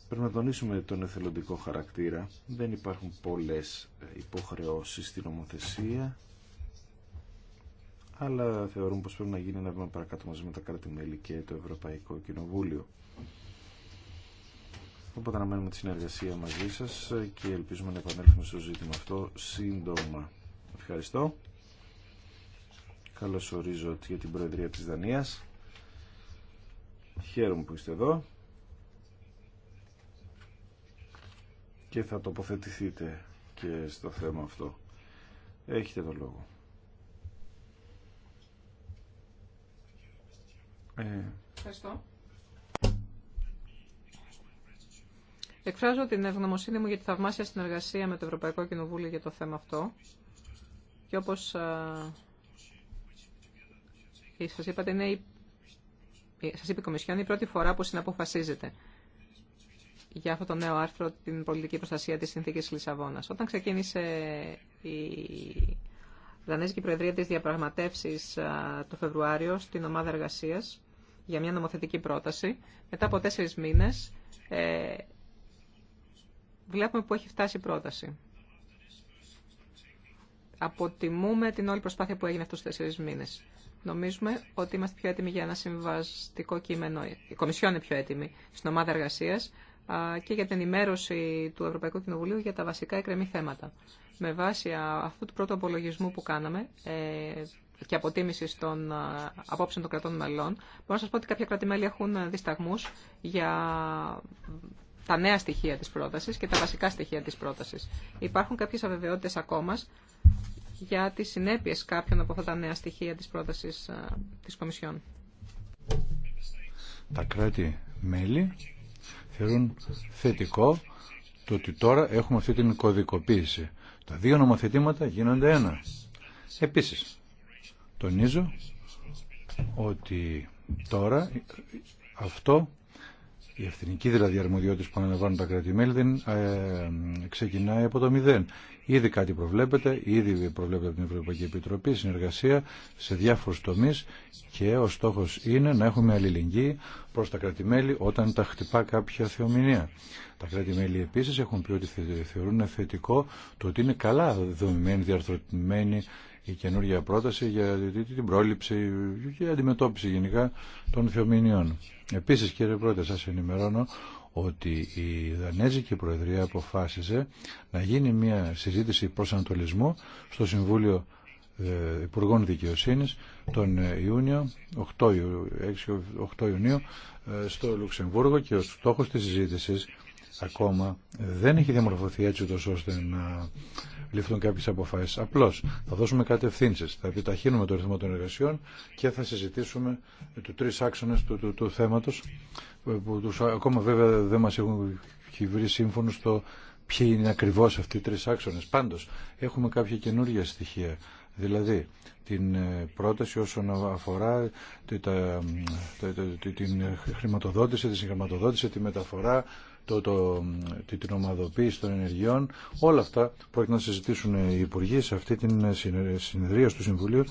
Πρέπει να τονίσουμε τον εθελοντικό χαρακτήρα. Δεν υπάρχουν πολλές ε, υποχρεώσεις στην νομοθεσία, αλλά θεωρούμε πως πρέπει να γίνει ένα βήμα παρακάτω μαζί με τα κράτη-μέλη και το Ευρωπαϊκό Κοινοβούλιο. Οπότε αναμένουμε τη συνεργασία μαζί σας και ελπίζουμε να επανέλθουμε στο ζήτημα αυτό σύντομα. Ευχαριστώ. Καλώς ορίζω για την Προεδρία της Δανίας. Χαίρομαι που είστε εδώ. Και θα τοποθετηθείτε και στο θέμα αυτό. Έχετε το λόγο. Ε, Ευχαριστώ. Εκφράζω την ευγνωμοσύνη μου για τη θαυμάσια συνεργασία με το Ευρωπαϊκό Κοινοβούλιο για το θέμα αυτό. Και όπως ε, σας είπατε, είναι η... Ε, σας είπε η Κομισιόν, η πρώτη φορά που συναποφασίζεται για αυτό το νέο άρθρο, την πολιτική προστασία της συνθήκης Λισαβόνας. Όταν ξεκίνησε η Δανέζικη Προεδρία της διαπραγματεύσεις το Φεβρουάριο στην ομάδα εργασίας για μια νομοθετική πρόταση, μετά από τέσσερις μήνες ε, βλέπουμε που έχει φτάσει η πρόταση. Αποτιμούμε την όλη προσπάθεια που έγινε αυτούς τους τέσσερις μήνες. Νομίζουμε ότι είμαστε πιο έτοιμοι για ένα συμβαστικό κείμενο. Η Κομισιόν είναι πιο έτοιμη στην ομάδα εργασία και για την ενημέρωση του Ευρωπαϊκού Κοινοβουλίου για τα βασικά εκκρεμή θέματα. Με βάση αυτού του πρώτου απολογισμού που κάναμε ε, και αποτίμηση των απόψεων των κρατών μελών, μπορώ να σα πω ότι κάποια κράτη-μέλη έχουν δισταγμού για τα νέα στοιχεία της πρότασης και τα βασικά στοιχεία της πρότασης. Υπάρχουν κάποιες αβεβαιότητες ακόμα για τις συνέπειες κάποιων από αυτά τα νέα στοιχεία της πρότασης της Κομισιόν. Τα κράτη-μέλη θεωρούν θετικό το ότι τώρα έχουμε αυτή την κωδικοποίηση. Τα δύο νομοθετήματα γίνονται ένα. Επίσης, τονίζω ότι τώρα αυτό η ευθυνική δηλαδή αρμοδιότητα που αναλαμβάνουν τα κράτη-μέλη ε, ξεκινάει από το μηδέν. Ήδη κάτι προβλέπεται, ήδη προβλέπεται από την Ευρωπαϊκή Επιτροπή, συνεργασία σε διάφορου τομεί και ο στόχο είναι να έχουμε αλληλεγγύη προ τα κράτη-μέλη όταν τα χτυπά κάποια θεομηνία. Τα κράτη-μέλη επίση έχουν πει ότι θεωρούν θετικό το ότι είναι καλά δομημένη, διαρθρωμένη η καινούργια πρόταση για την πρόληψη και αντιμετώπιση γενικά των θεομηνιών. Επίσης κύριε Πρόεδρε σας ενημερώνω ότι η Δανέζικη Προεδρία αποφάσισε να γίνει μια συζήτηση προσανατολισμού στο Συμβούλιο ε, Υπουργών Δικαιοσύνης τον ε, Ιούνιο, 8, 8 Ιουνίου ε, στο Λουξεμβούργο και ο στόχος της συζήτησης ακόμα δεν έχει διαμορφωθεί έτσι τόσο ώστε να ληφθούν κάποιες αποφάσεις. Απλώς θα δώσουμε κατευθύνσει. θα επιταχύνουμε το ρυθμό των εργασιών και θα συζητήσουμε του τρει άξονε του, του, του θέματος που ακόμα βέβαια δεν μας έχουν βρει σύμφωνο στο ποιοι είναι ακριβώ αυτοί οι τρει άξονε. Πάντω, έχουμε κάποια καινούργια στοιχεία. Δηλαδή την ε, πρόταση όσον αφορά την χρηματοδότηση, τη συγχρηματοδότηση, τη μεταφορά το, το, την ομαδοποίηση των ενεργειών. Όλα αυτά πρόκειται να συζητήσουν οι Υπουργοί σε αυτή την συνεδρία του Συμβουλίου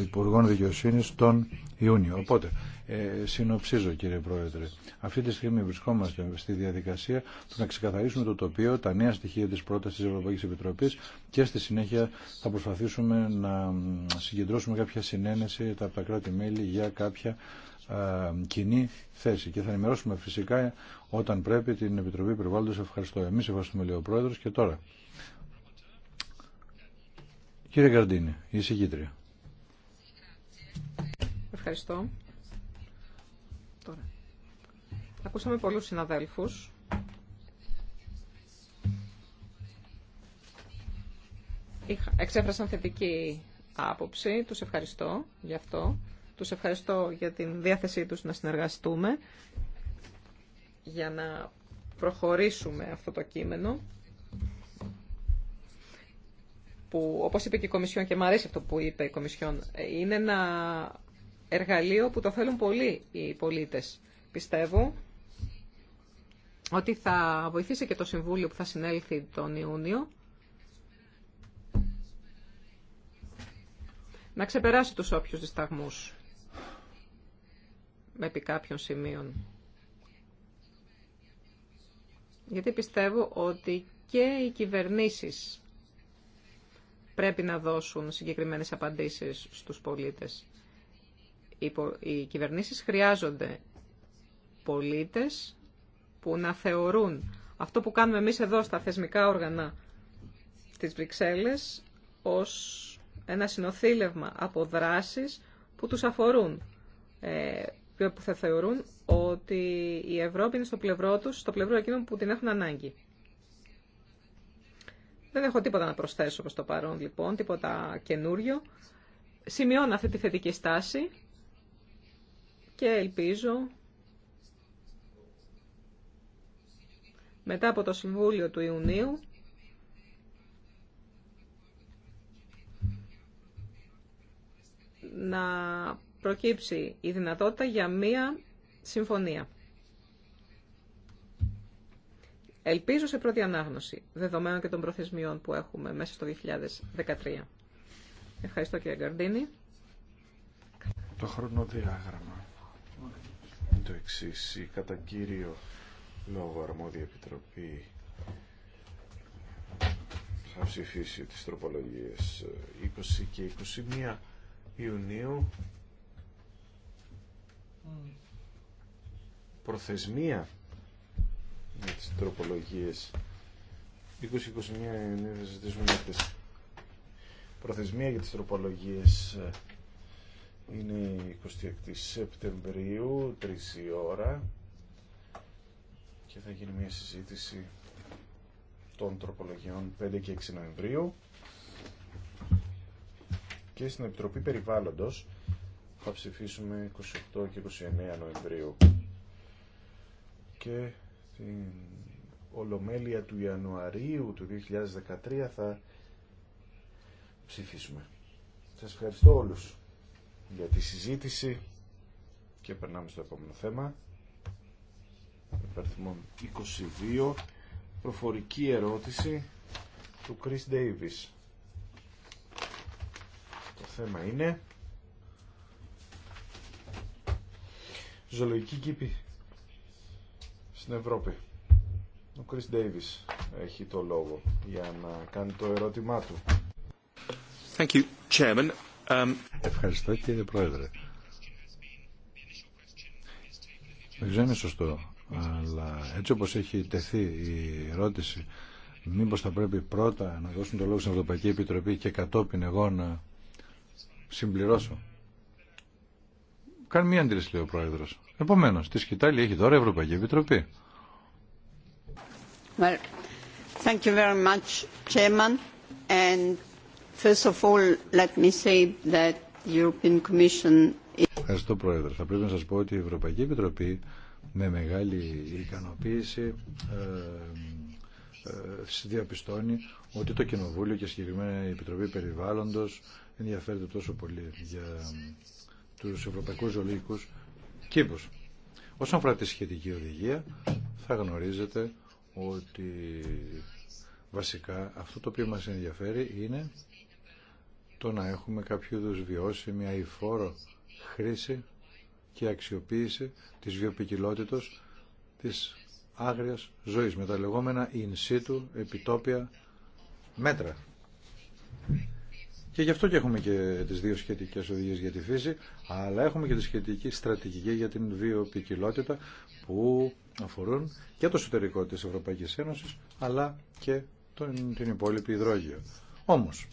Υπουργών Δικαιοσύνη τον Ιούνιο. Οπότε, ε, συνοψίζω κύριε Πρόεδρε, αυτή τη στιγμή βρισκόμαστε στη διαδικασία του να ξεκαθαρίσουμε το τοπίο, τα νέα στοιχεία τη πρόταση τη Ευρωπαϊκή Επιτροπή και στη συνέχεια θα προσπαθήσουμε να συγκεντρώσουμε κάποια συνένεση από τα κράτη-μέλη για κάποια ε, κοινή θέση. Και θα ενημερώσουμε φυσικά όταν πρέπει την Επιτροπή Περιβάλλοντος. Ευχαριστώ. Εμείς ευχαριστούμε λέει ο Πρόεδρος και τώρα. Κύριε Καρντίνη, η συγκήτρια. Ευχαριστώ. Τώρα. Ακούσαμε πολλούς συναδέλφους εξέφρασαν θετική άποψη. Τους ευχαριστώ γι' αυτό. Τους ευχαριστώ για την διάθεσή τους να συνεργαστούμε για να προχωρήσουμε αυτό το κείμενο που όπως είπε και η Κομισιόν και μου αρέσει αυτό που είπε η Κομισιόν είναι ένα εργαλείο που το θέλουν πολύ οι πολίτες. Πιστεύω ότι θα βοηθήσει και το Συμβούλιο που θα συνέλθει τον Ιούνιο να ξεπεράσει τους όποιους δισταγμούς επί κάποιων σημείων. Γιατί πιστεύω ότι και οι κυβερνήσεις πρέπει να δώσουν συγκεκριμένες απαντήσεις στους πολίτες. Οι κυβερνήσεις χρειάζονται πολίτες που να θεωρούν αυτό που κάνουμε εμείς εδώ στα θεσμικά όργανα της Βρυξέλλες ως ένα συνοθήλευμα από δράσεις που τους αφορούν. Ε, που θα θεωρούν ότι η Ευρώπη είναι στο πλευρό τους, στο πλευρό εκείνων που την έχουν ανάγκη. Δεν έχω τίποτα να προσθέσω προς το παρόν, λοιπόν, τίποτα καινούριο. Σημειώνω αυτή τη θετική στάση και ελπίζω μετά από το Συμβούλιο του Ιουνίου να προκύψει η δυνατότητα για μία συμφωνία. Ελπίζω σε πρώτη ανάγνωση, δεδομένων και των προθεσμιών που έχουμε μέσα στο 2013. Ευχαριστώ κύριε Γκαρντίνη. Το χρονοδιάγραμμα είναι το εξή. Η κατά κύριο λόγο αρμόδια επιτροπή θα ψηφίσει τις τροπολογίες 20 και 21 Ιουνίου προθεσμία για τις τροπολογίες 20-21 ναι, θα Προθεσμία για τις τροπολογίες ε, είναι 26 Σεπτεμβρίου, 3 η ώρα και θα γίνει μια συζήτηση των τροπολογιών 5 και 6 Νοεμβρίου και στην Επιτροπή Περιβάλλοντος θα ψηφίσουμε 28 και 29 Νοεμβρίου και την Ολομέλεια του Ιανουαρίου του 2013 θα ψηφίσουμε. Σας ευχαριστώ όλους για τη συζήτηση και περνάμε στο επόμενο θέμα. Επαρθμόν 22. Προφορική ερώτηση του Chris Davis. Το θέμα είναι ζωολογική κήπη στην Ευρώπη. Ο Chris Davis έχει το λόγο για να κάνει το ερώτημά του. Thank you, um, Ευχαριστώ κύριε Πρόεδρε. Δεν ξέρω είναι σωστό, αλλά έτσι όπως έχει τεθεί η ερώτηση, μήπως θα πρέπει πρώτα να δώσουν το λόγο στην Ευρωπαϊκή Επιτροπή και κατόπιν εγώ να συμπληρώσω. Κάνει μία αντίληψη λέει ο Πρόεδρος. Επομένω, τη σκητάλη έχει τώρα η Ευρωπαϊκή Επιτροπή. Well, thank you very much, Chairman. And first of all, let me say that the European Commission... Ευχαριστώ, Πρόεδρε. Θα πρέπει να σας πω ότι η Ευρωπαϊκή Επιτροπή με μεγάλη ικανοποίηση ε, ε διαπιστώνει ότι το Κοινοβούλιο και συγκεκριμένα η Επιτροπή Περιβάλλοντος ενδιαφέρεται τόσο πολύ για ε, τους ευρωπαϊκούς ζωλίκους Κύπρος. Όσον αφορά τη σχετική οδηγία, θα γνωρίζετε ότι βασικά αυτό το οποίο μας ενδιαφέρει είναι το να έχουμε κάποιο είδους βιώσιμη αηφόρο χρήση και αξιοποίηση της βιοπικιλότητος της άγριας ζωής με τα λεγόμενα in situ επιτόπια μέτρα. Και γι' αυτό και έχουμε και τις δύο σχετικές οδηγίες για τη φύση, αλλά έχουμε και τη σχετική στρατηγική για την βιοποικιλότητα που αφορούν και το εσωτερικό της Ευρωπαϊκής Ένωσης, αλλά και τον, την υπόλοιπη υδρόγειο. Όμως,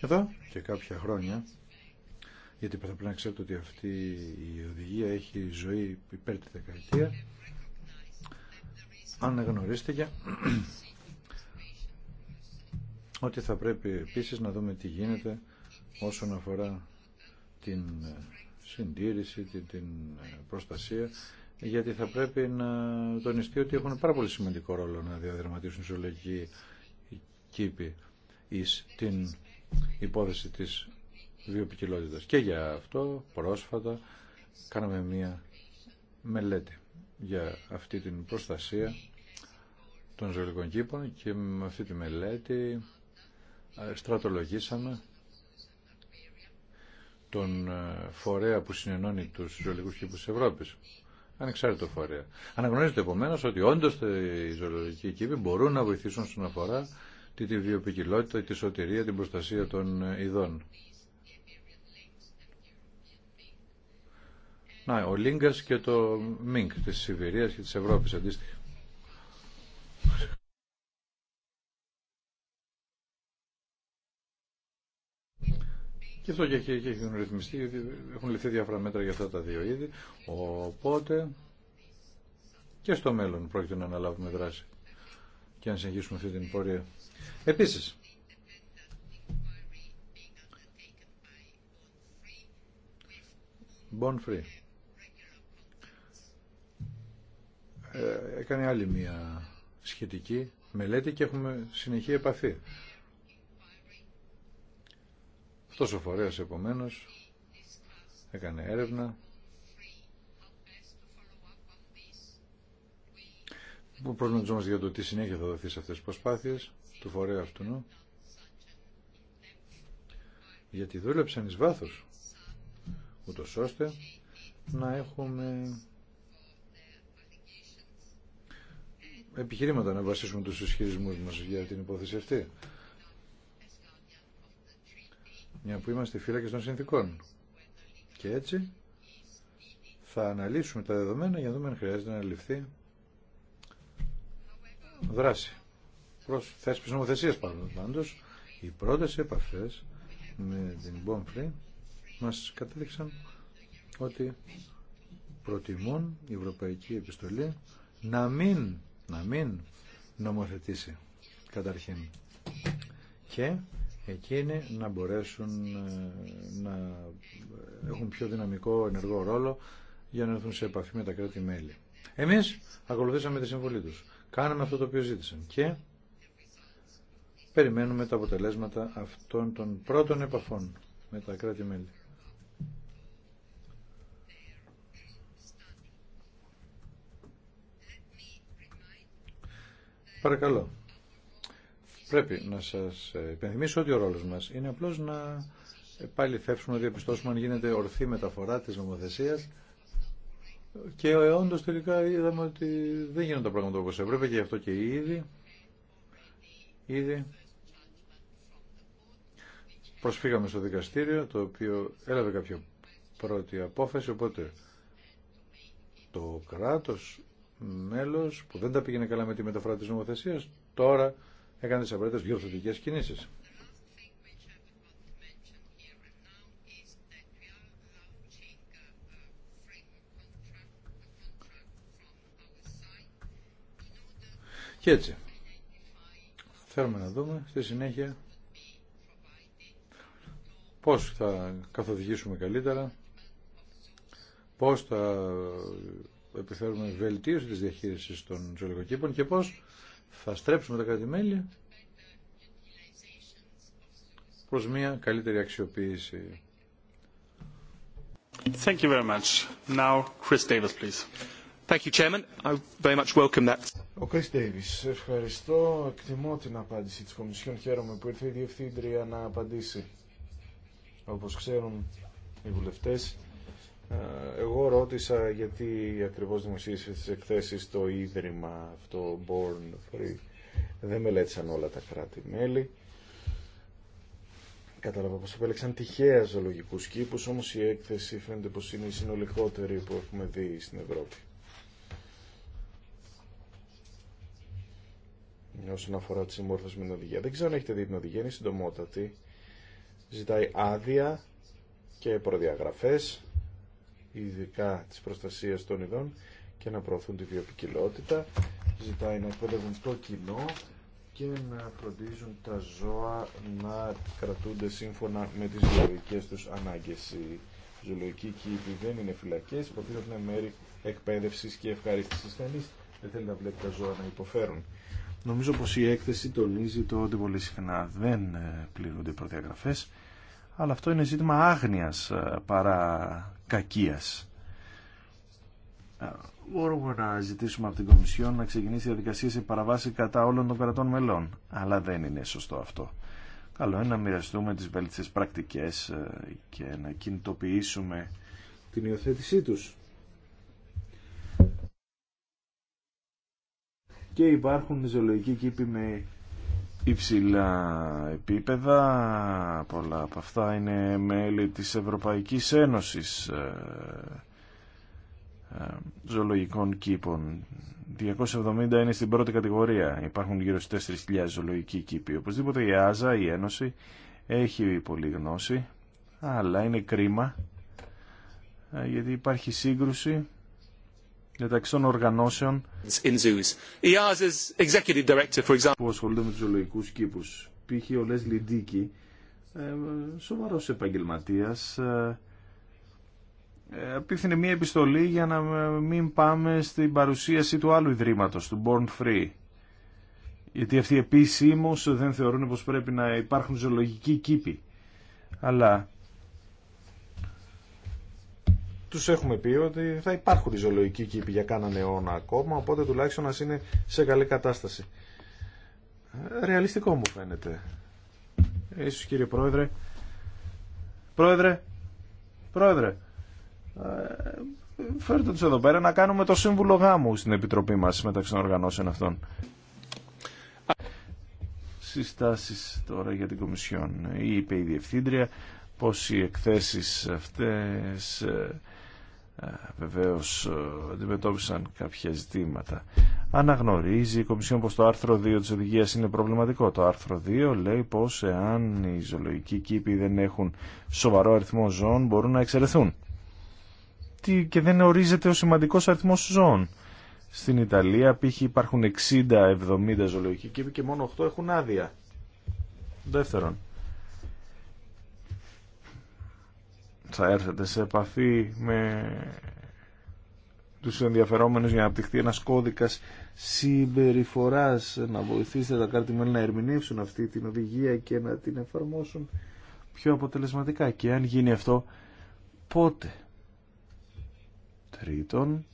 εδώ και κάποια χρόνια, γιατί πρέπει να ξέρετε ότι αυτή η οδηγία έχει ζωή υπέρ τη δεκαετία, αναγνωρίστηκε ότι θα πρέπει επίσης να δούμε τι γίνεται όσον αφορά την συντήρηση, την προστασία, γιατί θα πρέπει να τονιστεί ότι έχουν πάρα πολύ σημαντικό ρόλο να διαδραματίσουν ζωολογικοί κήποι εις την υπόθεση της βιοπικιλότητας. Και για αυτό πρόσφατα κάναμε μία μελέτη για αυτή την προστασία των ζωολογικών κήπων και με αυτή τη μελέτη στρατολογήσαμε τον ε, φορέα που συνενώνει τους ζωολογικούς κήπους της Ευρώπης. Ανεξάρτητο φορέα. Αναγνωρίζεται επομένω ότι όντω οι ζωολογικοί κήποι μπορούν να βοηθήσουν στον αφορά τη, τη βιοπικιλότητα, τη σωτηρία, την προστασία των ε, ειδών. Να, ο Λίγκας και το Μίνκ της Σιβηρίας και της Ευρώπης, αντίστοιχα. Και αυτό και έχει ρυθμιστεί, γιατί έχουν ληφθεί διάφορα μέτρα για αυτά τα δύο είδη. Οπότε και στο μέλλον πρόκειται να αναλάβουμε δράση και να συνεχίσουμε αυτή την πορεία. Επίσης, Bon Free. Ε, έκανε άλλη μία σχετική μελέτη και έχουμε συνεχή επαφή αυτός ο φορέας επομένως έκανε έρευνα που προβληματιζόμαστε για το τι συνέχεια θα δοθεί σε αυτές τις προσπάθειες του φορέα αυτού Γιατί δούλεψαν εις βάθος, ούτως ώστε να έχουμε επιχειρήματα να βασίσουμε τους ισχυρισμούς μας για την υπόθεση αυτή μια που είμαστε φύλακες των συνθήκων. Και έτσι θα αναλύσουμε τα δεδομένα για να δούμε αν χρειάζεται να ληφθεί δράση. Προς θέσπις νομοθεσίας πάντως, οι πρώτες επαφές με την Μπόμφρη μας κατέδειξαν ότι προτιμούν η Ευρωπαϊκή Επιστολή να μην, να μην νομοθετήσει καταρχήν. Και εκείνοι να μπορέσουν ε, να έχουν πιο δυναμικό ενεργό ρόλο για να έρθουν σε επαφή με τα κράτη-μέλη. Εμείς ακολουθήσαμε τη συμβολή τους. Κάναμε αυτό το οποίο ζήτησαν και περιμένουμε τα αποτελέσματα αυτών των πρώτων επαφών με τα κράτη-μέλη. Παρακαλώ. Πρέπει να σα υπενθυμίσω ότι ο ρόλο μα είναι απλώ να πάλι θεύσουμε να διαπιστώσουμε αν γίνεται ορθή μεταφορά τη νομοθεσία και όντω τελικά είδαμε ότι δεν γίνονται τα πράγματα όπω έπρεπε και γι' αυτό και ήδη, ήδη προσφύγαμε στο δικαστήριο το οποίο έλαβε κάποια πρώτη απόφαση οπότε το κράτος μέλος που δεν τα πήγαινε καλά με τη μεταφορά της νομοθεσίας τώρα έκανε τις απαραίτητες διορθωτικές κινήσεις. Και έτσι, θέλουμε να δούμε στη συνέχεια πώς θα καθοδηγήσουμε καλύτερα, πώς θα επιφέρουμε βελτίωση της διαχείρισης των ζωολογικών και πώς θα στρέψουμε τα κρατημέλη προς μια καλύτερη αξιοποίηση. Thank you very much. Now, Chris Davis, please. Thank you, Chairman. I very much welcome that. Ο Chris Davis, ευχαριστώ. Εκτιμώ την απάντηση της Κομισιόν. Χαίρομαι που ήρθε η Διευθύντρια να απαντήσει. Όπως ξέρουν οι βουλευτές, ε, εγώ ρώτησα γιατί ακριβώς δημοσίευσε τις εκθέσεις το Ίδρυμα, αυτό Born Free. Δεν μελέτησαν όλα τα κράτη-μέλη. Κατάλαβα πως επέλεξαν τυχαία ζωολογικούς κήπους, όμως η έκθεση φαίνεται πως είναι η συνολικότερη που έχουμε δει στην Ευρώπη. Όσον αφορά τη συμμόρφωση με την οδηγία. Δεν ξέρω αν έχετε δει την οδηγία, είναι συντομότατη. Ζητάει άδεια και προδιαγραφές ειδικά της προστασίας των ειδών και να προωθούν τη βιοπικιλότητα. Ζητάει να εκπαιδεύουν το κοινό και να φροντίζουν τα ζώα να κρατούνται σύμφωνα με τις ζωολογικές τους ανάγκες. Οι ζωολογικοί κήποι δεν είναι φυλακές, υποτίθεται είναι μέρη εκπαίδευσης και ευχαρίστηση Κανείς δεν θέλει να βλέπει τα ζώα να υποφέρουν. Νομίζω πως η έκθεση τονίζει το ότι πολύ συχνά δεν ε, πληρούνται οι προδιαγραφές, αλλά αυτό είναι ζήτημα άγνοιας ε, παρά κακίας. Μπορούμε να ζητήσουμε από την Κομισιόν να ξεκινήσει διαδικασία σε παραβάση κατά όλων των κρατών μελών. Αλλά δεν είναι σωστό αυτό. Καλό είναι να μοιραστούμε τις βέλτιστες πρακτικές ε, και να κινητοποιήσουμε την υιοθέτησή τους. Και υπάρχουν ζωολογικοί κήποι με υψηλά επίπεδα. Πολλά από αυτά είναι μέλη της Ευρωπαϊκής Ένωσης ε, ε, ζωολογικών κήπων. 270 είναι στην πρώτη κατηγορία. Υπάρχουν γύρω στις 4.000 ζωολογικοί κήποι. Οπωσδήποτε η ΆΖΑ, η Ένωση, έχει πολλή γνώση, αλλά είναι κρίμα ε, γιατί υπάρχει σύγκρουση μεταξύ των οργανώσεων που ασχολούνται με τους ζωολογικούς κήπους. Π.χ. ο Λες Λιντίκη, ε, σοβαρός επαγγελματίας, ε, ε, απίθυνε μία επιστολή για να μην πάμε στην παρουσίαση του άλλου ιδρύματος, του Born Free. Γιατί αυτοί επίσημως δεν θεωρούν πως πρέπει να υπάρχουν ζωολογικοί κήποι. Αλλά τους έχουμε πει ότι θα υπάρχουν ζωολογικοί κήποι για κάναν αιώνα ακόμα, οπότε τουλάχιστον να είναι σε καλή κατάσταση. Ρεαλιστικό μου φαίνεται. Ίσως κύριε Πρόεδρε. Πρόεδρε. Πρόεδρε. Ε, φέρτε τους εδώ πέρα να κάνουμε το σύμβουλο γάμου στην Επιτροπή μας μεταξύ των οργανώσεων αυτών. Συστάσεις τώρα για την Κομισιόν. Είπε η Διευθύντρια πως οι εκθέσεις αυτές ε, ε, βεβαίως ε, αντιμετώπισαν κάποια ζητήματα. Αναγνωρίζει η Κομισιόν πως το άρθρο 2 της οδηγίας είναι προβληματικό. Το άρθρο 2 λέει πως εάν οι ζωολογικοί κήποι δεν έχουν σοβαρό αριθμό ζώων μπορούν να εξαιρεθούν. Τι, και δεν ορίζεται ο σημαντικός αριθμός ζώων. Στην Ιταλία π.χ. υπάρχουν 60-70 ζωολογικοί κήποι και μόνο 8 έχουν άδεια. Δεύτερον, θα έρθετε σε επαφή με τους ενδιαφερόμενους για να απτυχθεί ένας κώδικας συμπεριφοράς να βοηθήσετε τα κράτη μέλη να ερμηνεύσουν αυτή την οδηγία και να την εφαρμόσουν πιο αποτελεσματικά και αν γίνει αυτό πότε τρίτον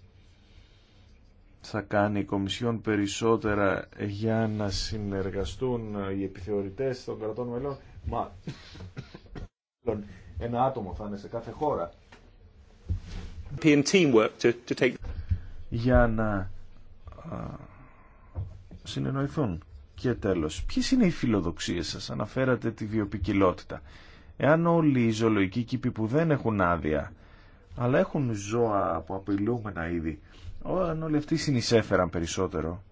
θα κάνει η Κομισιόν περισσότερα για να συνεργαστούν οι επιθεωρητές των κρατών μελών μα Ένα άτομο θα είναι σε κάθε χώρα. Για να συνεννοηθούν. Και τέλος, ποιες είναι οι φιλοδοξίες σας, αναφέρατε τη βιοπικιλότητα. Εάν όλοι οι ζωολογικοί κήποι που δεν έχουν άδεια, αλλά έχουν ζώα από απειλούμενα είδη, αν όλοι αυτοί συνεισέφεραν περισσότερο,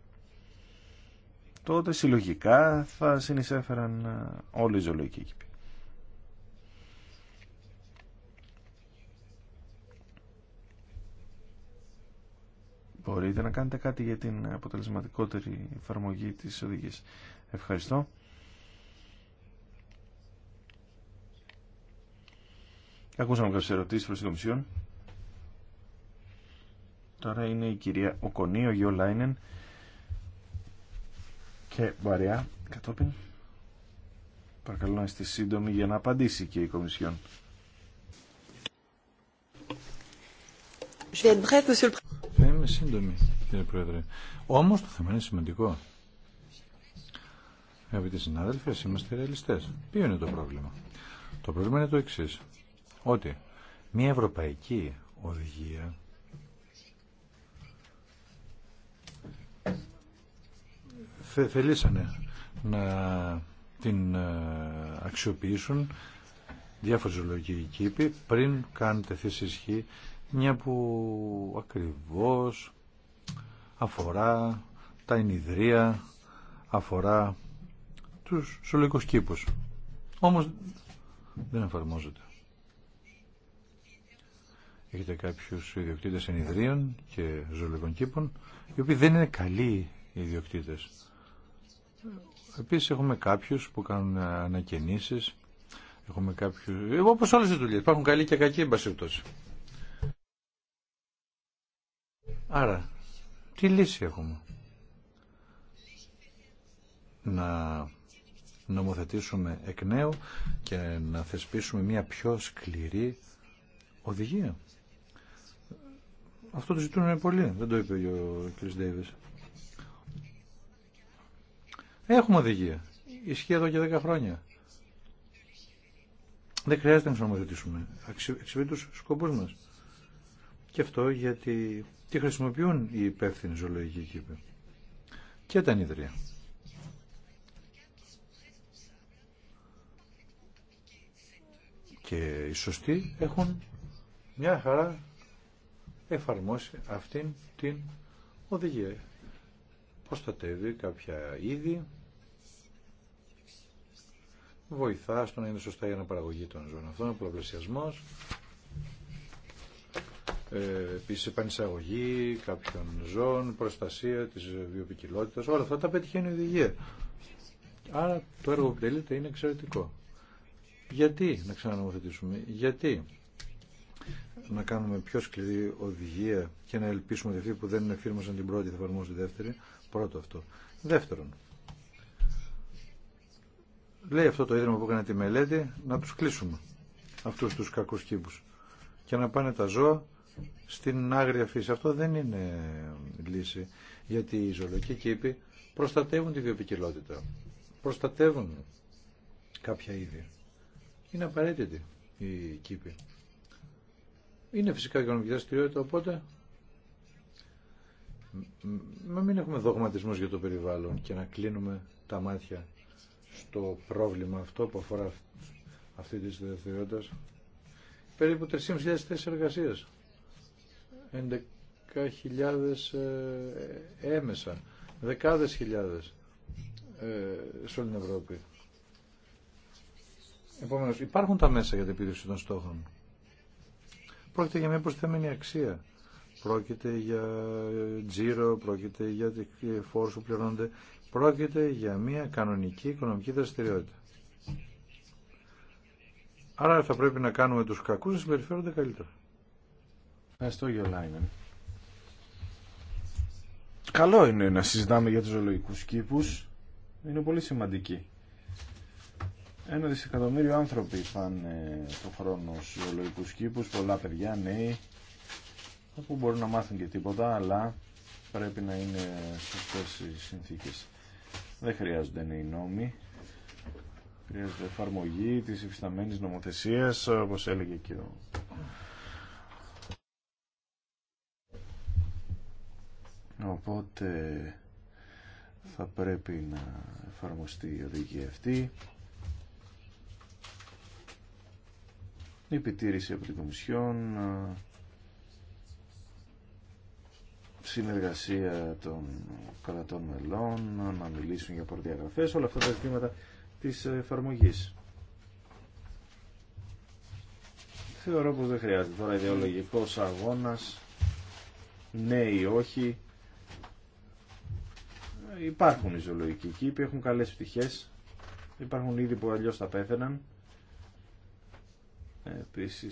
τότε συλλογικά θα συνεισέφεραν όλοι οι ζωολογικοί κήποι. μπορείτε να κάνετε κάτι για την αποτελεσματικότερη εφαρμογή της οδηγίας. Ευχαριστώ. Ακούσαμε κάποιες ερωτήσεις προς την Κομισιόν. Τώρα είναι η κυρία Οκονή, ο Γιώ Λάινεν και Μπαριά κατόπιν. Παρακαλώ να είστε σύντομοι για να απαντήσει και η Κομισιόν σύντομη, κύριε Πρόεδρε. Όμως το θέμα είναι σημαντικό. Αγαπητοί συνάδελφοι, είμαστε ρεαλιστές. Ποιο είναι το πρόβλημα. Το πρόβλημα είναι το εξή. Ότι μια ευρωπαϊκή οδηγία θε, θελήσανε να την ε, αξιοποιήσουν διάφορες ζωολογικοί κήποι πριν κάνετε τεθεί ισχύ μια που ακριβώς αφορά τα ενιδρία, αφορά τους σωλικούς κήπους. Όμως δεν εφαρμόζεται. Έχετε κάποιους ιδιοκτήτες ενιδρίων και ζωολογικών κήπων, οι οποίοι δεν είναι καλοί ιδιοκτήτες. Επίσης έχουμε κάποιους που κάνουν ανακαινήσεις, έχουμε κάποιους... Όπως όλες οι δουλειές, υπάρχουν καλοί και κακοί, εμπασίπτωση. Άρα, τι λύση έχουμε. Να νομοθετήσουμε εκ νέου και να θεσπίσουμε μια πιο σκληρή οδηγία. Αυτό το ζητούν πολύ, δεν το είπε ο κ. Ντέιβις. Έχουμε οδηγία. Ισχύει εδώ και 10 χρόνια. Δεν χρειάζεται να ξαναμοθετήσουμε. Εξυπηρετεί τους σκοπούς μας. Και αυτό γιατί τι χρησιμοποιούν οι υπεύθυνοι ζωολογικοί κήποι και τα νηδρία. Και οι σωστοί έχουν μια χαρά εφαρμόσει αυτήν την οδηγία. Προστατεύει κάποια είδη, βοηθά στο να είναι σωστά η αναπαραγωγή των ζώων είναι ο πολλαπλασιασμός, ε, επίση επανεισαγωγή κάποιων ζώων, προστασία της βιοπικιλότητας, όλα αυτά τα πετυχαίνει η οδηγία. Άρα το έργο που τελείται είναι εξαιρετικό. Γιατί να ξανανομοθετήσουμε, γιατί να κάνουμε πιο σκληρή οδηγία και να ελπίσουμε ότι αυτοί που δεν εφήρμοσαν την πρώτη θα εφαρμόσουν τη δεύτερη. Πρώτο αυτό. Δεύτερον, λέει αυτό το ίδρυμα που έκανε τη μελέτη να τους κλείσουμε αυτούς τους κακούς κήπους και να πάνε τα ζώα στην άγρια φύση. Αυτό δεν είναι λύση, γιατί οι ζωολογικοί κήποι προστατεύουν τη βιοπικιλότητα, προστατεύουν κάποια είδη. Είναι απαραίτητη η κήποι. Είναι φυσικά οικονομική δραστηριότητα, οπότε να μην έχουμε δογματισμούς για το περιβάλλον και να κλείνουμε τα μάτια στο πρόβλημα αυτό που αφορά αυτή τη δραστηριότητα. Περίπου 3.500 θέσει εργασία 11.000 ε, έμεσα, δεκάδες χιλιάδες ε, σε όλη την Ευρώπη. Επομένω, υπάρχουν τα μέσα για την επίδευση των στόχων. Πρόκειται για μια προσθέμενη αξία. Πρόκειται για ε, τζίρο, πρόκειται για φόρου που πληρώνονται. Πρόκειται για μια κανονική οικονομική δραστηριότητα. Άρα θα πρέπει να κάνουμε τους κακούς να συμπεριφέρονται καλύτερα. Ευχαριστώ Γιολάινεν. Καλό είναι να συζητάμε για τους ζωολογικούς κήπους. Είναι πολύ σημαντική. Ένα δισεκατομμύριο άνθρωποι πάνε το χρόνο στους ζωολογικούς κήπους, πολλά παιδιά, νέοι, που μπορούν να μάθουν και τίποτα, αλλά πρέπει να είναι σωστές οι συνθήκες. Δεν χρειάζονται νέοι νόμοι, χρειάζεται εφαρμογή της υφισταμένης νομοθεσίας, όπως έλεγε και ο Οπότε θα πρέπει να εφαρμοστεί η οδηγία αυτή. Η επιτήρηση από την Κομισιόν, ε, συνεργασία των κρατών μελών, να μιλήσουν για προδιαγραφές, όλα αυτά τα ζητήματα της εφαρμογής. Θεωρώ πως δεν χρειάζεται τώρα ιδεολογικός αγώνας, ναι ή όχι, Υπάρχουν οι ζωολογικοί κήποι, έχουν καλές πτυχέ. Υπάρχουν ήδη που αλλιώ θα πέθαιναν. Επίση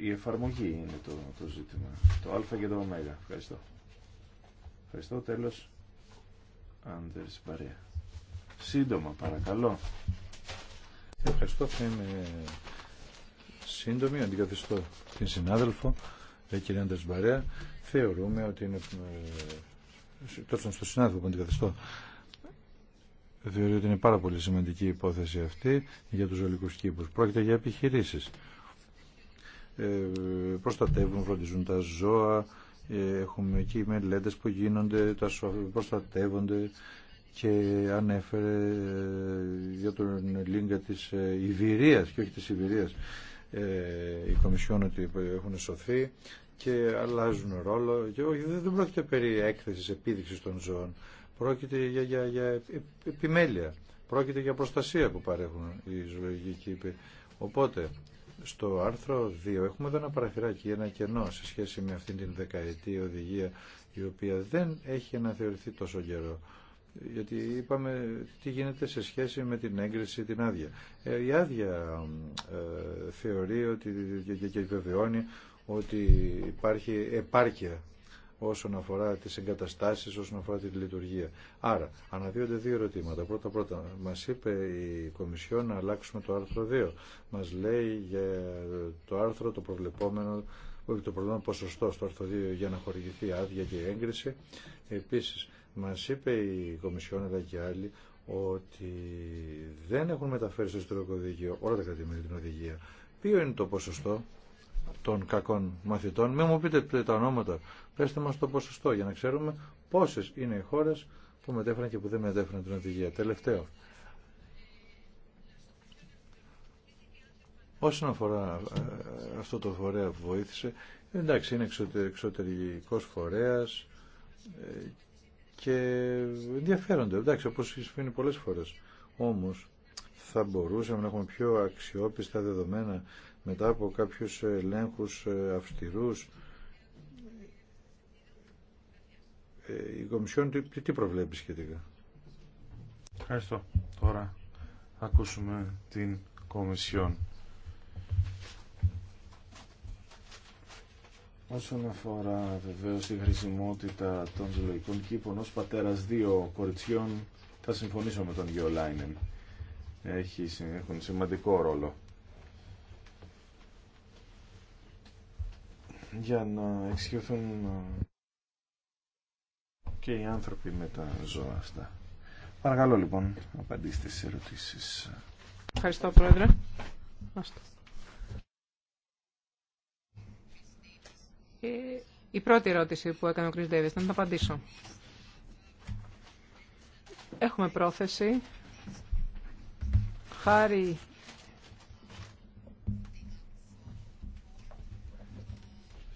η εφαρμογή είναι το, το ζήτημα. Το α και το ω. Ευχαριστώ. Ευχαριστώ. Τέλος. Άντερ Σύντομα παρακαλώ. Ευχαριστώ. Θα είμαι σύντομη. Αντικαθιστώ την συνάδελφο, κυρία Άντερ Μπαρέα. Θεωρούμε ότι είναι ε, Τόσο στο συνάδελφο που αντικαθιστώ. Θεωρεί ότι είναι πάρα πολύ σημαντική η υπόθεση αυτή για τους ζωλικούς κήπους. Πρόκειται για επιχειρήσεις. Ε, προστατεύουν, φροντίζουν τα ζώα, ε, έχουμε εκεί μελέτες που γίνονται, τα προστατεύονται και ανέφερε ε, για τον Λίγκα της ε, Ιβηρίας και όχι της Ιβηρίας ε, οι Κομισιόν ότι έχουν σωθεί και αλλάζουν ρόλο. Και όχι, δεν πρόκειται περί έκθεσης επίδειξης των ζώων. Πρόκειται για, για, για επιμέλεια. Πρόκειται για προστασία που παρέχουν οι ζωολογικοί κήποι. Οπότε, στο άρθρο 2 έχουμε εδώ ένα παραθυράκι, ένα κενό σε σχέση με αυτήν την δεκαετή οδηγία η οποία δεν έχει αναθεωρηθεί τόσο καιρό. Γιατί είπαμε τι γίνεται σε σχέση με την έγκριση, την άδεια. Ε, η άδεια ε, θεωρεί ότι και, και, και βεβαιώνει ότι υπάρχει επάρκεια όσον αφορά τις εγκαταστάσεις, όσον αφορά τη λειτουργία. Άρα, αναδύονται δύο ερωτήματα. Πρώτα πρώτα, μας είπε η Κομισιόν να αλλάξουμε το άρθρο 2. Μας λέει για το άρθρο το προβλεπόμενο, όχι το προβλεπόμενο ποσοστό στο άρθρο 2 για να χορηγηθεί άδεια και έγκριση. Επίσης, μας είπε η Κομισιόν αλλά και άλλοι ότι δεν έχουν μεταφέρει στο ιστορικό δίκαιο όλα τα κρατημέρια την οδηγία. Ποιο είναι το ποσοστό των κακών μαθητών. Μην μου πείτε τα ονόματα. Πέστε μας το ποσοστό για να ξέρουμε πόσες είναι οι χώρες που μετέφεραν και που δεν μετέφεραν την οδηγία. Τελευταίο. Όσον αφορά ε, αυτό το φορέα που βοήθησε, εντάξει είναι εξωτερικός φορέας ε, και ενδιαφέρονται, εντάξει όπως συμβαίνει πολλές φορές. Όμως θα μπορούσαμε να έχουμε πιο αξιόπιστα δεδομένα μετά από κάποιους ελέγχους ε, αυστηρούς ε, η Κομισιόν τι, τι προβλέπει σχετικά. Ευχαριστώ. Τώρα ακούσουμε την Κομισιόν. Όσον αφορά βεβαίω τη χρησιμότητα των ζωολογικών κήπων ω πατέρας δύο κοριτσιών, θα συμφωνήσω με τον Γιολάινεν. Έχει, έχουν σημαντικό ρόλο. για να εξηγηθούν ε, και οι άνθρωποι με τα ζώα αυτά. Παρακαλώ λοιπόν, απαντήστε στις ερωτήσεις. Ευχαριστώ Πρόεδρε. Ε, η πρώτη ερώτηση που έκανε ο Κρίς να την απαντήσω. Έχουμε πρόθεση, χάρη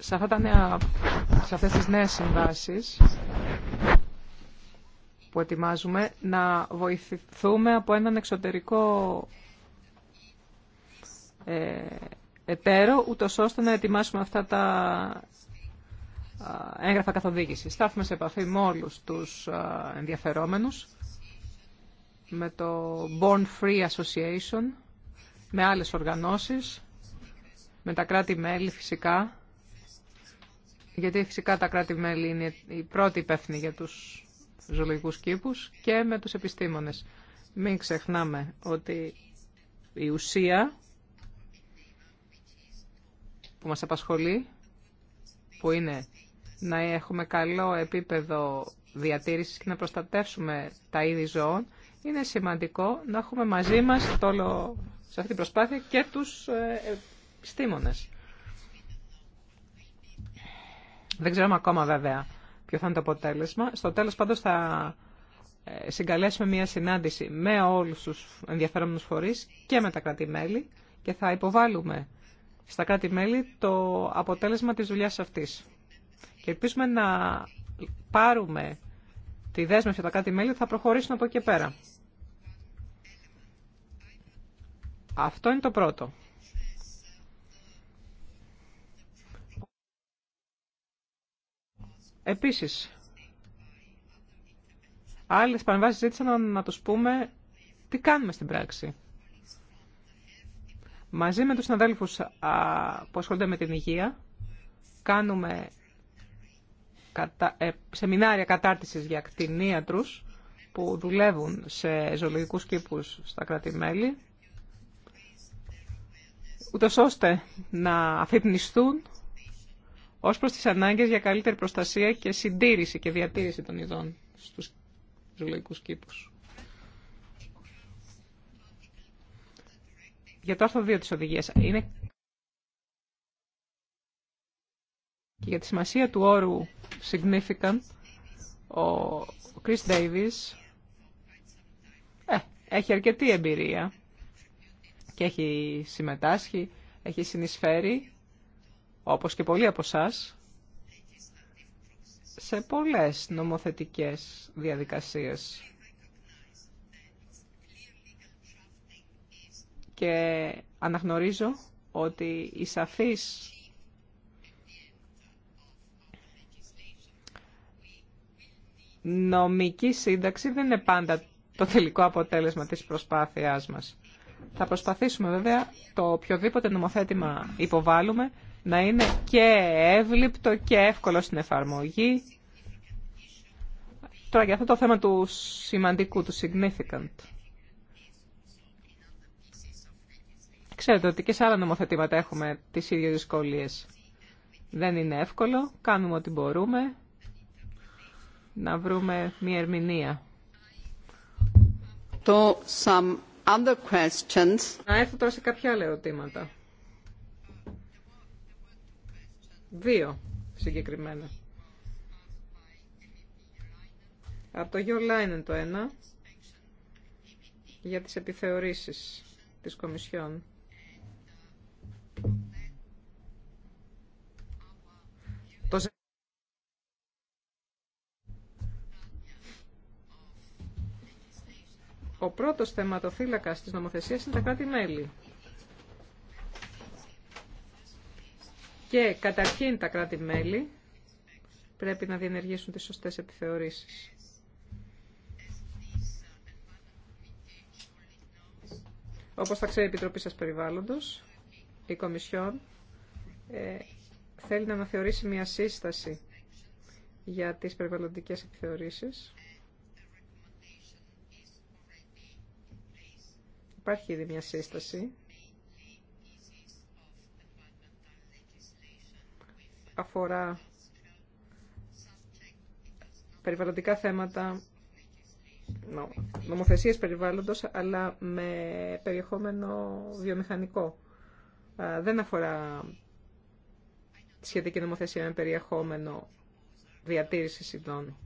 σε, αυτά τα νέα, σε αυτές τις νέες συμβάσεις που ετοιμάζουμε να βοηθηθούμε από έναν εξωτερικό ε, εταίρο, ούτως ώστε να ετοιμάσουμε αυτά τα έγγραφα καθοδήγησης. Θα σε επαφή με όλους τους ενδιαφερόμενους, με το Born Free Association, με άλλες οργανώσεις, με τα κράτη-μέλη φυσικά, γιατί φυσικά τα κράτη-μέλη είναι οι πρώτοι υπεύθυνοι για τους ζωολογικούς κήπους και με τους επιστήμονες. Μην ξεχνάμε ότι η ουσία που μας απασχολεί, που είναι να έχουμε καλό επίπεδο διατήρησης και να προστατεύσουμε τα είδη ζώων, είναι σημαντικό να έχουμε μαζί μας σε αυτή την προσπάθεια και τους ε, επιστήμονες. Δεν ξέρουμε ακόμα βέβαια ποιο θα είναι το αποτέλεσμα. Στο τέλος πάντως θα ε, συγκαλέσουμε μια συνάντηση με όλους τους ενδιαφέρομενου φορείς και με τα κράτη-μέλη και θα υποβάλουμε στα κράτη-μέλη το αποτέλεσμα της δουλειά αυτής. Και ελπίζουμε να πάρουμε τη δέσμευση από τα κράτη-μέλη θα προχωρήσουν από εκεί και πέρα. Αυτό είναι το πρώτο. Επίσης, άλλε παρεμβάσει ζήτησαν να του πούμε τι κάνουμε στην πράξη. Μαζί με τους συναδέλφους που ασχολούνται με την υγεία, κάνουμε ε, σεμινάρια κατάρτισης για κτηνίατρους που δουλεύουν σε ζωολογικούς κήπους στα κράτη-μέλη, ούτως ώστε να αφυπνιστούν Ω προ τι ανάγκε για καλύτερη προστασία και συντήρηση και διατήρηση των ειδών στους ζωολογικού κήπου. Για το άρθρο 2 τη οδηγία. είναι και για τη σημασία του όρου significant ο Chris Davis ε, έχει αρκετή εμπειρία και έχει συμμετάσχει, έχει συνεισφέρει όπως και πολλοί από εσά, σε πολλές νομοθετικές διαδικασίες. Και αναγνωρίζω ότι η σαφής νομική σύνταξη δεν είναι πάντα το τελικό αποτέλεσμα της προσπάθειάς μας. Θα προσπαθήσουμε βέβαια το οποιοδήποτε νομοθέτημα υποβάλλουμε να είναι και εύληπτο και εύκολο στην εφαρμογή. Τώρα για αυτό το θέμα του σημαντικού, του significant. Ξέρετε ότι και σε άλλα νομοθετήματα έχουμε τις ίδιες δυσκολίες. Δεν είναι εύκολο, κάνουμε ό,τι μπορούμε να βρούμε μια ερμηνεία. some other questions. Να έρθω τώρα σε κάποια άλλα ερωτήματα. Δύο συγκεκριμένα. Από το είναι το ένα για τις επιθεωρήσεις της Κομισιόν. Ο πρώτος θεματοφύλακας της νομοθεσίας είναι τα κράτη-μέλη. Και καταρχήν τα κράτη-μέλη πρέπει να διενεργήσουν τις σωστές επιθεωρήσεις. Όπως θα ξέρει η Επιτροπή σας Περιβάλλοντος, η Κομισιόν ε, θέλει να αναθεωρήσει μια σύσταση για τις περιβαλλοντικές επιθεωρήσεις. Υπάρχει ήδη μια σύσταση αφορά περιβαλλοντικά θέματα, νομοθεσίες περιβάλλοντος, αλλά με περιεχόμενο βιομηχανικό. Δεν αφορά σχετική νομοθεσία με περιεχόμενο διατήρησης ειδών.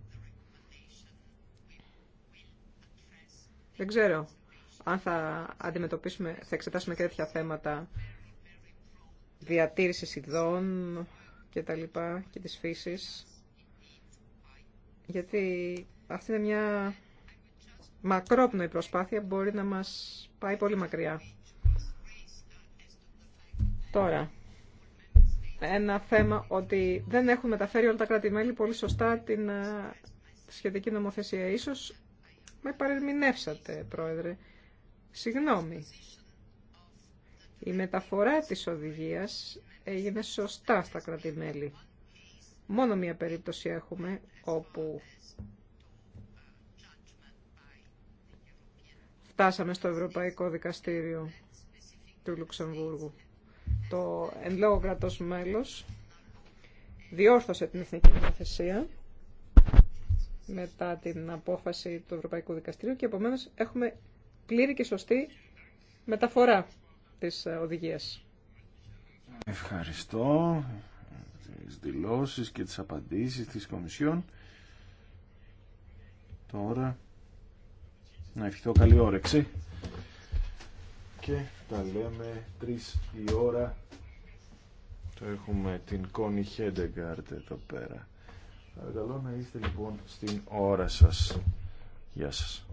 Δεν ξέρω αν θα αντιμετωπίσουμε, θα εξετάσουμε και τέτοια θέματα διατήρησης ειδών, και τα λοιπά και της φύσης. Γιατί αυτή είναι μια μακρόπνοη προσπάθεια που μπορεί να μας πάει πολύ μακριά. Τώρα, ένα θέμα ότι δεν έχουν μεταφέρει όλα τα κράτη-μέλη πολύ σωστά την ε, σχετική νομοθεσία. Ίσως με παρερμηνεύσατε, Πρόεδρε. Συγγνώμη. Η μεταφορά της οδηγίας έγινε σωστά στα κρατημέλη. Μόνο μία περίπτωση έχουμε όπου φτάσαμε στο Ευρωπαϊκό Δικαστήριο του Λουξεμβούργου. Το εν λόγω κρατός μέλος διόρθωσε την εθνική νομοθεσία μετά την απόφαση του Ευρωπαϊκού Δικαστηρίου και επομένως έχουμε πλήρη και σωστή μεταφορά της ε, οδηγίας. Ευχαριστώ τις δηλώσεις και τις απαντήσεις της Κομισιόν. Τώρα να ευχηθώ καλή όρεξη και τα λέμε 3 η ώρα. Το έχουμε την Κόνη Χέντεγκάρτ εδώ πέρα. Παρακαλώ να είστε λοιπόν στην ώρα σας. Γεια σας.